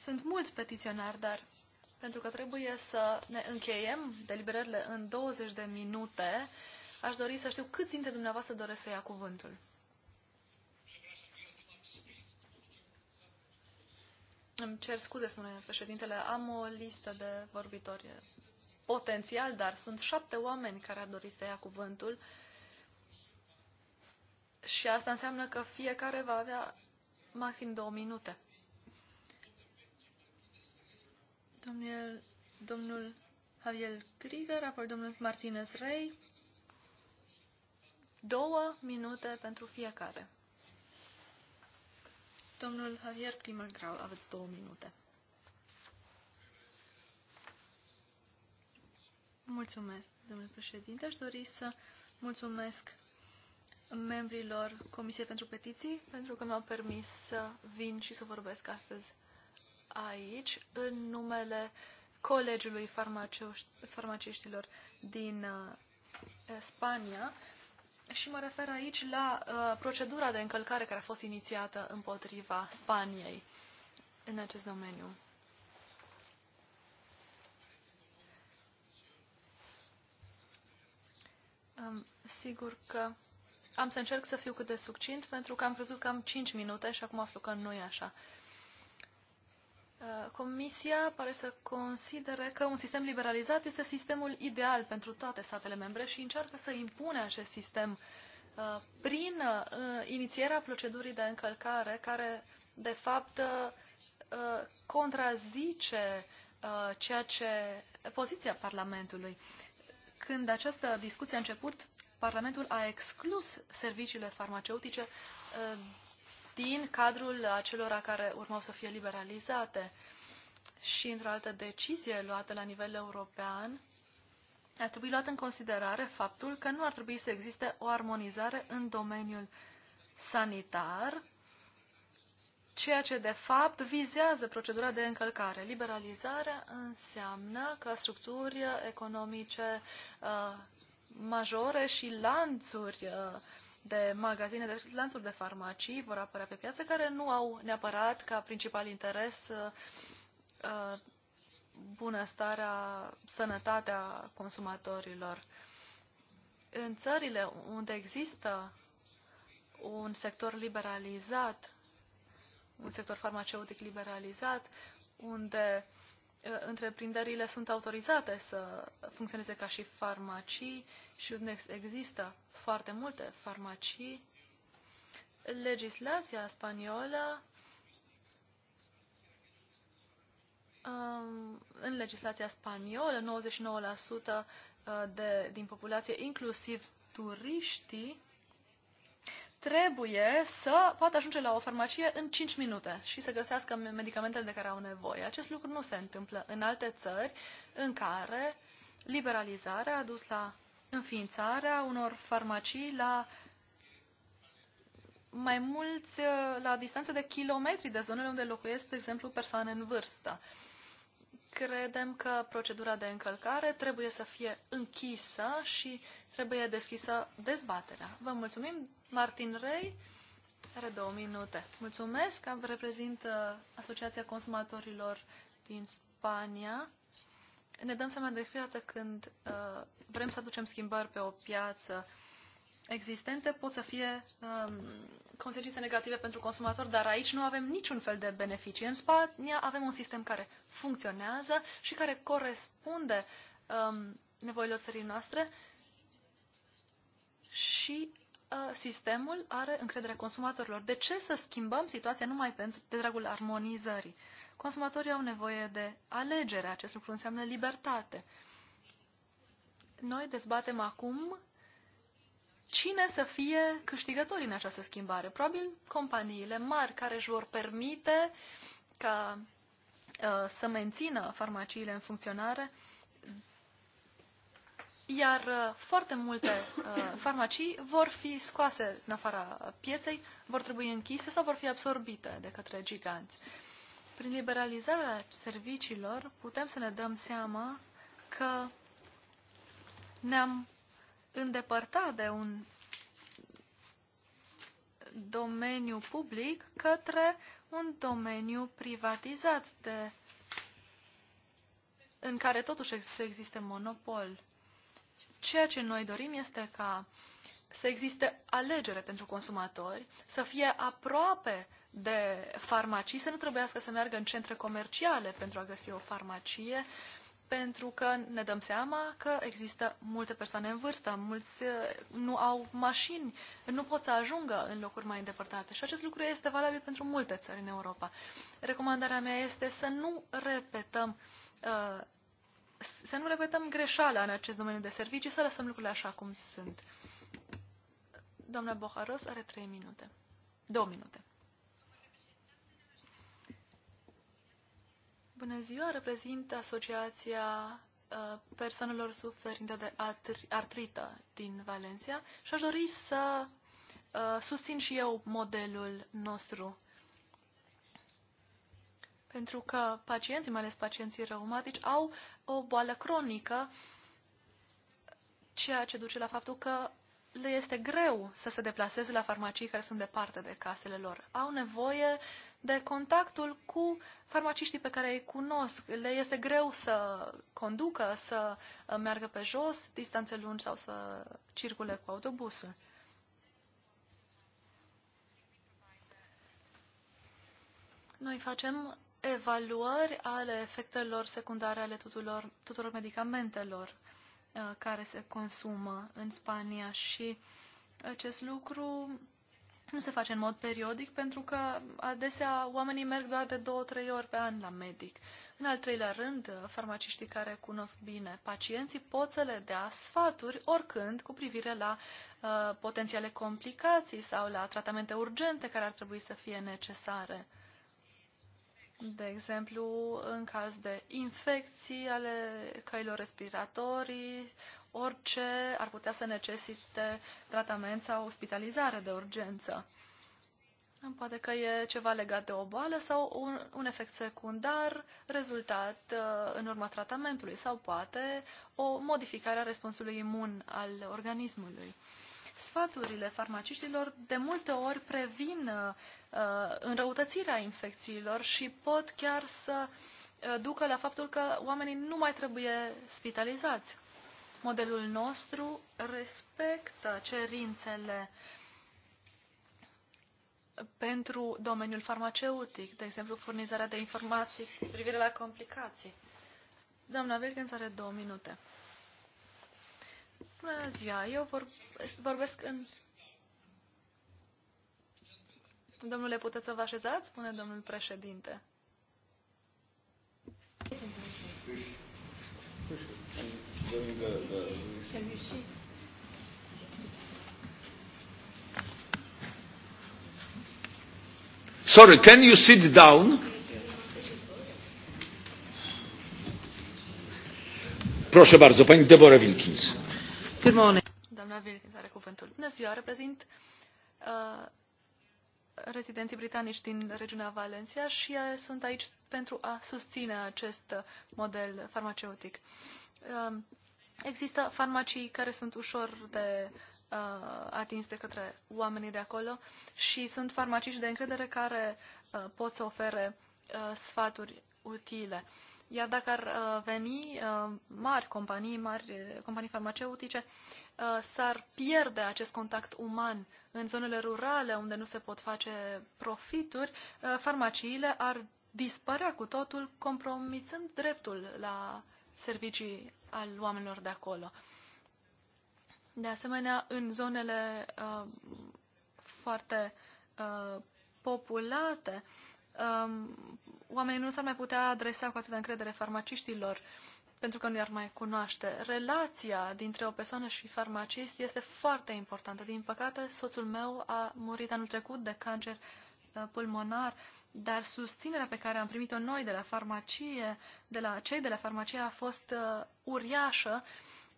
Sunt mulți petiționari, dar pentru că trebuie să ne încheiem deliberările în 20 de minute, aș dori să știu câți dintre dumneavoastră doresc să ia cuvântul. Îmi cer scuze, spune președintele, am o listă de vorbitori potențial, dar sunt șapte oameni care ar dori să ia cuvântul și asta înseamnă că fiecare va avea maxim două minute. Domnul, domnul Javier Krieger, apoi domnul Martinez Rey. Două minute pentru fiecare. Domnul Javier Klimangrau, aveți două minute. Mulțumesc, domnule președinte. Aș dori să mulțumesc membrilor Comisiei pentru Petiții pentru că mi-au permis să vin și să vorbesc astăzi aici în numele Colegiului Farmaciștilor din uh, Spania și mă refer aici la uh, procedura de încălcare care a fost inițiată împotriva Spaniei în acest domeniu. Um, sigur că am să încerc să fiu cât de succint, pentru că am crezut că am 5 minute și acum aflu că nu e așa. Uh, Comisia pare să considere că un sistem liberalizat este sistemul ideal pentru toate statele membre și încearcă să impune acest sistem uh, prin uh, inițierea procedurii de încălcare, care, de fapt, contrazice ceea ce poziția Parlamentului. Când această discuție a început, Parlamentul a exclus serviciile farmaceutice ă, din cadrul acelora care urmau să fie liberalizate și într-o altă decizie luată la nivel european, a trebuit luat în considerare faptul că nu ar trebui să existe o armonizare în domeniul sanitar, ceea ce de fapt vizează procedura de încălcare. Liberalizarea înseamnă că structuri economice uh, majore și lanțuri uh, de magazine, de lanțuri de farmacii vor apărea pe piață, care nu au neapărat ca principal interes uh, uh, bunăstarea, sănătatea consumatorilor. În țările unde există un sector liberalizat, un sector farmaceutic liberalizat, unde uh, Uh, întreprinderile sunt autorizate să funcționeze ca și farmacii și unde există foarte multe farmacii, legislația spaniolă um, în legislația spaniolă 99% uh, de, din populație, inclusiv turiștii, trebuie să poată ajunge la o farmacie în 5 minute și să găsească medicamentele de care au nevoie. Acest lucru nu se întâmplă în alte țări în care liberalizarea a dus la înființarea unor farmacii la mai mulți la distanță de kilometri de zonele unde locuiesc, de exemplu, persoane în vârstă. Uh, Credem că procedura de încălcare trebuie să fie închisă și trebuie deschisă dezbaterea. Vă mulțumim, Martin Rei. Are două minute. Mulțumesc, am reprezint uh, Asociația Consumatorilor din Spania. Ne dăm seama de fiecare când uh, vrem să aducem schimbări pe o piață uh, existente pot să fie um, consecințe negative pentru consumator, dar aici nu avem niciun fel de beneficii. În Spania avem un sistem care funcționează și care corespunde um, nevoilor țării noastre și uh, sistemul are încrederea consumatorilor. De ce să schimbăm situația numai pentru, de dragul armonizării? Consumatorii au nevoie de alegere. Acest lucru înseamnă libertate. Noi dezbatem acum cine să fie câștigători în această schimbare. Probabil companiile mari care își vor permite ca uh, să mențină farmaciile în funcționare, iar uh, foarte multe uh, farmacii vor fi scoase în afara pieței, vor trebui închise sau vor fi absorbite de către giganți. Prin liberalizarea serviciilor putem să ne dăm seama că ne-am îndepărta de un domeniu public către un domeniu privatizat de, în care totuși să existe monopol. Ceea ce noi dorim este ca să existe alegere pentru consumatori, să fie aproape de farmacii, să nu trebuiască să meargă în centre comerciale pentru a găsi o farmacie, pentru că ne dăm seama că există multe persoane în vârstă, mulți uh, nu au mașini, nu pot să ajungă în locuri mai îndepărtate și acest lucru este valabil pentru multe țări în Europa. Recomandarea mea este să nu repetăm uh, să nu repetăm greșeala în acest domeniu de servicii, să lăsăm lucrurile așa cum sunt. Doamna Boharos are trei minute. Două minute. Bună ziua, reprezint Asociația uh, persoanelor suferinte de artrită din Valencia și aș dori să uh, susțin și eu modelul nostru. Pentru că pacienții, mai ales pacienții reumatici, au o boală cronică, ceea ce duce la faptul că le este greu să se deplaseze la farmacii care sunt departe de casele lor. Au nevoie uh, de contactul cu farmaciștii pe care îi cunosc. Le este greu să conducă, să uh, meargă pe jos distanțe lungi sau să circule cu autobusul. Noi facem evaluări ale efectelor secundare ale tuturor, tuturor medicamentelor uh, care se consumă în Spania și acest lucru nu se face în mod periodic pentru că adesea oamenii merg doar de două, trei ori pe an la medic. În al treilea rând, farmaciștii care cunosc bine pacienții pot să le dea sfaturi oricând cu privire la uh, potențiale complicații sau la tratamente urgente care ar trebui să fie necesare. De exemplu, în caz de infecții ale căilor respiratorii, orice ar putea să necesite tratament sau ospitalizare de urgență. Poate că e ceva legat de o boală sau un, un efect secundar rezultat uh, în urma tratamentului sau poate o modificare a răspunsului imun al organismului. Sfaturile farmaciștilor de multe ori previn uh, uh înrăutățirea infecțiilor și pot chiar să uh, ducă la faptul că oamenii nu mai trebuie spitalizați modelul nostru respectă cerințele pentru domeniul farmaceutic, de exemplu, furnizarea de informații cu privire la complicații. Doamna Wilkins are două minute. Bună ziua, eu vorbesc în... Domnule, puteți să vă așezați? Spune domnul președinte. Sorry, can you sit down? Proszę bardzo, pani Deborah Wilkins. Good morning. Doamna Wilkins are cuvântul. Bună ziua, reprezint uh, rezidenții britanici din regiunea Valencia și uh, sunt aici pentru a susține acest model farmaceutic. Uh, Există farmacii care sunt ușor de uh, atins de către oamenii de acolo și sunt farmaciști de încredere care uh, pot să ofere uh, sfaturi utile. Iar dacă ar uh, veni uh, mari companii, mari companii farmaceutice, uh, s-ar pierde acest contact uman în zonele rurale unde nu se pot face profituri, uh, farmaciile ar dispărea cu totul, compromițând dreptul la servicii al oamenilor de acolo. De asemenea, în zonele uh, foarte uh, populate, um, oamenii nu s-ar mai putea adresa cu atâta încredere farmaciștilor pentru că nu i-ar mai cunoaște. Relația dintre o persoană și farmacist este foarte importantă. Din păcate, soțul meu a murit anul trecut de cancer Uh, pulmonar, dar susținerea pe care am primit-o noi de la farmacie, de la cei de la farmacie a fost uh, uriașă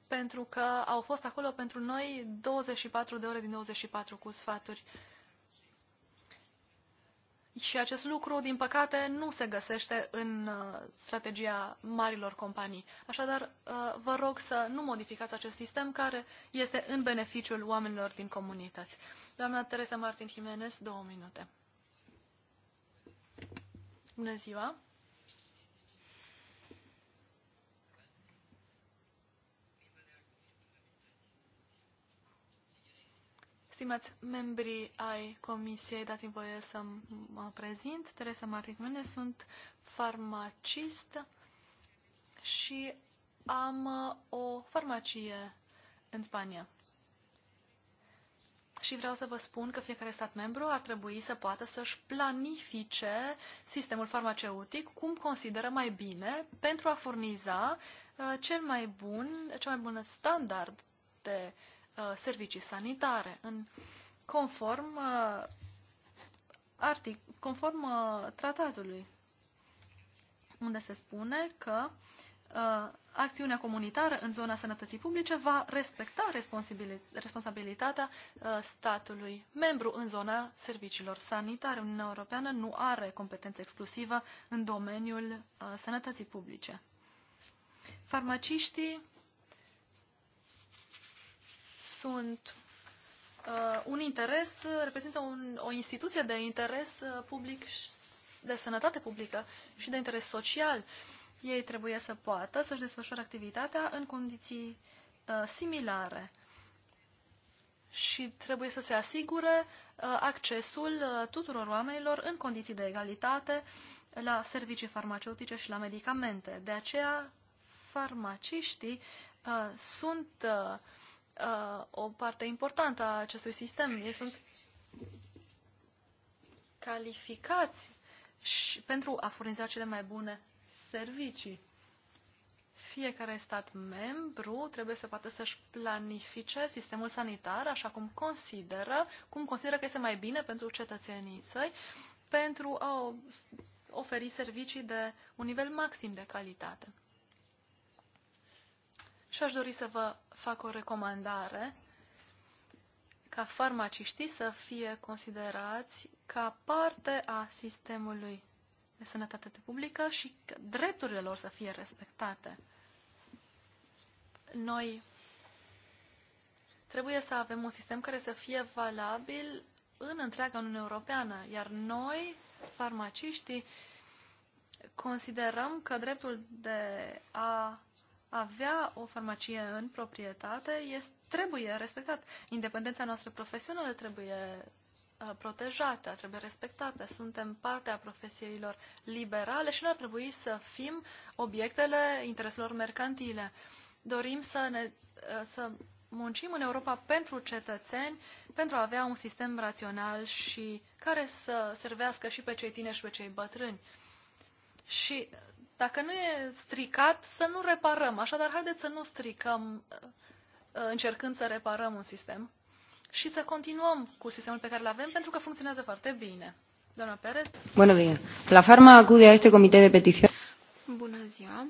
pentru că au fost acolo pentru noi 24 de ore din 24 cu sfaturi. Și acest lucru, din păcate, nu se găsește în uh, strategia marilor companii. Așadar, uh, vă rog să nu modificați acest sistem care este în beneficiul oamenilor din comunități. Doamna Teresa Martin Jimenez, două minute. Bună ziua! Stimați membrii ai comisiei, dați-mi voie să mă prezint. Teresa Martin Mene, sunt farmacist și am o farmacie în Spania. Și vreau să vă spun că fiecare stat membru ar trebui să poată să-și planifice sistemul farmaceutic cum consideră mai bine pentru a furniza uh, cel mai bun, cel mai bun standard de uh, servicii sanitare în conform uh, artic, conform tratatului unde se spune că uh, Uh, acțiunea comunitară în zona sănătății publice va respecta responsabilitatea uh, statului membru în zona serviciilor sanitare. Uniunea Europeană nu are competență exclusivă în domeniul uh, sănătății publice. Farmaciștii sunt un interes, reprezintă un, o instituție de interes public, de sănătate publică și de interes social. Uh, ei trebuie să poată să-și desfășoare activitatea în condiții uh, similare și trebuie să se asigure uh, accesul uh, tuturor oamenilor în condiții de egalitate la servicii farmaceutice și la medicamente. De aceea, farmaciștii uh, sunt uh, uh, o parte importantă a acestui sistem. Ei sunt calificați și pentru a furniza cele mai bune servicii. Fiecare stat membru trebuie să poată să-și planifice sistemul sanitar așa cum consideră, cum consideră că este mai bine pentru cetățenii săi, pentru a oferi servicii de un nivel maxim de calitate. Și aș dori să vă fac o recomandare ca farmaciștii să fie considerați ca parte a sistemului de sănătate publică și drepturile lor să fie respectate. Noi trebuie să avem un sistem care să fie valabil în întreaga Uniune Europeană, iar noi, farmaciștii, considerăm că dreptul de a avea o farmacie în proprietate este, trebuie respectat. Independența noastră profesională trebuie Uh, protejate, trebuie respectate. Suntem parte a profesiilor liberale și nu ar trebui să fim obiectele intereselor mercantile. Dorim să, ne, uh, să muncim în Europa pentru cetățeni, pentru a avea un sistem rațional și care să servească și pe cei tineri și pe cei bătrâni. Și uh, dacă nu e stricat, să nu reparăm. Așadar, haideți să nu stricăm încercând să reparăm un sistem și să continuăm cu sistemul pe care îl avem pentru că funcționează foarte bine. Doamna Perez. Bună ziua. La Farma acude a este comité de petiție. Bună ziua.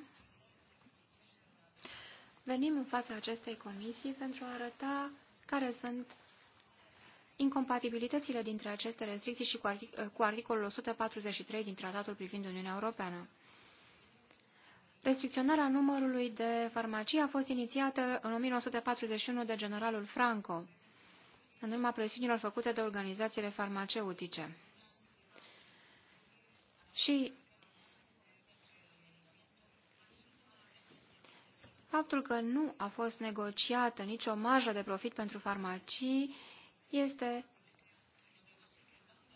Venim în fața acestei comisii pentru a arăta care sunt incompatibilitățile dintre aceste restricții și cu articolul 143 din Tratatul privind Uniunea Europeană. Restricționarea numărului de farmacii a fost inițiată în 1941 de generalul Franco în urma presiunilor făcute de organizațiile farmaceutice. Și faptul că nu a fost negociată nicio marjă de profit pentru farmacii este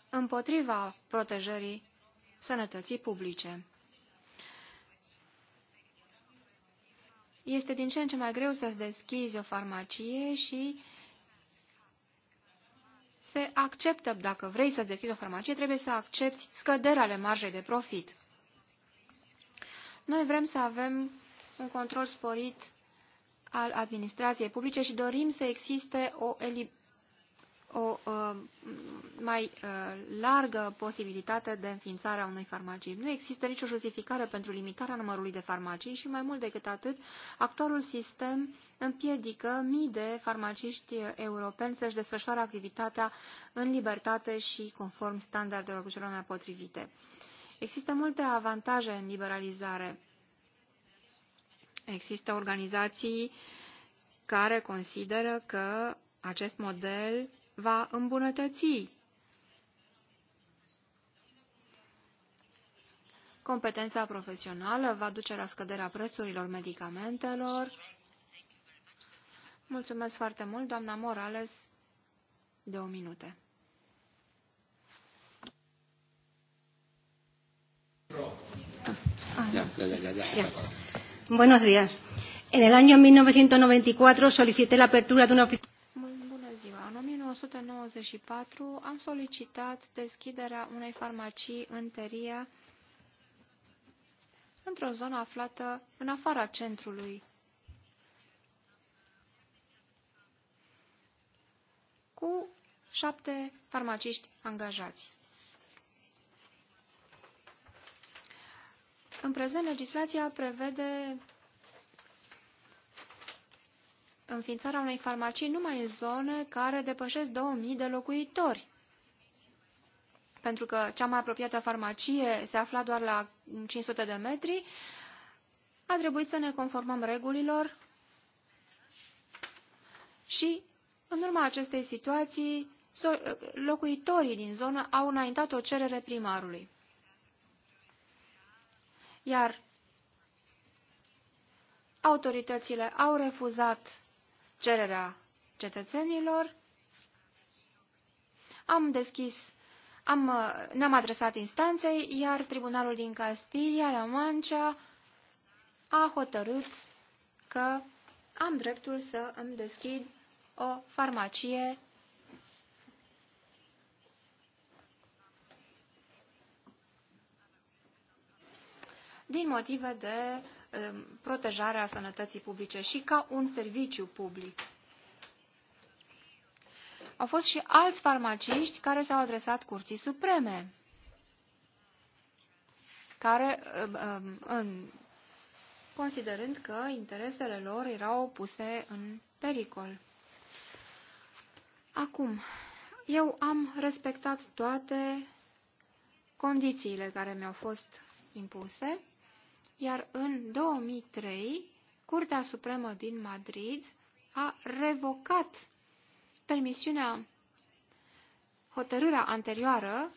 împotriva protejării sănătății publice. Este din ce în ce mai greu să-ți deschizi o farmacie și se acceptă, dacă vrei să-ți deschizi o farmacie, trebuie să accepti scăderea ale marjei de profit. Noi vrem să avem un control sporit al administrației publice și dorim să existe o o uh, mai uh, largă posibilitate de înființare a unei farmacii. Nu există nicio justificare pentru limitarea numărului de farmacii și mai mult decât atât, actualul sistem împiedică mii de farmaciști europeni să-și desfășoare activitatea în libertate și conform standardelor cu celor mai potrivite. Există multe avantaje în liberalizare. Există organizații care consideră că acest model va îmbunătăți Competența profesională va duce la scăderea prețurilor medicamentelor. Mulțumesc foarte mult, doamna Morales. Două minute. Ah. Buenos días. En el año 1994 solicité la apertura de una oficina. 194 am solicitat deschiderea unei farmacii în Teria, într-o zonă aflată în afara centrului. cu șapte farmaciști angajați. În prezent, legislația prevede înființarea unei farmacii numai în zone care depășesc 2000 de locuitori. Pentru că cea mai apropiată farmacie se afla doar la 500 de metri, a trebuit să ne conformăm regulilor și, în urma acestei situații, locuitorii din zonă au înaintat o cerere primarului. Iar autoritățile au refuzat cererea cetățenilor, am deschis, am, ne-am adresat instanței, iar tribunalul din Castilia, La Mancha, a hotărât că am dreptul să îmi deschid o farmacie din motive de Um, protejarea sănătății publice și ca un serviciu public. Au fost și alți farmaciști care s-au adresat Curții Supreme, care, um, um, în, considerând că interesele lor erau puse în pericol. Acum, eu am respectat toate condițiile care mi-au fost impuse iar în 2003 Curtea Supremă din Madrid a revocat permisiunea, hotărârea anterioară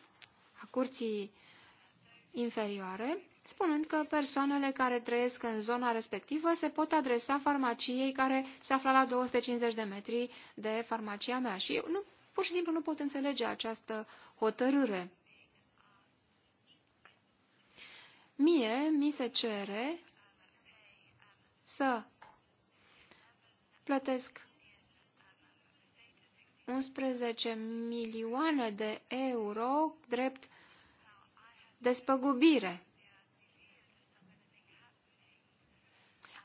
a Curții Inferioare, spunând că persoanele care trăiesc în zona respectivă se pot adresa farmaciei care se afla la 250 de metri de farmacia mea. Și eu nu, pur și simplu nu pot înțelege această hotărâre. Mie mi se cere să plătesc 11 milioane de euro drept despăgubire.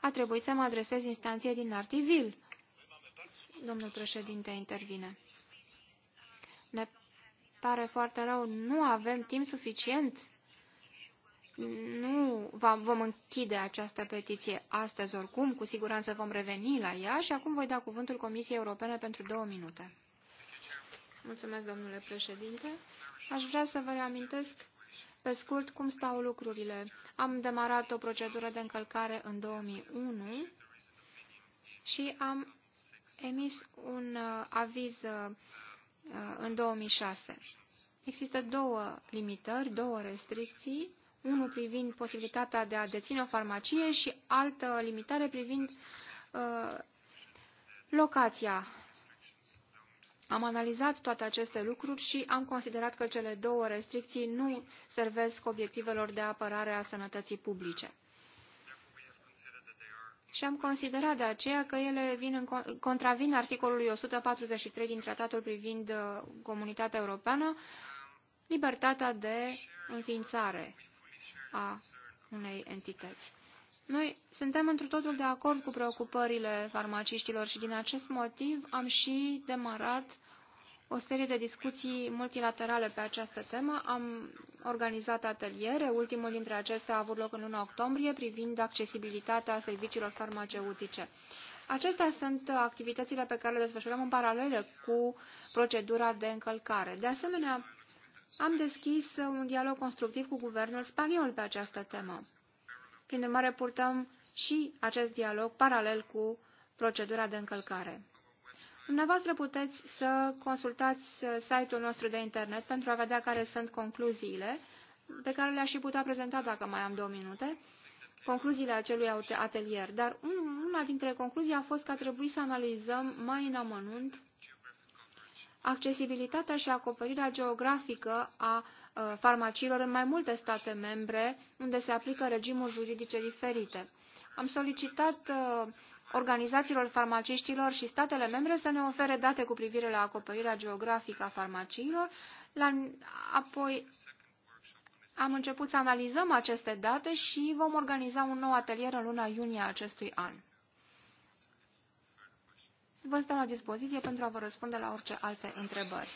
A trebuit să mă adresez instanție din Artivil. Domnul președinte intervine. Ne pare foarte rău, nu avem timp suficient nu vom închide această petiție astăzi oricum, cu siguranță vom reveni la ea și acum voi da cuvântul Comisiei Europene pentru două minute. Mulțumesc, domnule președinte. Aș vrea să vă reamintesc pe scurt cum stau lucrurile. Am demarat o procedură de încălcare în 2001 și am emis un uh, aviz uh, uh, în 2006. Există două limitări, două restricții unul privind posibilitatea de a deține o farmacie și altă limitare privind uh, locația. Am analizat toate aceste lucruri și am considerat că cele două restricții nu servesc obiectivelor de apărare a sănătății publice. Și am considerat de aceea că ele vin în contravin articolului 143 din tratatul privind uh, comunitatea europeană, libertatea de înființare a unei entități. Noi suntem într totul de acord cu preocupările farmaciștilor și din acest motiv am și demarat o serie de discuții multilaterale pe această temă. Am organizat ateliere, ultimul dintre acestea a avut loc în luna octombrie, privind accesibilitatea serviciilor farmaceutice. Acestea sunt activitățile pe care le desfășurăm în paralel cu procedura de încălcare. De asemenea, am deschis uh, un dialog constructiv cu guvernul spaniol pe această temă. Prin urmare, purtăm și acest dialog paralel cu procedura de încălcare. Dumneavoastră puteți să consultați uh, site-ul nostru de internet pentru a vedea care sunt concluziile pe care le-aș și putea prezenta dacă mai am două minute, concluziile acelui atelier. Dar una dintre concluzii a fost că a trebuit să analizăm mai în amănunt accesibilitatea și acoperirea geografică a uh, farmaciilor în mai multe state membre, unde se aplică regimuri juridice diferite. Am solicitat uh, organizațiilor farmaciștilor și statele membre să ne ofere date cu privire la acoperirea geografică a farmaciilor, la, apoi am început să analizăm aceste date și vom organiza un nou atelier în luna iunie a acestui an vă stau la dispoziție pentru a vă răspunde la orice alte întrebări.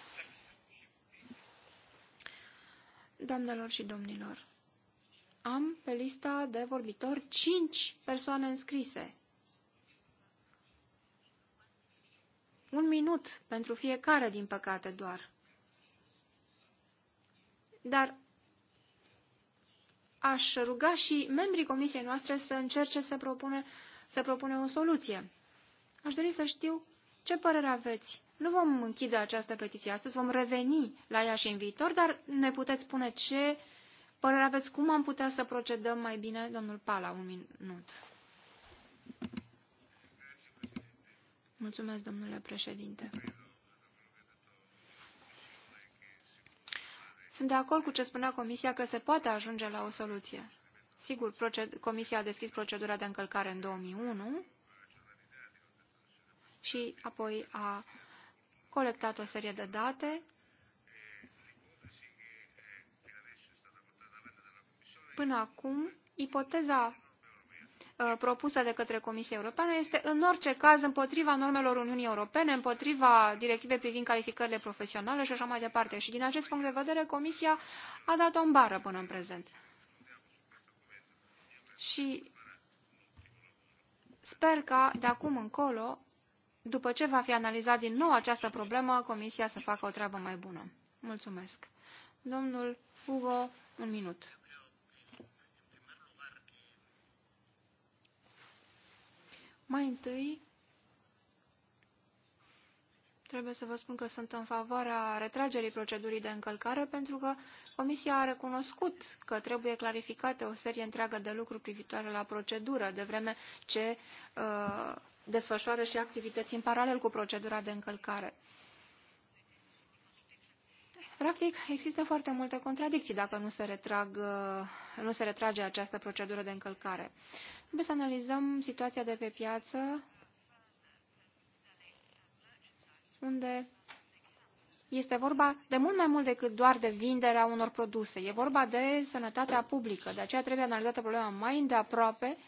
Doamnelor și domnilor, am pe lista de vorbitori cinci persoane înscrise. Un minut pentru fiecare, din păcate, doar. Dar aș ruga și membrii comisiei noastre să încerce să propune, să propune o soluție. Aș dori să știu ce părere aveți. Nu vom închide această petiție astăzi, vom reveni la ea și în viitor, dar ne puteți spune ce părere aveți, cum am putea să procedăm mai bine, domnul Pala, un minut. Mulțumesc, domnule președinte. Sunt de acord cu ce spunea Comisia că se poate ajunge la o soluție. Sigur, Comisia a deschis procedura de încălcare în 2001 și apoi a colectat o serie de date. Până acum, ipoteza uh, propusă de către Comisia Europeană este în orice caz împotriva normelor Uniunii Europene, împotriva directivei privind calificările profesionale și așa mai departe. Și din acest punct de vedere, Comisia a dat o bară până în prezent. Și sper ca de acum încolo după ce va fi analizat din nou această problemă, Comisia să facă o treabă mai bună. Mulțumesc. Domnul Hugo, un minut. Mai întâi, trebuie să vă spun că sunt în favoarea retragerii procedurii de încălcare, pentru că Comisia a recunoscut că trebuie clarificate o serie întreagă de lucruri privitoare la procedură, de vreme ce uh, desfășoară și activități în paralel cu procedura de încălcare. Practic, există foarte multe contradicții dacă nu se, retrag, uh, nu se retrage această procedură de încălcare. Trebuie să analizăm situația de pe piață, unde este vorba de mult mai mult decât doar de vinderea unor produse. E vorba de sănătatea publică, de aceea trebuie analizată problema mai îndeaproape aproape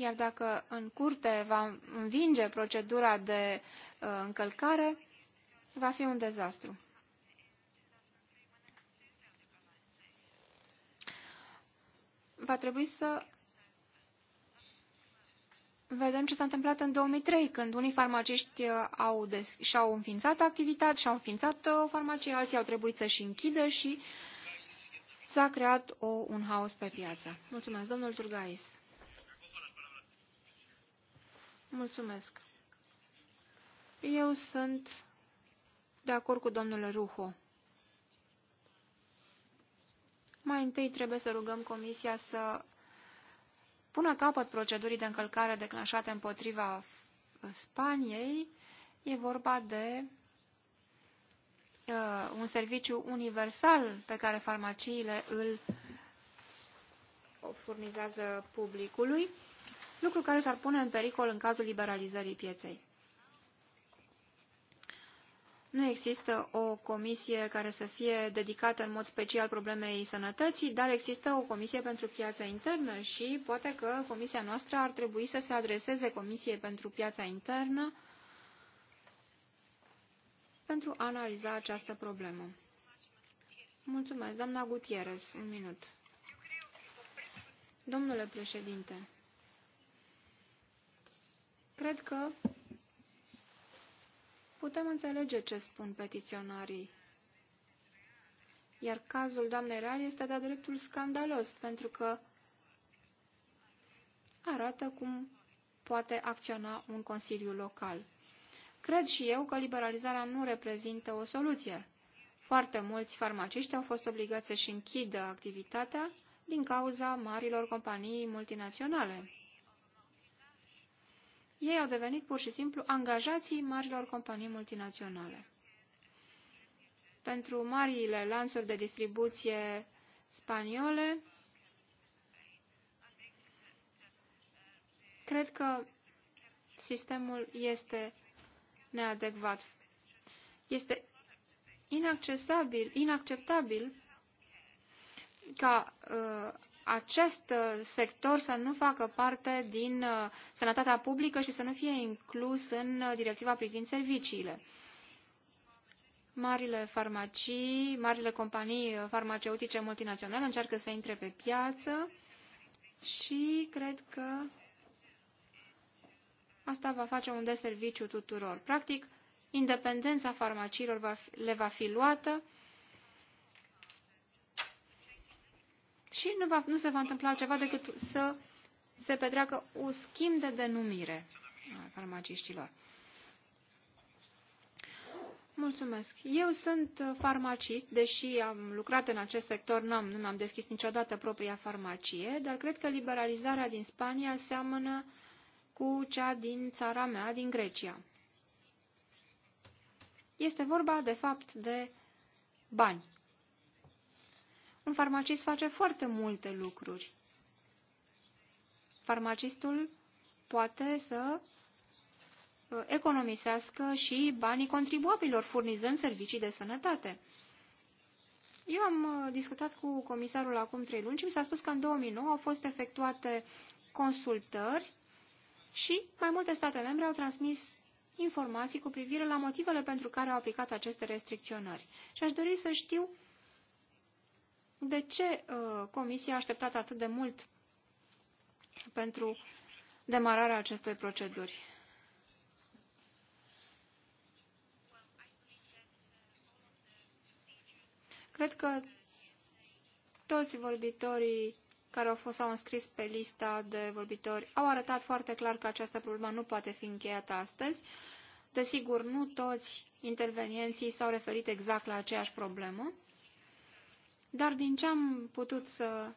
Iar dacă în curte va învinge procedura de uh, încălcare, va fi un dezastru. Va trebui să vedem ce s-a întâmplat în 2003, când unii farmaciști uh, au și-au înființat activitate, și-au înființat o uh, farmacie, alții au trebuit să-și închidă și s-a creat o, un haos pe piață. Mulțumesc, domnul Turgais. Mulțumesc. Eu sunt de acord cu domnul Ruho. Mai întâi trebuie să rugăm Comisia să pună capăt procedurii de încălcare declanșate împotriva Spaniei. E vorba de uh, un serviciu universal pe care farmaciile îl furnizează publicului lucru care s-ar pune în pericol în cazul liberalizării pieței. Nu există o comisie care să fie dedicată în mod special problemei sănătății, dar există o comisie pentru piața internă și poate că comisia noastră ar trebui să se adreseze comisiei pentru piața internă pentru a analiza această problemă. Mulțumesc, doamna Gutierrez, un minut. Domnule președinte, Cred că putem înțelege ce spun petiționarii. Iar cazul doamnei Real este de-a dreptul scandalos, pentru că arată cum poate acționa un consiliu local. Cred și eu că liberalizarea nu reprezintă o soluție. Foarte mulți farmaciști au fost obligați să-și închidă activitatea din cauza marilor companii multinaționale. Ei au devenit pur și simplu angajații marilor companii multinaționale. Pentru marile lanțuri de distribuție spaniole, cred că sistemul este neadecvat. Este inaccesabil, inacceptabil ca uh, acest uh, sector să nu facă parte din uh, sănătatea publică și să nu fie inclus în uh, directiva privind serviciile. Marile farmacii, marile companii farmaceutice multinaționale încearcă să intre pe piață și cred că asta va face un deserviciu tuturor. Practic, independența farmaciilor va fi, le va fi luată și nu, va, nu se va întâmpla altceva decât să se petreacă o schimb de denumire a farmaciștilor. Mulțumesc. Eu sunt farmacist, deși am lucrat în acest sector, n-am, nu mi-am deschis niciodată propria farmacie, dar cred că liberalizarea din Spania seamănă cu cea din țara mea, din Grecia. Este vorba, de fapt, de bani. Un farmacist face foarte multe lucruri. Farmacistul poate să uh, economisească și banii contribuabilor, furnizând servicii de sănătate. Eu am uh, discutat cu comisarul acum trei luni și mi s-a spus că în 2009 au fost efectuate consultări și mai multe state membre au transmis informații cu privire la motivele pentru care au aplicat aceste restricționări. Și aș dori să știu de ce uh, Comisia a așteptat atât de mult pentru demararea acestei proceduri? Cred că toți vorbitorii care au fost sau înscris pe lista de vorbitori au arătat foarte clar că această problemă nu poate fi încheiată astăzi. Desigur, nu toți intervenienții s-au referit exact la aceeași problemă. Dar din ce am putut să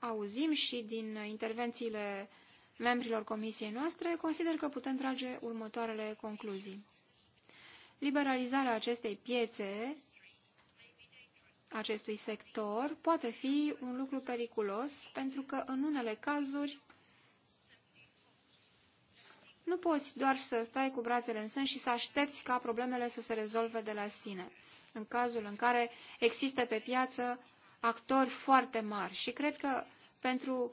auzim și din intervențiile membrilor comisiei noastre, consider că putem trage următoarele concluzii. Liberalizarea acestei piețe, acestui sector, poate fi un lucru periculos, pentru că în unele cazuri nu poți doar să stai cu brațele în sân și să aștepți ca problemele să se rezolve de la sine. În cazul în care există pe piață actori foarte mari și cred că pentru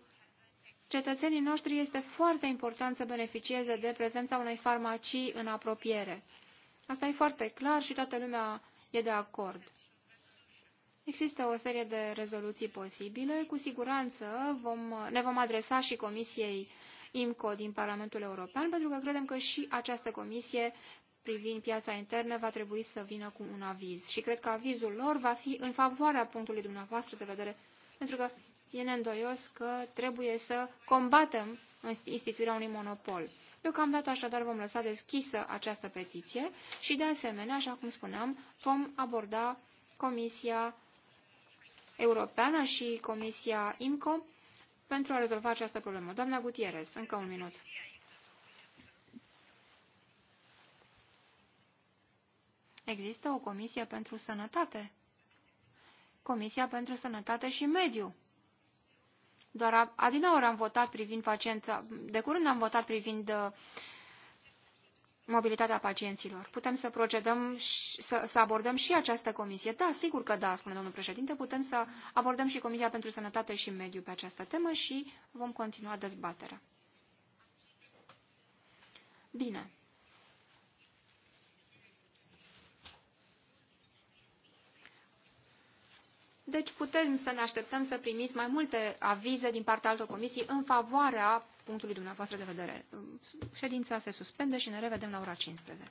cetățenii noștri este foarte important să beneficieze de prezența unei farmacii în apropiere. Asta e foarte clar și toată lumea e de acord. Există o serie de rezoluții posibile. Cu siguranță vom, ne vom adresa și Comisiei IMCO din Parlamentul European, pentru că credem că și această comisie privind piața internă va trebui să vină cu un aviz și cred că avizul lor va fi în favoarea punctului dumneavoastră de vedere, pentru că e neîndoios că trebuie să combatem instituirea unui monopol. Deocamdată așadar vom lăsa deschisă această petiție și de asemenea, așa cum spuneam, vom aborda Comisia Europeană și Comisia IMCO pentru a rezolva această problemă. Doamna Gutierrez, încă un minut. Există o comisie pentru sănătate. Comisia pentru Sănătate și Mediu. Doar adina ori am votat privind pacienta, de curând am votat privind uh, mobilitatea pacienților. Putem să procedăm, și, să, să abordăm și această comisie. Da, sigur că da, spune domnul președinte, putem să abordăm și Comisia pentru Sănătate și Mediu pe această temă și vom continua dezbaterea. Bine. Deci putem să ne așteptăm să primiți mai multe avize din partea altor comisii în favoarea punctului dumneavoastră de vedere. Ședința se suspende și ne revedem la ora 15.